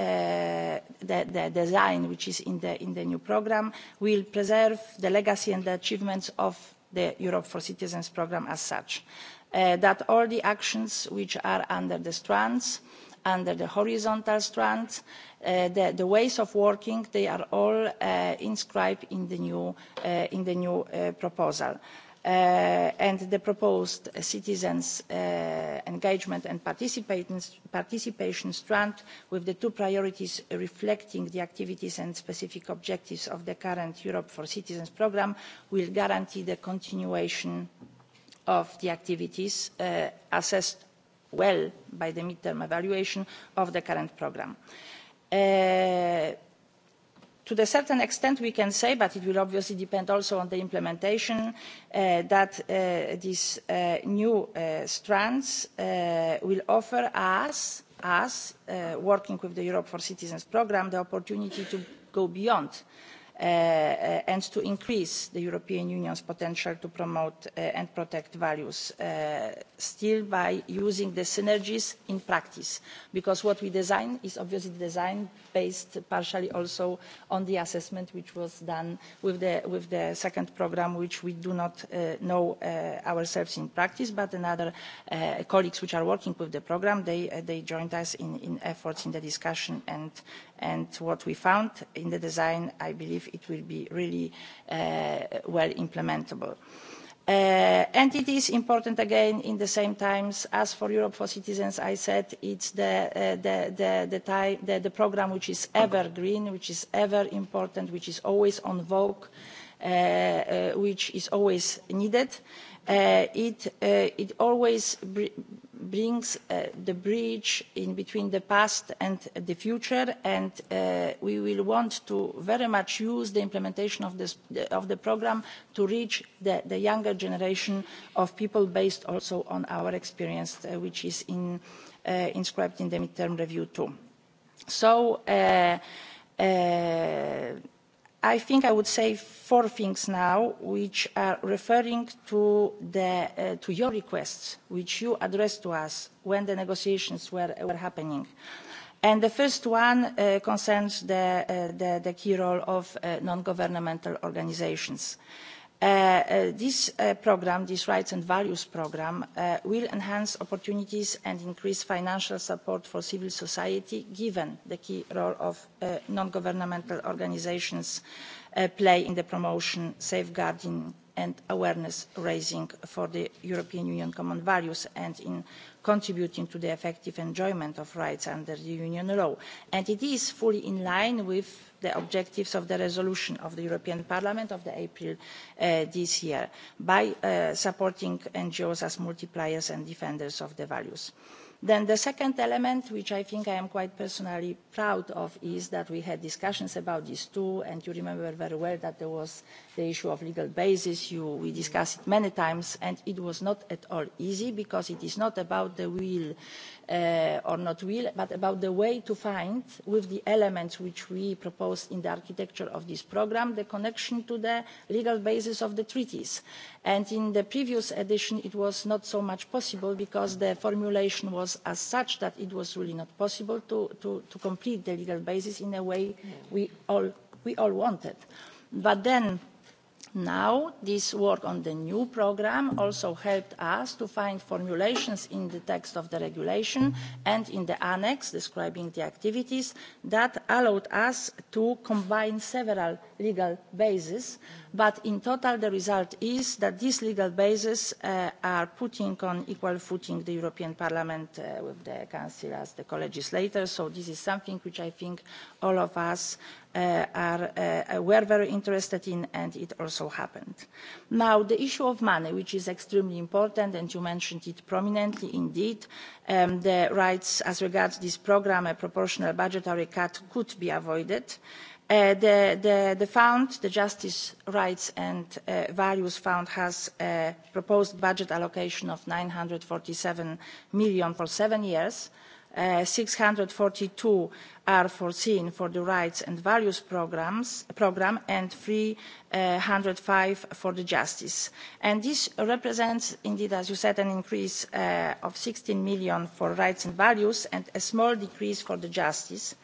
[SPEAKER 14] the, the design which is in the, in the new programme, will preserve the legacy and the achievements of the Europe for Citizens programme as such. Uh, that all the actions which are under the strands under the horizontal strand, uh, the, ways of working they are all uh, inscribed in the new uh, proposal. and the proposed citizens' engagement and participation strand with the two priorities reflecting the activities and specific objectives of the current europe for citizens programme will guarantee the continuation of the activities assessed well by the midterm evaluation of the current programme. Uh, to a certain extent we can say but it will obviously depend also on the implementation uh, that uh, these new strands will offer us, us working with the europe for citizens programme the opportunity to go beyond Uh, uh, and to increase the European Union's potential to promote uh, and protect values, still by using the synergies in practice, because what we design is obviously designed based partially also on the assessment which was done with the, second programme, which we do not know ourselves in practice, but another colleagues which are working with the programme, they, they joined us in efforts in the discussion and, and what we found in the design, I believe, it will be really uh, well implementable. Uh, and it is important again in the same times as for europe for citizens i said it's the, uh, the, the, the, time, the, the program which is evergreen which is ever important which is always on vogue uh, uh, which is always needed. Uh, it, uh, it always brings uh, the bridge in between the past and the future and uh, we will want to very much use the implementation of, the programme to reach the, younger generation of people based also on our experience uh, which is inscribed in the mid term review too. so i think I would say four things now, which are referring to, the, uh, to your requests, which you addressed to us when the negotiations were, were happening. And the first one uh, concerns the, uh, the, the key role of uh, non-governmental organizations. Uh, Eh, eh, this eh, programme this rights and values programme will enhance opportunities and increase financial support for civil society given the key role of non governmental organisations play in the promotion safeguarding and awareness raising for the european union common values and in contributing to the effective enjoyment of rights under the union law and it is fully in line with the objectives of the resolution of the european parliament of april uh, this year by uh, supporting ngos as multipliers and defenders of the values. Then the second element which i think i am quite personally proud of is that we had discussions about this too and you remember very well that there was the issue of legal basis we discussed it many times and it was not at all easy because it is not about the will uh, or not will but about the way to find with the elements which we propose in the architecture of this programme the connection to the legal basis of the treaties and in the previous edition it was not so much possible because the formulation was as such that it was really not possible to, complete the legal basis in a way we all wanted. but then now this work on the new programme also helped us to find formulations in the text of the regulation and in the annex describing the activities that allowed us to combine several legal bases but in total the result is that these legal bases uh, are putting on equal footing the european parliament uh, with the council as the co-legislator so this is something which i think all of us uh, uh, were very interested in and it also happened. Now the issue of money which is extremely important and you mentioned it prominently indeed. Um, the rights as regards this programme a proportional budgetary cut could be avoided. Uh, the, the, the fund, the Justice, Rights and uh, Values Fund has a uh, proposed budget allocation of 947 million for seven years. Uh, 642 are foreseen for the Rights and Values programs, program and 305 uh, for the Justice. And this represents, indeed, as you said, an increase uh, of 16 million for Rights and Values and a small decrease for the Justice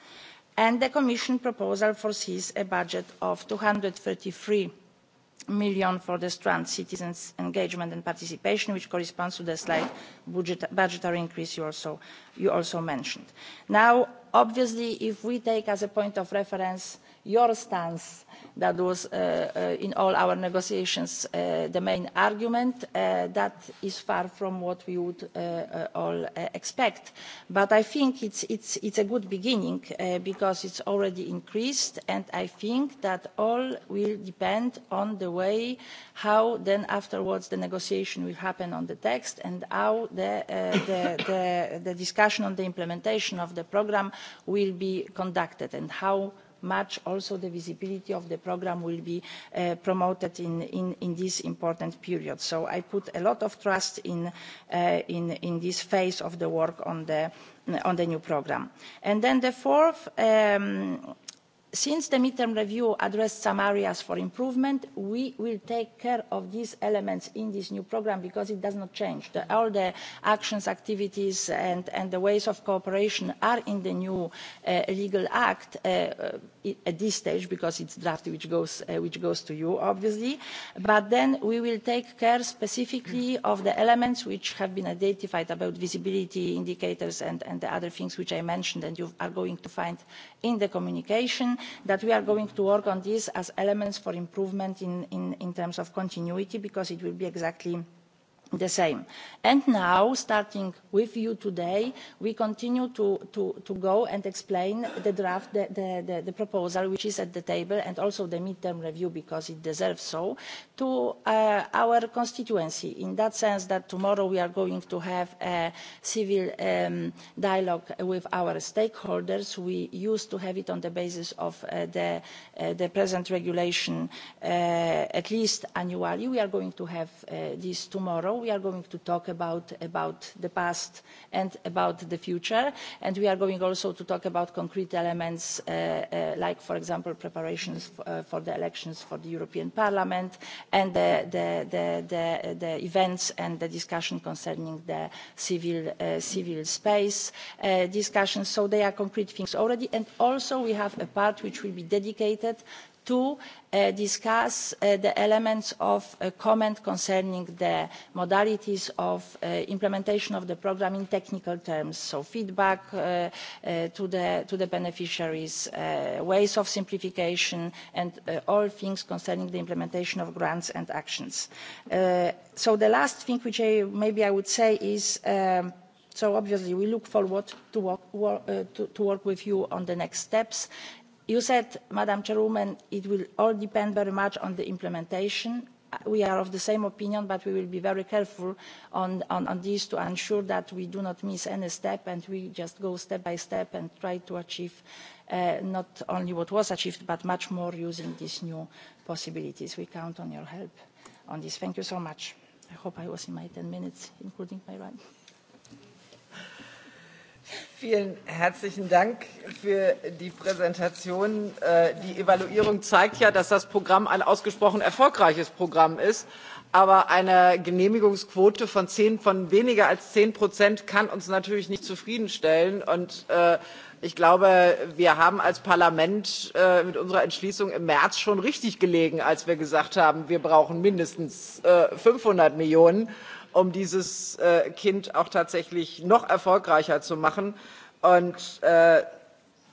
[SPEAKER 14] and the commission proposal foresees a budget of eur two hundred and thirty three million for the strand citizens' engagement and participation which corresponds to the slight budgetary increase you also mentioned. now obviously if we take as a point of reference your stance that was uh, uh, in all our negotiations uh, the main argument that is far from what we would all expect but i think it's, a good beginning because it's already increased and i think that all will depend on the way how then afterwards the negotiation will happen on the text and how the discussion on the implementation of the programme will be conducted and how much also the visibility of the programme will be uh, promoted in, this important period. so i put a lot of trust in, uh, this phase of the work on the, new programme. and then the fourth um, since the mid term review addressed some areas for improvement we will take care of these elements in this new programme because it does not change. The, all the actions activities and, the ways of cooperation are in the new uh, legal act uh, uh, at this stage because it's draft which goes, which goes to you obviously but then we will take care specifically of the elements which have been identified about visibility indicators and the other things which i mentioned and you are going to find in the communication that we are going to work on these as elements for improvement in, in terms of continuity because it will be exactly the same. And now, starting with you today, we continue to, go and explain the draft, the, proposal which is at the table and also the mid-term review because it deserves so, to uh, our constituency in that sense that tomorrow we are going to have a civil um, dialogue with our stakeholders. We used to have it on the basis of uh, uh, the, present regulation at least annually. We are going to have this tomorrow we are going to talk about, about the past and about the future and we are going also to talk about concrete elements uh, uh, like for example preparations uh, for the elections for the european parliament and the, events and the discussion concerning the civil, civil space discussions so they are concrete things already and also we have a part which will be dedicated to uh, discuss uh, the elements of a uh, comment concerning the modalities of implementation of the programme in technical terms so feedback to the, beneficiaries ways of simplification and all things concerning the implementation of grants and actions. so the last thing which I, maybe i would say is um, so obviously we look forward to working with you on the next steps you said madam president it will all depend very much on the implementation. we are of the same opinion but we will be very careful on, this to ensure that we do not miss any step and we just go step by step and try to achieve uh, not only what was achieved but much more using these new possibilities. we count on your help on this. thank you so much. i hope i was in my ten minutes including my
[SPEAKER 1] Vielen herzlichen Dank für die Präsentation. Äh, die Evaluierung zeigt ja, dass das Programm ein ausgesprochen erfolgreiches Programm ist. Aber eine Genehmigungsquote von, zehn, von weniger als zehn Prozent kann uns natürlich nicht zufriedenstellen. Und äh, ich glaube, wir haben als Parlament äh, mit unserer Entschließung im März schon richtig gelegen, als wir gesagt haben, wir brauchen mindestens 500 Millionen um dieses äh, Kind auch tatsächlich noch erfolgreicher zu machen. Und äh,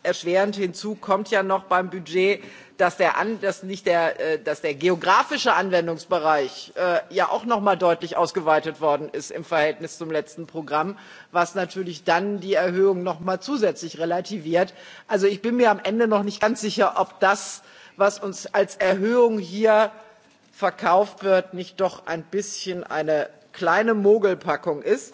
[SPEAKER 1] erschwerend hinzu kommt ja noch beim Budget, dass der, An dass nicht der, äh, dass der geografische Anwendungsbereich äh, ja auch noch mal deutlich ausgeweitet worden ist im Verhältnis zum letzten Programm, was natürlich dann die Erhöhung noch mal zusätzlich relativiert. Also ich bin mir am Ende noch nicht ganz sicher, ob das, was uns als Erhöhung hier verkauft wird, nicht doch ein bisschen eine kleine mogelpackung ist.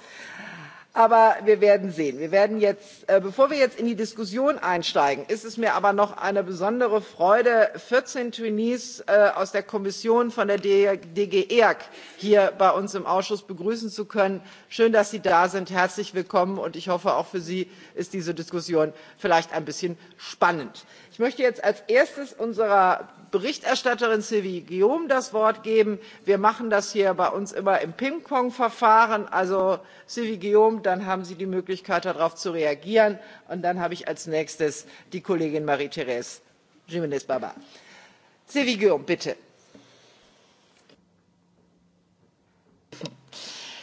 [SPEAKER 1] Aber wir werden sehen. Wir werden jetzt, äh, bevor wir jetzt in die Diskussion einsteigen, ist es mir aber noch eine besondere Freude, 14 Trainees äh, aus der Kommission von der DG ERG hier bei uns im Ausschuss begrüßen zu können. Schön, dass Sie da sind. Herzlich willkommen. Und ich hoffe, auch für Sie ist diese Diskussion vielleicht ein bisschen spannend. Ich möchte jetzt als erstes unserer berichterstatterin sylvie guillaume das wort geben. wir machen das hier bei uns immer im ping pong verfahren also sylvie guillaume dann haben sie die möglichkeit darauf zu reagieren und dann habe ich als nächstes die kollegin marie therese jiménez barbar. sylvie guillaume bitte.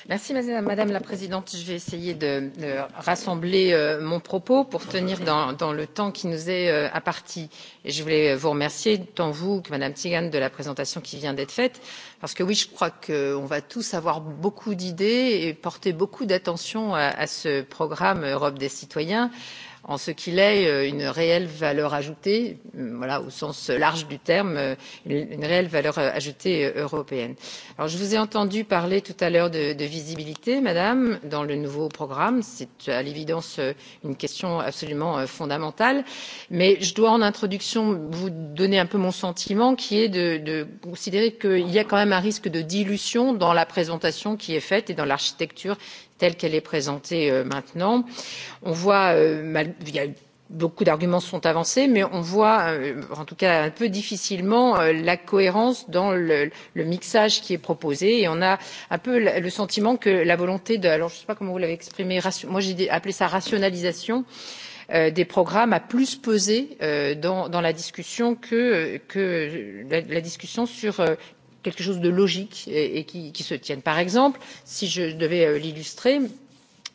[SPEAKER 15] Merci Madame la Présidente. Je vais essayer de, de rassembler euh, mon propos pour tenir dans, dans le temps qui nous est euh, apparti. Et je voulais vous remercier, tant vous que Madame Tigane, de la présentation qui vient d'être faite. Parce que oui, je crois qu'on va tous avoir beaucoup d'idées et porter beaucoup d'attention à, à ce programme Europe des citoyens en ce qu'il est euh, une réelle valeur ajoutée, euh, voilà, au sens large du terme, euh, une réelle valeur ajoutée européenne. Alors, je vous ai entendu parler tout à l'heure de, de visibilité, Madame, dans le nouveau programme. C'est à l'évidence une question absolument fondamentale, mais je dois en introduction vous donner un peu mon sentiment, qui est de, de considérer qu'il y a quand même un risque de dilution dans la présentation qui est faite et dans l'architecture telle qu'elle est présentée euh, maintenant. On voit, euh, il y a beaucoup d'arguments sont avancés, mais on voit, euh, en tout cas un peu difficilement, la cohérence dans le, le mixage qui est proposé. Et on a un peu le sentiment que la volonté de, alors je ne sais pas comment vous l'avez exprimé, moi j'ai appelé ça rationalisation, euh, des programmes a plus pesé euh, dans, dans la discussion que, que la, la discussion sur euh, quelque chose de logique et, qui, qui se tienne. Par exemple, si je devais euh, l'illustrer,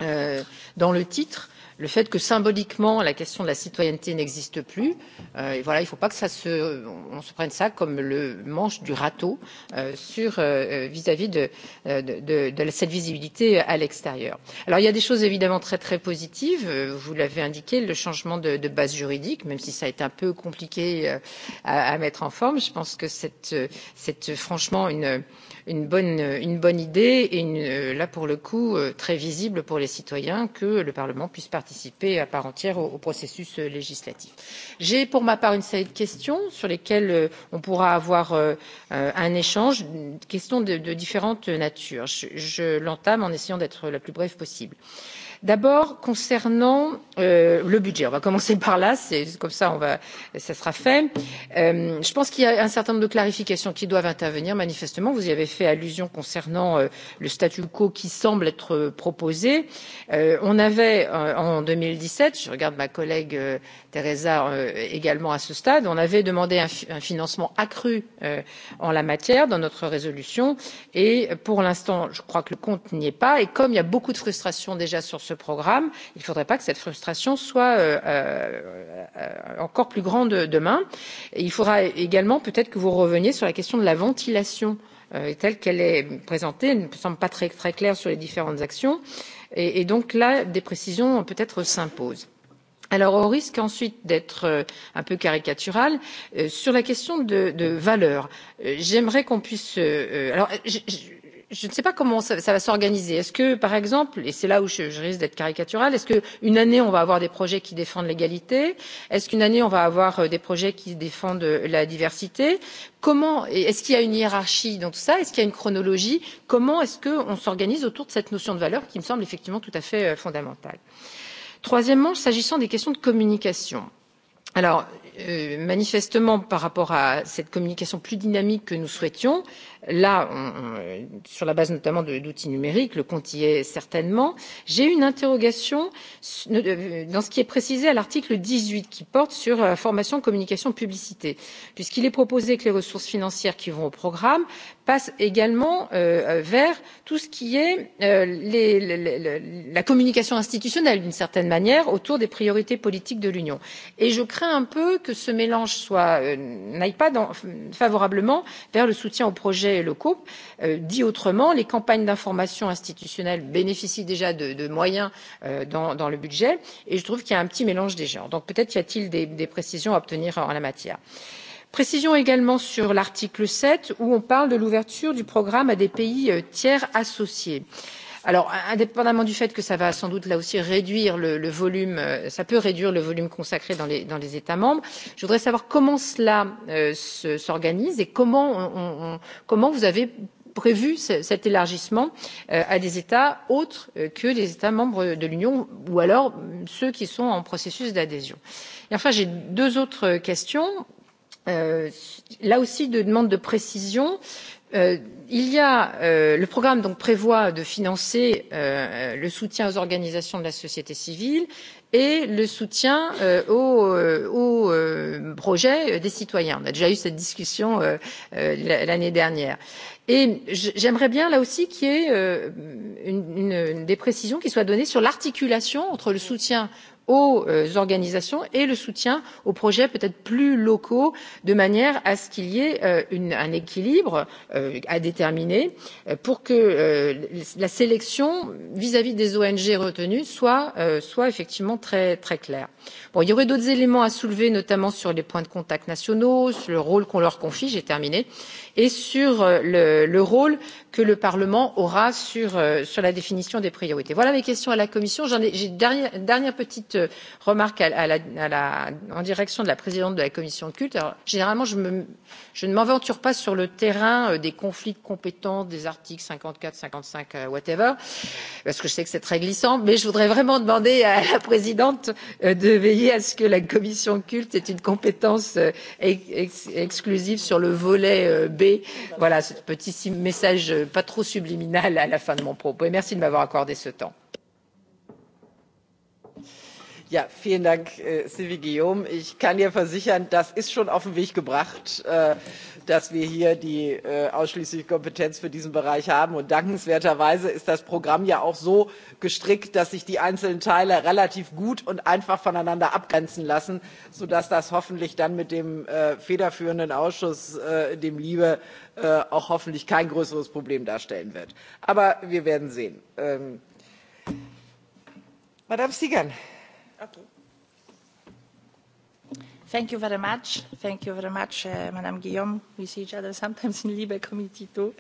[SPEAKER 15] euh, dans le titre, le fait que symboliquement la question de la citoyenneté n'existe plus. Euh, et voilà, il ne faut pas que ça se, on se prenne ça comme le manche du râteau euh, sur euh, euh, vis-à-vis euh, -vis de, euh, de, de, de cette visibilité à l'extérieur. Alors il y a des choses évidemment très très positives. Euh, vous l'avez indiqué, le changement de, de base juridique, même si ça a été un peu compliqué euh, à, à mettre en forme. Je pense que c'est franchement une une bonne, une bonne idée et une, là pour le coup euh, très visible pour les citoyens que le Parlement puisse participer à part entière au, au processus euh, législatif. J'ai pour ma part une série de questions sur lesquelles euh, on pourra avoir un échange, questions de, de différentes natures. Je, je l'entame en essayant d'être la plus brève possible. Euh, D'abord, concernant euh, le budget, on va commencer [LAUGHS] par là, c'est comme ça, on va, ça sera fait. Euh, je pense qu'il y a un certain nombre de clarifications qui doivent intervenir, manifestement. Vous y avez fait allusion concernant euh, le statu quo qui semble être proposé. on avait en deux mille dix sept je regarde ma collègue Teresa également à ce stade, on avait demandé un, financement accru en la matière dans notre résolution et pour l'instant, je crois que le compte n'y est pas et comme il y a beaucoup de frustration déjà sur ce programme il ne faudrait pas que cette frustration soit euh, euh, encore plus grande demain. il faudra également peut être que vous reveniez sur la question de la ventilation euh, telle qu'elle est présentée elle ne me semble pas très, claire sur les différentes actions et, donc là des précisions peut être s'imposent. Alors, au risque ensuite d'être un peu caricatural, sur la question des valeurs j'aimerais qu'on puisse. Alors, j, je ne sais pas comment ça, ça va s'organiser. Est-ce que, par exemple, et c'est là où je, je risque d'être caricatural, est-ce qu'une année on va avoir des projets qui défendent l'égalité Est-ce qu'une année on va avoir euh, des projets qui défendent euh, la diversité Comment Est-ce qu'il y a une hiérarchie dans tout ça Est-ce qu'il y a une chronologie Comment est-ce qu'on s'organise autour de cette notion de valeur qui me semble effectivement tout à fait euh, fondamentale Troisièmement, s'agissant des questions de communication. Alors, euh, manifestement, par rapport à cette communication plus dynamique que nous souhaitions, là, on, sur la base notamment d'outils numériques, le compte y est certainement. J'ai une interrogation euh, dans ce qui est précisé à l'article 18 qui porte sur la euh, formation, communication, publicité, puisqu'il est proposé que les ressources financières qui vont au programme passent également euh, vers tout ce qui est euh, les, les, les, la communication institutionnelle, d'une certaine manière, autour des priorités politiques de l'Union. Et je crains un peu que ce mélange euh, n'aille pas dans, favorablement vers le soutien aux projets budget et le cope. Euh, dit autrement les campagnes d'information institutionnelle bénéficient déjà de, de moyens euh, dans, dans le budget et je trouve qu'il y a un petit mélange des genres. donc peut être y a t il des, des précisions à obtenir en la matière. précision également sur l'article sept où on parle de l'ouverture du programme à des pays euh, tiers associés. il Alors, indépendamment du fait que ça va sans doute là aussi réduire le, le volume, euh, ça peut réduire le volume consacré dans les, dans les États membres, je voudrais savoir comment cela euh, s'organise et comment, on, on, comment vous avez prévu cet élargissement euh, à des états autres euh, que les états membres de l'union ou alors mm, ceux qui sont en processus d'adhésion. Et enfin j'ai deux autres questions Euh, là aussi de demande de précision Euh, Euh, le programme prévoit de financer euh, le soutien aux organisations de la société civile et le soutien euh, aux, projets des citoyens. On a déjà eu cette discussion l'année dernière. Et j'aimerais bien là aussi qu'il y ait des précisions qui soient données sur l'articulation entre le soutien aux euh, organisations et le soutien aux projets peut être plus locaux de manière à ce qu'il y ait euh, un équilibre euh, à déterminer pour que la sélection vis à vis des ong retenues soit, soit effectivement très, très claire. Bon, il y aurait d'autres éléments à soulever notamment sur les points de contact nationaux sur le rôle qu'on leur confie j'ai terminé et sur le, le rôle que le parlement aura sur, sur la définition des priorités. voilà mes questions à la commission. j'ai une dernière, dernière petite petite remarque à, la, à la, en direction de la présidente de la commission culte. Alors, généralement, je, me, je ne m'aventure pas sur le terrain euh, des conflits de compétences des articles 54, 55, euh, whatever, parce que je sais que c'est très glissant, mais je voudrais vraiment demander à la présidente euh, de veiller à ce que la commission culte ait une compétence ex- ex exclusive sur le volet B. Voilà, ce petit message pas trop
[SPEAKER 1] subliminal à la fin de mon propos. Et merci de m'avoir accordé ce temps vielen Dank, äh, Sylvie Guillaume. Ich kann dir versichern, das ist schon auf den Weg gebracht, äh, dass wir hier die äh, ausschließliche Kompetenz für diesen Bereich haben. Und dankenswerterweise ist das Programm ja auch so gestrickt, dass sich die einzelnen Teile relativ gut und einfach voneinander abgrenzen lassen, sodass das hoffentlich dann mit dem federführenden Ausschuss, dem Liebe, auch hoffentlich kein größeres Problem darstellen wird. Aber wir werden sehen. Ähm, Madame Siegern
[SPEAKER 14] okay Thank you very much. Thank you very much, uh, Madam Guillaume. We see each other [LAUGHS] sometimes in Libe committee too.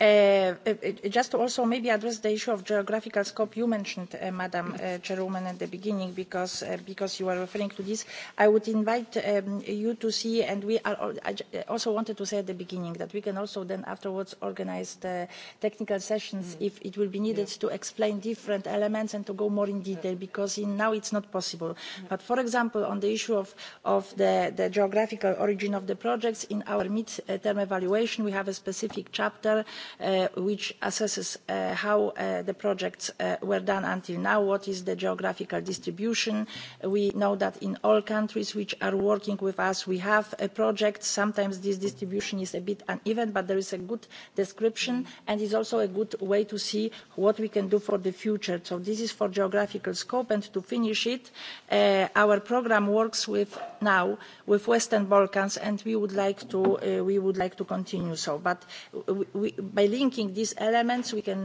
[SPEAKER 14] Uh, uh, uh just to also maybe address the issue of geographical scope you mentioned, uh, Madam uh, Chairwoman, at the beginning, because uh, because you are referring to this. I would invite um, you to see, and we are. I uh, also wanted to say at the beginning that we can also then afterwards organize the technical sessions mm. if it will be needed yeah. to explain different elements and to go more in detail, because in, now it's not possible. Yeah. Mm. But for example, on the issue of, of of the, the geographical origin of the projects in our mid-term uh, evaluation we have a specific chapter uh, which assesses uh, how the projects were done until now what is the geographical distribution we know that in all countries which are working with us we have a project sometimes this distribution is a bit uneven but there is a good description and is also a good way to see what we can do for the future so this is for geographical scope and to finish it our programme works with now with the western balkans and we would like to uh, we would like to continue so but by linking these elements we can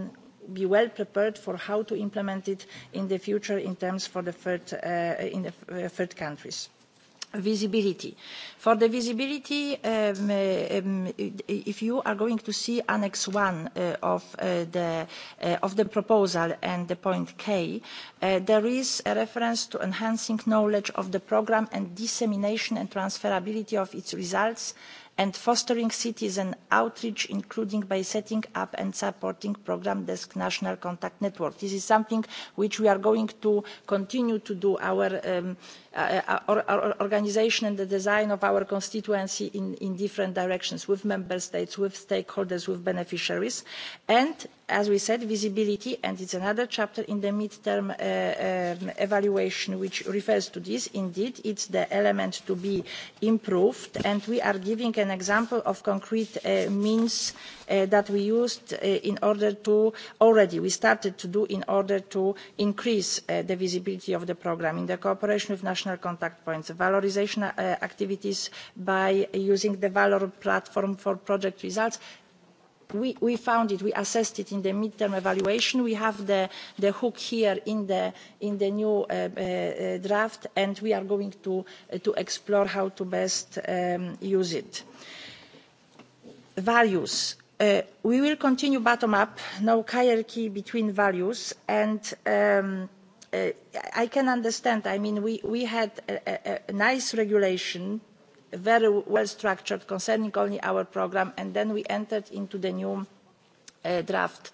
[SPEAKER 14] be well prepared for how to implement it in the future in terms for the third, uh, in the uh, third countries visibility. For the visibility, um, um, if you are going to see Annex 1 uh, of, uh, the, uh, of the proposal and the point K, uh, there is a reference to enhancing knowledge of the programme and dissemination and transferability of its results and fostering citizen outreach, including by setting up and supporting Programme Desk National Contact Network. This is something which we are going to continue to do. Our um, Uh, uh, organisation and the design of our constituency in, different directions with member states, with stakeholders, with beneficiaries. And as we said, visibility, and it's another chapter in the mid-term uh, um, evaluation which refers to this. Indeed, it's the element to be improved, and we are giving an example of concrete means that we used in order to already we started to do in order to increase the visibility of the programme in the cooperation with international contact points, valorisation uh, activities by using the valour platform for project results. We, found it, we assessed it in the mid term evaluation. We have the, hook here in the, new uh, uh, draft, and we are going to, explore how to best um, use it. Values. we will continue bottom up no hierarchy between values um, Uh, I can understand. I mean, we, had a, nice regulation, very well structured concerning only our programme, and then we entered into the new uh, draft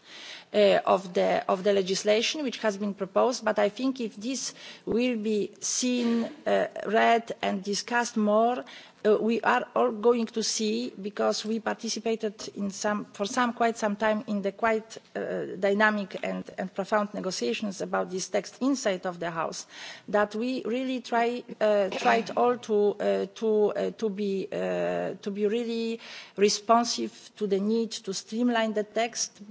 [SPEAKER 14] uh, of, the, of the legislation which has been proposed. But I think if this will be seen, read, and discussed more, Uh, we are all going to see because we participated for quite some time in the quite uh, dynamic and, profound negotiations about this text inside the house that we really tried uh, all to be really responsive to the need to streamline the text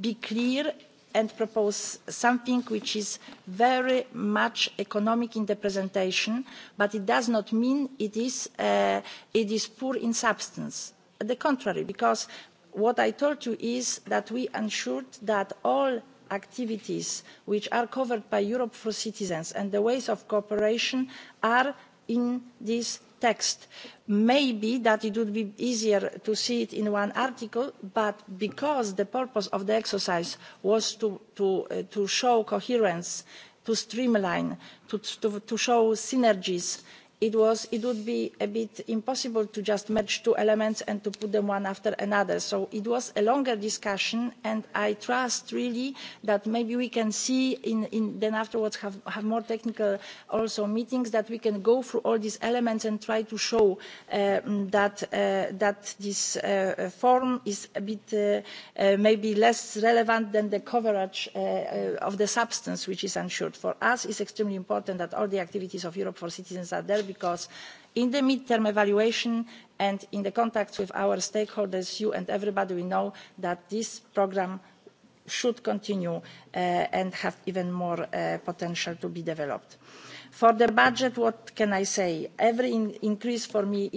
[SPEAKER 14] be clear and propose something which is very much economic in the presentation but it does not mean it is, uh, it is poor in substance. on the contrary because what i told you is that we ensured that all activities which are covered by europe for citizens and the ways of cooperation are in this text maybe that it would be easier to see it in one article but because the purpose of the exercise was to, uh, show coherence to streamline to, to show synergies it, would be a bit impossible to just merge two elements and to put them one after another. So it was a longer discussion, and I trust really that maybe we can see in, in then afterwards have, have more technical also meetings that we can go through all these elements and try to show uh, that, uh, that this uh, form is a bit maybe less relevant than the coverage of the substance, which is ensured. For us, it's extremely important that all the activities of Europe for citizens are there because in the mid term evaluation and in the contacts with our stakeholders you and everybody we know that this programme should continue uh, and have even more uh, potential to be developed. for the budget what can i say? every increase for me uh,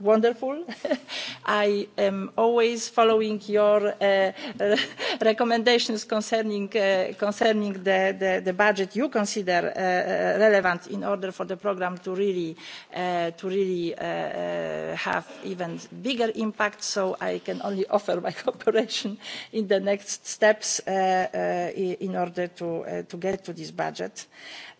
[SPEAKER 14] wonderful. [LAUGHS] I am always following your uh, uh, recommendations concerning, uh, concerning the, the, the, budget you consider uh, uh relevant in order for the programme to really, uh, to really have even bigger impact. So I can only [LAUGHS] offer my cooperation in the next steps in order to, to get to this budget.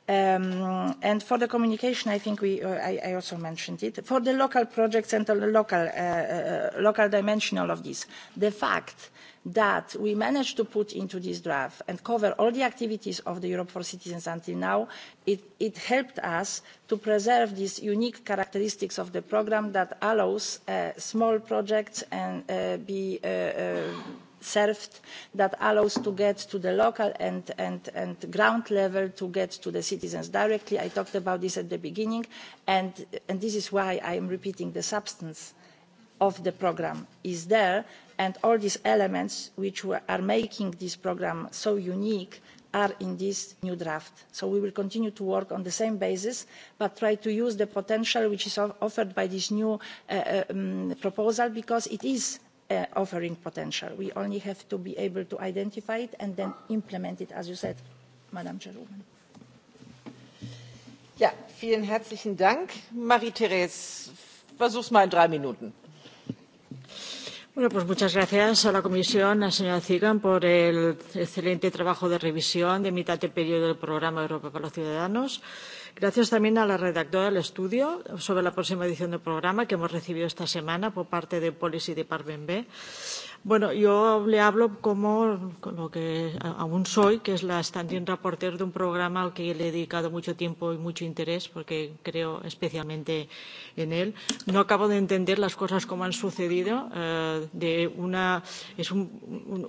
[SPEAKER 14] Um, and for the communication, I think we, uh, I, I also mentioned it, for the local projects and the local, uh, uh, local dimension of this, the fact that we managed to put into this draft and cover all the activities of the Europe for Citizens until now, it, it helped us to preserve these unique characteristics of the program that allows uh, small projects and uh, be uh, uh served that allows to get to the local and, ground level to get to the citizens directly. I talked about this at the beginning, and, this is why I am repeating the substance of the programme is there, and all these elements which are making this programme so unique are in this new draft. So we will continue to work on the same basis, but try to use the potential which is offered by this new uh, uh, um, proposal because it is Uh, offering potential. We only have to be able to identify it and then implement it, as you said, Madam Chairwoman.
[SPEAKER 1] Ja, vielen herzlichen Dank. Marie-Therese, versuch's mal in drei Minuten.
[SPEAKER 16] Bueno, pues muchas gracias a la Comisión, a señora Zigan, por el excelente trabajo de revisión de mitad de periodo del programa Europa para los Ciudadanos. Gracias también a la redactora del estudio sobre la próxima edición del programa que hemos recibido esta semana por parte del Policy Department B Bueno, yo le hablo como lo que aún soy, que es la standing reporter de un programa al que le he dedicado mucho tiempo y mucho interés, porque creo especialmente en él. No acabo de entender las cosas como han sucedido. Eh, de una, es un,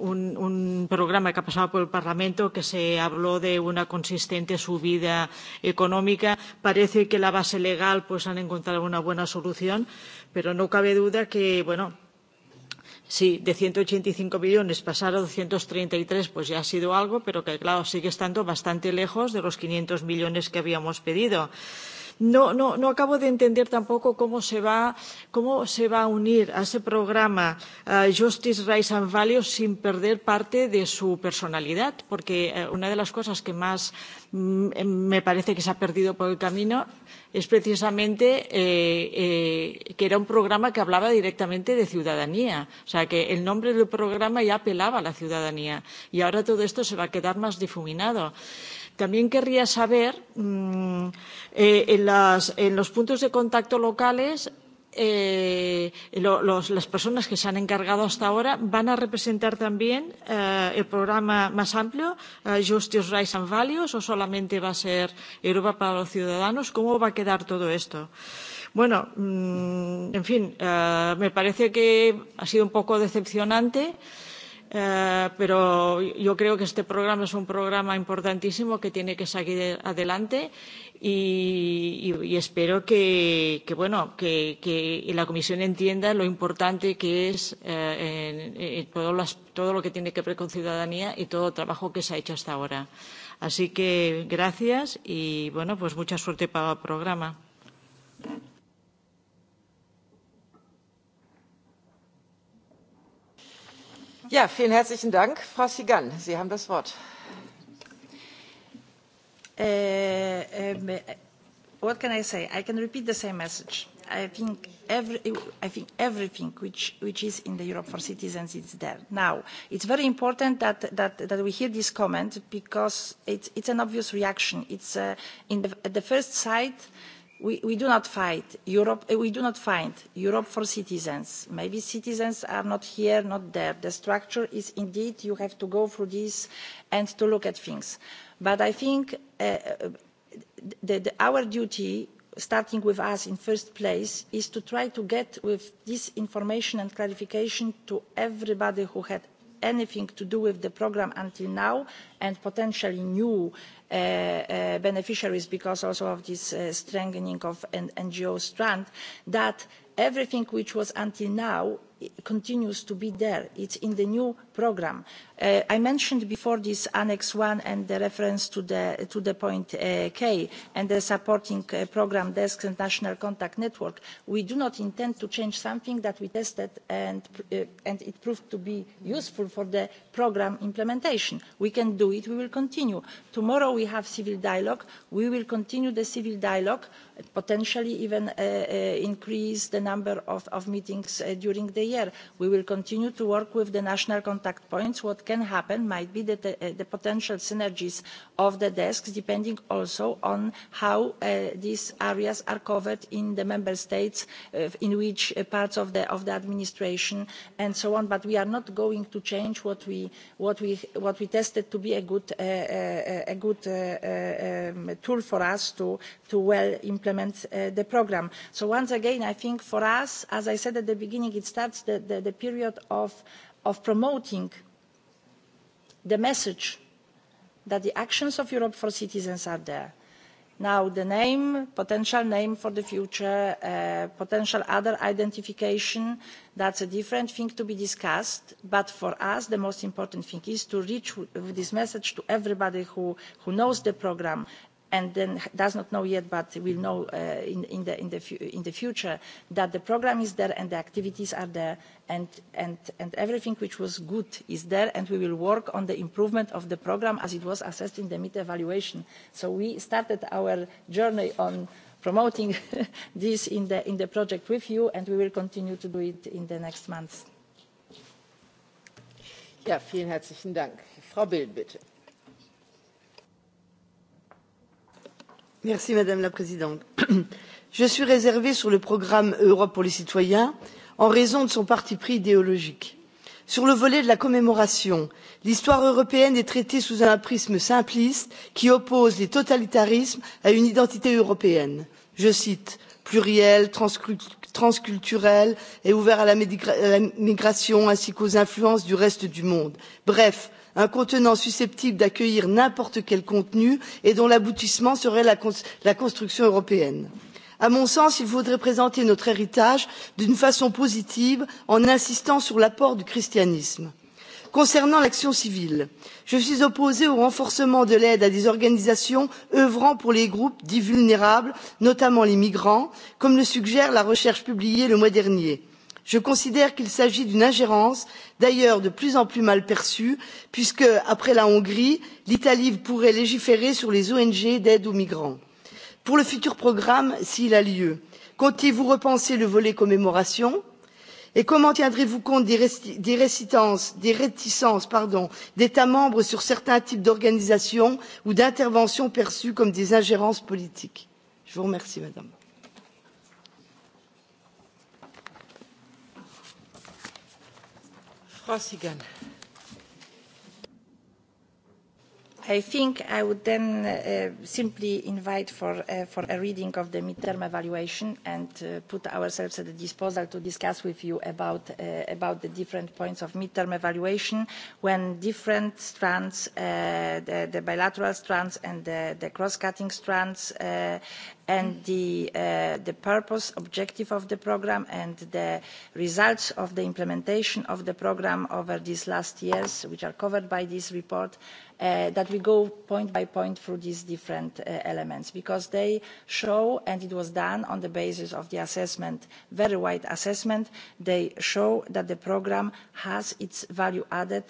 [SPEAKER 16] un, un programa que ha pasado por el Parlamento que se habló de una consistente subida económica. Parece que la base legal pues han encontrado una buena solución, pero no cabe duda que, bueno, Sí, de 185 millones pasar a 233, pues ya ha sido algo, pero que claro, sigue estando bastante lejos de los 500 millones que habíamos pedido. No, no, no acabo de entender tampoco cómo se va, cómo se va a unir a ese programa uh, Justice, Rights and Values sin perder parte de su personalidad, porque uh, una de las cosas que más mm, me parece que se ha perdido por el camino es precisamente eh, eh, que era un programa que hablaba directamente de ciudadanía. O sea, que el nombre del programa ya apelaba a la ciudadanía. Y ahora todo esto se va a quedar más difuminado. Eh, También querría saber, mmm, eh, en, las, en los puntos de contacto locales, eh, lo, los, las personas que se han encargado hasta ahora van a representar también eh, el programa más amplio, eh, Justice, Rights and Values, o solamente va a ser Europa para los Ciudadanos. ¿Cómo va a quedar todo esto? Bueno, mmm, en fin, eh, me parece que ha sido un poco decepcionante. Eh, Eh, pero yo creo que este programa es un programa importantísimo que tiene que seguir adelante y, y, y espero que, que, bueno, que, que la Comisión entienda lo importante que es eh, en, en todo, las, todo lo que tiene que ver con ciudadanía y todo el trabajo que se ha hecho hasta ahora. Así que gracias y bueno, pues mucha suerte para el programa.
[SPEAKER 1] Ja, vielen herzlichen Dank.
[SPEAKER 14] Frau Sigan, Sie haben das Wort. Uh, um, uh, what can I say? I can repeat the same message. I think, every, I think everything which, which is in the Europe for citizens is there. Now, it's very important that, that, that we hear this comment because it's, it's an obvious reaction. It's uh, in the, at the first sight, we, do not fight Europe. Eh, we do not find Europe for citizens. Maybe citizens are not here, not there. The structure is indeed you have to go through this and to look at things. But I think eh, that our duty, starting with us in first place, is to try to get with this information and clarification to everybody who had anything to do with the programme until now and potentially new uh, uh, beneficiaries because also of this uh, strengthening of an ngo strand that everything which was until now continues to be there. It's in the new programme. Uh, I mentioned before this Annex i and the reference to the, point uh, K and the supporting uh, programme desks and national contact network. We do not intend to change something that we tested and, it proved to be useful for the programme implementation. We can do it. We will continue. Tomorrow we have civil dialogue. We will continue the civil dialogue, potentially even increase the number of, meetings during the year. we will continue to work with the national contact points. what can happen might be that uh, the, potential synergies of the desks depending also on how uh, these areas are covered in the member states uh, in which parts of the, administration and so on but we are not going to change what we, tested to be a good, um, tool for us to, to well implement the programme. so once again i think for us as i said at the beginning it starts starts the, period of, promoting the message that the actions of europe for citizens are there. now the name potential name for the future uh, potential other identification that's a different thing to be discussed but for us the most important thing is to reach this message to everybody who knows the programme and then does not know yet but will know uh, in, the, future that the programme is there and the activities are there and, everything which was good is there and we will work on the improvement of the programme as it was assessed in the mid evaluation. so we started our journey on promoting [LAUGHS] this in the, project with you and we will continue to do it in the next months.
[SPEAKER 9] Madame la Présidente. [CLEARS THROAT] Je suis réservée sur le programme Europe pour les citoyens en raison de son parti pris idéologique. Sur le volet de la commémoration, l'histoire européenne est traitée sous un prisme simpliste qui oppose les totalitarismes à une identité européenne. Je cite plurielle transculturelle et ouverte à la migration ainsi qu'aux influences du reste du monde. Bref, un contenant susceptible d'accueillir n'importe quel contenu et dont l'aboutissement serait la, cons la construction européenne. à mon sens il faudrait présenter notre héritage d'une façon positive en insistant sur l'apport du christianisme. concernant l'action civile je suis opposée au renforcement de l'aide à des organisations œuvrant pour les groupes dits vulnérables notamment les migrants comme le suggère la recherche publiée le mois dernier je considère qu'il s'agit d'une ingérence d'ailleurs de plus en plus mal perçue puisque après la hongrie l'italie pourrait légiférer sur les ong d'aide aux migrants. pour le futur programme s'il a lieu comptez vous repenser le volet commémoration et comment tiendrez vous compte des réticences d'états membres sur certains types d'organisations ou d'interventions perçues comme des ingérences politiques? je vous remercie madame.
[SPEAKER 14] I think I would then uh, simply invite for, uh, for a reading of the midterm evaluation and uh, put ourselves at the disposal to discuss with you about, uh, about the different points of midterm evaluation when different strands, uh, the, the bilateral strands and the, the cross-cutting strands uh, and the, uh, the purpose, objective of the programme and the results of the implementation of the programme over these last years, which are covered by this report, uh, that we go point by point through these different uh, elements because they show, and it was done on the basis of the assessment, very wide assessment, they show that the programme has its value added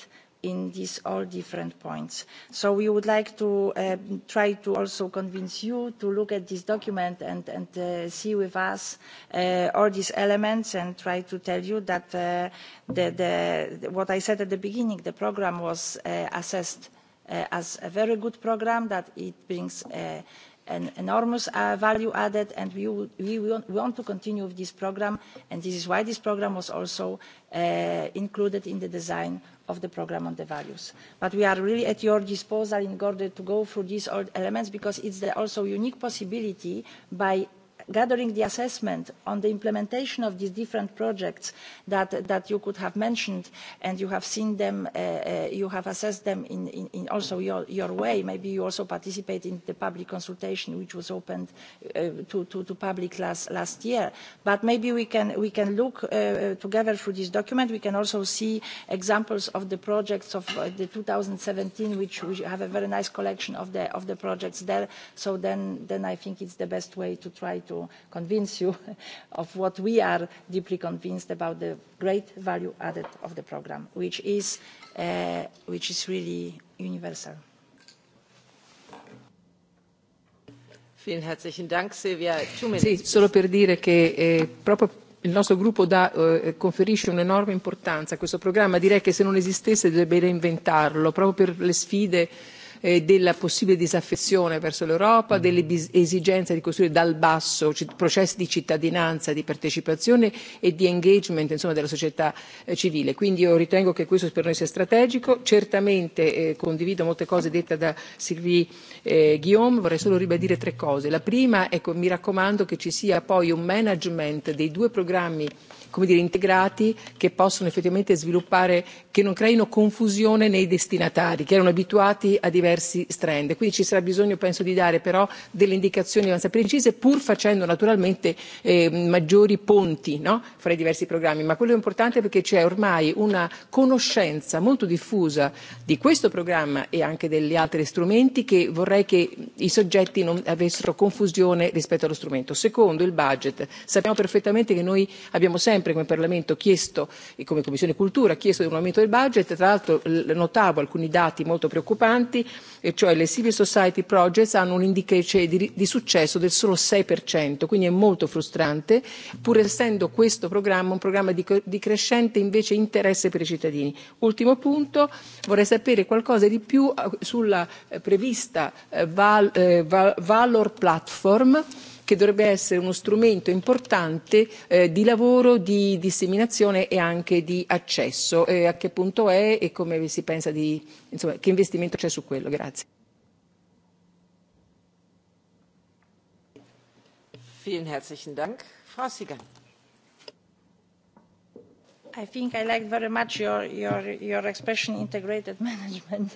[SPEAKER 14] in these all different points. So we would like to um, try to also convince you to look at this document and, and uh, see with us uh, all these elements and try to tell you that uh, the, the, what I said at the beginning, the programme was assessed as a very good programme that it brings an enormous value added and we, we, we want to continue with this programme and this is why this programme was also included in the design of the programme on the values. But we are really at your disposal in order to go through these elements because it's the also unique possibility by gathering the assessment on the implementation of these different projects that, you could have mentioned and you have seen them, uh, uh, you have assessed them in, also your, way. Maybe you also participate in the public consultation which was opened uh, to, the public last, year. But maybe we can, we can look together through this document. We can also see examples of the projects of thousand and 2017 which we have a very nice collection of the, of the projects there. So then, then I think it's the best way to try to convince you [LAUGHS] of what we are deeply convinced about the great value added of the programme which is, uh, which is really universal.
[SPEAKER 1] Vielen herzlichen Dank, Silvia. Sì,
[SPEAKER 3] solo per dire che eh, proprio il nostro gruppo dà, eh, conferisce un'enorme importanza a questo programma. Direi che se non esistesse dovrebbe inventarlo, proprio per le sfide Eh, della possibile disaffezione verso l'Europa, mm. dell'esigenza di costruire dal basso processi di cittadinanza, di partecipazione e di engagement insomma, della società eh, civile. Quindi io ritengo che questo per noi sia strategico. Certamente eh, condivido molte cose dette da Sylvie eh, Guillaume, vorrei solo ribadire tre cose. La prima, è ecco, mi raccomando che ci sia poi un management dei due programmi come dire, integrati che possono effettivamente sviluppare, che non creino confusione nei destinatari che erano abituati a diversi strand. Quindi ci sarà bisogno, penso, di dare però delle indicazioni abbastanza precise pur facendo naturalmente eh, maggiori ponti no? fra i diversi programmi. Ma quello è importante perché c'è ormai una conoscenza molto diffusa di questo programma e anche degli altri strumenti che vorrei che i soggetti non avessero confusione rispetto allo strumento. Secondo, il budget. Sappiamo perfettamente che noi abbiamo sempre sempre come Parlamento chiesto e come Commissione Cultura chiesto un aumento del budget, tra l'altro notavo alcuni dati molto preoccupanti, e cioè le civil society projects hanno un indice di, di successo del solo 6%, quindi è molto frustrante, pur essendo questo programma un programma di, di crescente invece interesse per i cittadini. Ultimo punto, vorrei sapere qualcosa di più eh, sulla eh, prevista eh, val, val, Valor Platform, che dovrebbe essere uno strumento importante eh, di lavoro, di disseminazione e anche di accesso. Eh, a che punto è e come si pensa di, insomma, che investimento c'è su quello? Grazie.
[SPEAKER 1] Vielen herzlichen Dank. Frau Siegand.
[SPEAKER 14] I think I like very much your, your, your expression, integrated [LAUGHS] management.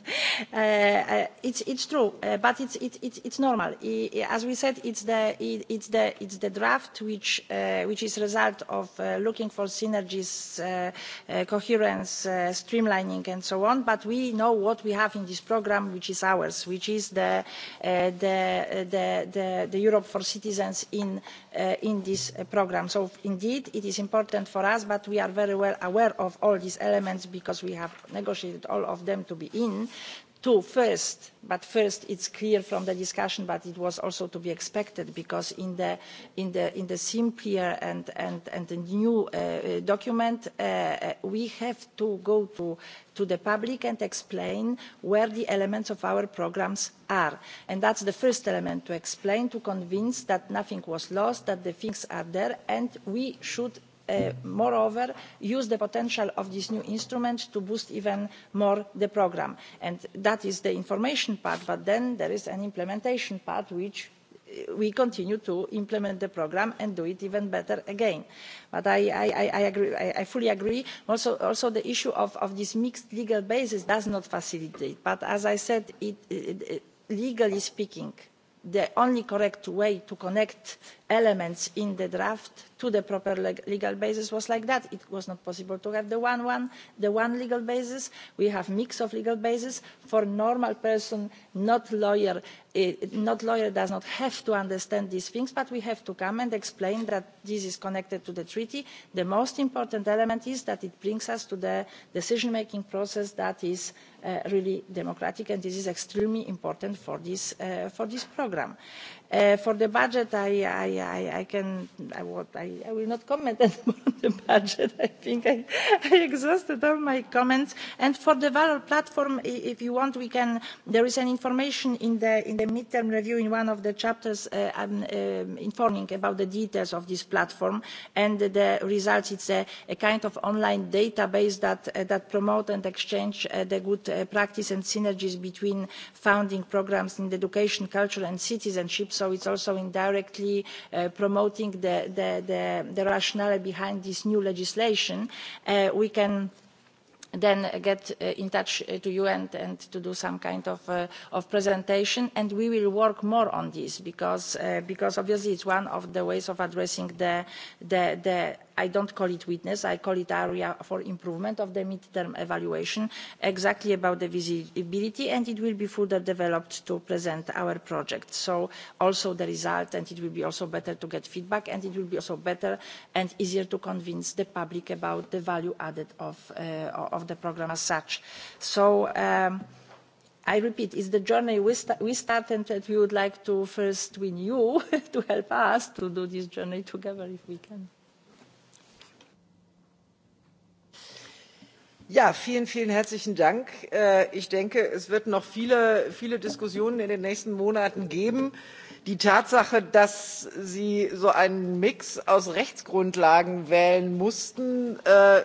[SPEAKER 14] Uh, uh, it's, it's true, uh, but it's, it's, it's normal. I, as we said, it's the, it, it's the, it's the draft which, uh, which is a result of uh, looking for synergies, uh, uh, coherence, uh, streamlining, and so on. But we know what we have in this program, which is ours, which is the, uh, the, uh, the, the, the Europe for citizens in Eh, in this eh, programme. so indeed it is important for us but we are very well aware of all these elements because we have negotiated all of them to be in two first but first it's clear from the discussion but it was also to be expected because in the in the simpler and the new uh, uh, document uh, we have to go to to the public and explain where the elements of our programmes are and that's the first element to explain to convince that nothing was lost that the things are there and we should Uh, moreover use the potential of this new instrument to boost even more the programme and that is the information part but then there is an implementation part which uh, we continue to implement the programme and do it even better again. But I, fully agree. Also, the issue of, this mixed legal basis does not facilitate. But as I said, legally speaking, the only correct way to connect elements in the draft to the proper legal basis was like that. It was not possible to have the one, one, the one legal basis. We have mix of legal bases for normal person, not lawyer. It, eh, not lawyer does not have to understand these things, but we have to come and explain that this is connected to the treaty. The most important element is that it brings us to the decision-making process that is eh, really democratic, and this is extremely important for this, programme. Eh, for this program. Eh, for the budget, I, I, I I can, I, what, I, I will not comment [LAUGHS] on the budget. I think I, I exhausted all my comments. And for the Valor platform, if you want, we can. There is an information in the in the midterm review in one of the chapters uh, um, uh, informing about the details of this platform and the results. It's a, a kind of online database that uh, that promote and exchange uh, the good uh, practice and synergies between founding programs in education, culture, and citizenship. So so it is also indirectly uh, promoting the, rationale behind this new legislation uh, we can then get uh, in touch with you and, do some kind of, presentation and we will work more on this because, obviously it is one of the ways of addressing the i don't call it weakness i call it area for improvement of the mid term evaluation exactly about the visibility and it will be further developed to present our project so also the result and it will be also better to get feedback and it will be also better and easier to convince the public about the value added of, uh, of the programme as such. so um, i repeat it's the journey we, st we started that we would like to first win you [LAUGHS] to help us to do this journey together if we can.
[SPEAKER 1] Ja, vielen, vielen herzlichen Dank. Äh, ich denke, es wird noch viele, viele Diskussionen in den nächsten Monaten geben. Die Tatsache, dass Sie so einen Mix aus Rechtsgrundlagen wählen mussten, äh,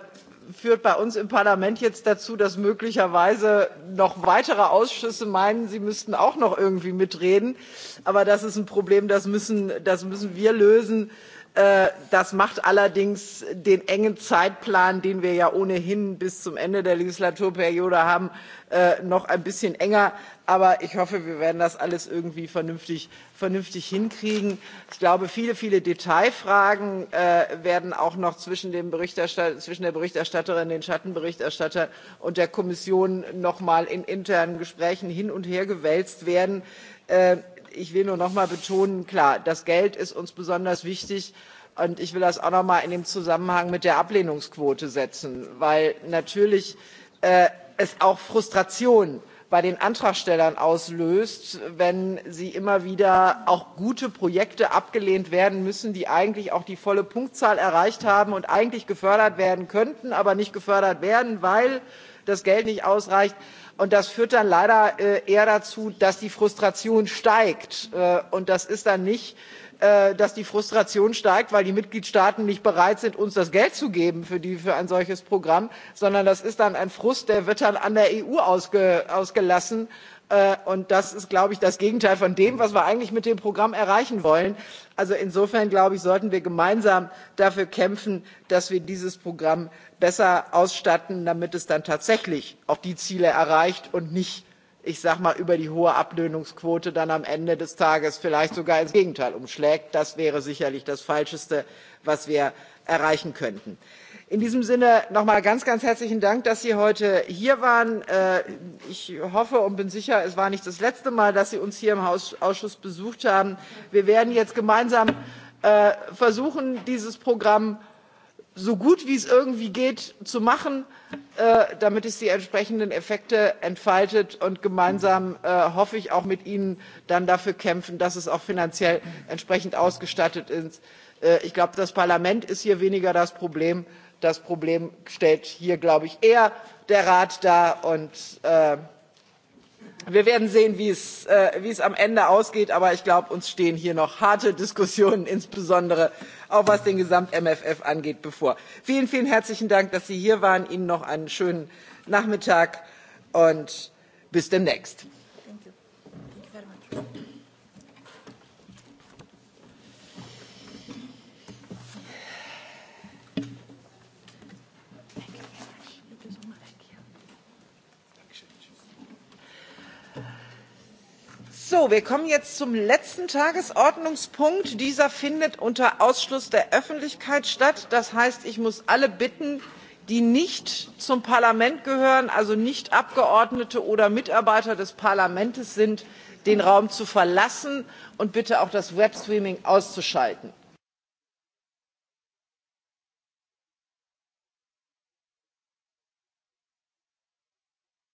[SPEAKER 1] führt bei uns im Parlament jetzt dazu, dass möglicherweise noch weitere Ausschüsse meinen, sie müssten auch noch irgendwie mitreden. Aber das ist ein Problem, das müssen, das müssen wir lösen Äh, das macht allerdings den engen Zeitplan, den wir ja ohnehin bis zum Ende der Legislaturperiode haben, äh, noch ein bisschen enger. Aber ich hoffe, wir werden das alles irgendwie vernünftig, hinkriegen. Ich glaube, viele, viele Detailfragen äh, werden auch noch zwischen, der Berichterstatterin, den schattenberichterstattern und der Kommission noch mal in internen Gesprächen hin und her gewälzt werden ich will nur noch mal betonen klar das geld ist uns besonders wichtig und ich will das auch noch mal in den zusammenhang mit der ablehnungsquote setzen weil äh, es natürlich auch frustration bei den antragstellern auslöst wenn sie immer wieder auch gute projekte abgelehnt werden müssen die eigentlich auch die volle punktzahl erreicht haben und eigentlich gefördert werden könnten aber nicht gefördert werden weil das geld nicht ausreicht und das führt dann leider äh, eher dazu dass die frustration steigt äh, und das ist dann nicht äh, dass die frustration steigt weil die mitgliedstaaten nicht bereit sind uns das geld zu geben für, die, für ein solches programm sondern das ist dann ein frust der wird dann an der eu ausgelassen Äh, und das ist, glaube ich, das Gegenteil von dem, was wir eigentlich mit dem Programm erreichen wollen. Also insofern, glaube ich, sollten wir gemeinsam dafür kämpfen, dass wir dieses Programm besser ausstatten, damit es dann tatsächlich auch die Ziele erreicht und nicht, ich sage mal, über die hohe Ablöhnungsquote dann am Ende des Tages vielleicht sogar ins Gegenteil umschlägt. Das wäre sicherlich das Falscheste, was wir erreichen könnten. In diesem Sinne nochmal ganz, ganz herzlichen Dank, dass Sie heute hier waren. Äh, ich hoffe und bin sicher, es war nicht das letzte Mal, dass Sie uns hier im Ausschuss besucht haben. Wir werden jetzt gemeinsam äh, versuchen, dieses Programm so gut wie es irgendwie geht zu machen äh, damit es die entsprechenden effekte entfaltet und gemeinsam hoffe ich auch mit ihnen dann dafür kämpfen dass es auch finanziell entsprechend ausgestattet ist. ich glaube das parlament ist hier weniger das problem das problem stellt hier glaube ich eher der rat dar und äh, wir werden sehen äh, wie es, am ende ausgeht aber ich glaube uns stehen hier noch harte diskussionen [LAUGHS] insbesondere auch was den gesamt mfr angeht bevor. vielen vielen herzlichen dank dass sie hier waren ihnen noch einen schönen nachmittag und bis demnächst.
[SPEAKER 14] Thank you. Thank you
[SPEAKER 1] So, wir kommen jetzt zum letzten Tagesordnungspunkt. Dieser findet unter Ausschluss der Öffentlichkeit statt. Das heißt, ich muss alle bitten, die nicht zum Parlament gehören, also nicht Abgeordnete oder Mitarbeiter des Parlaments sind, den Raum zu verlassen und bitte auch das Webstreaming auszuschalten.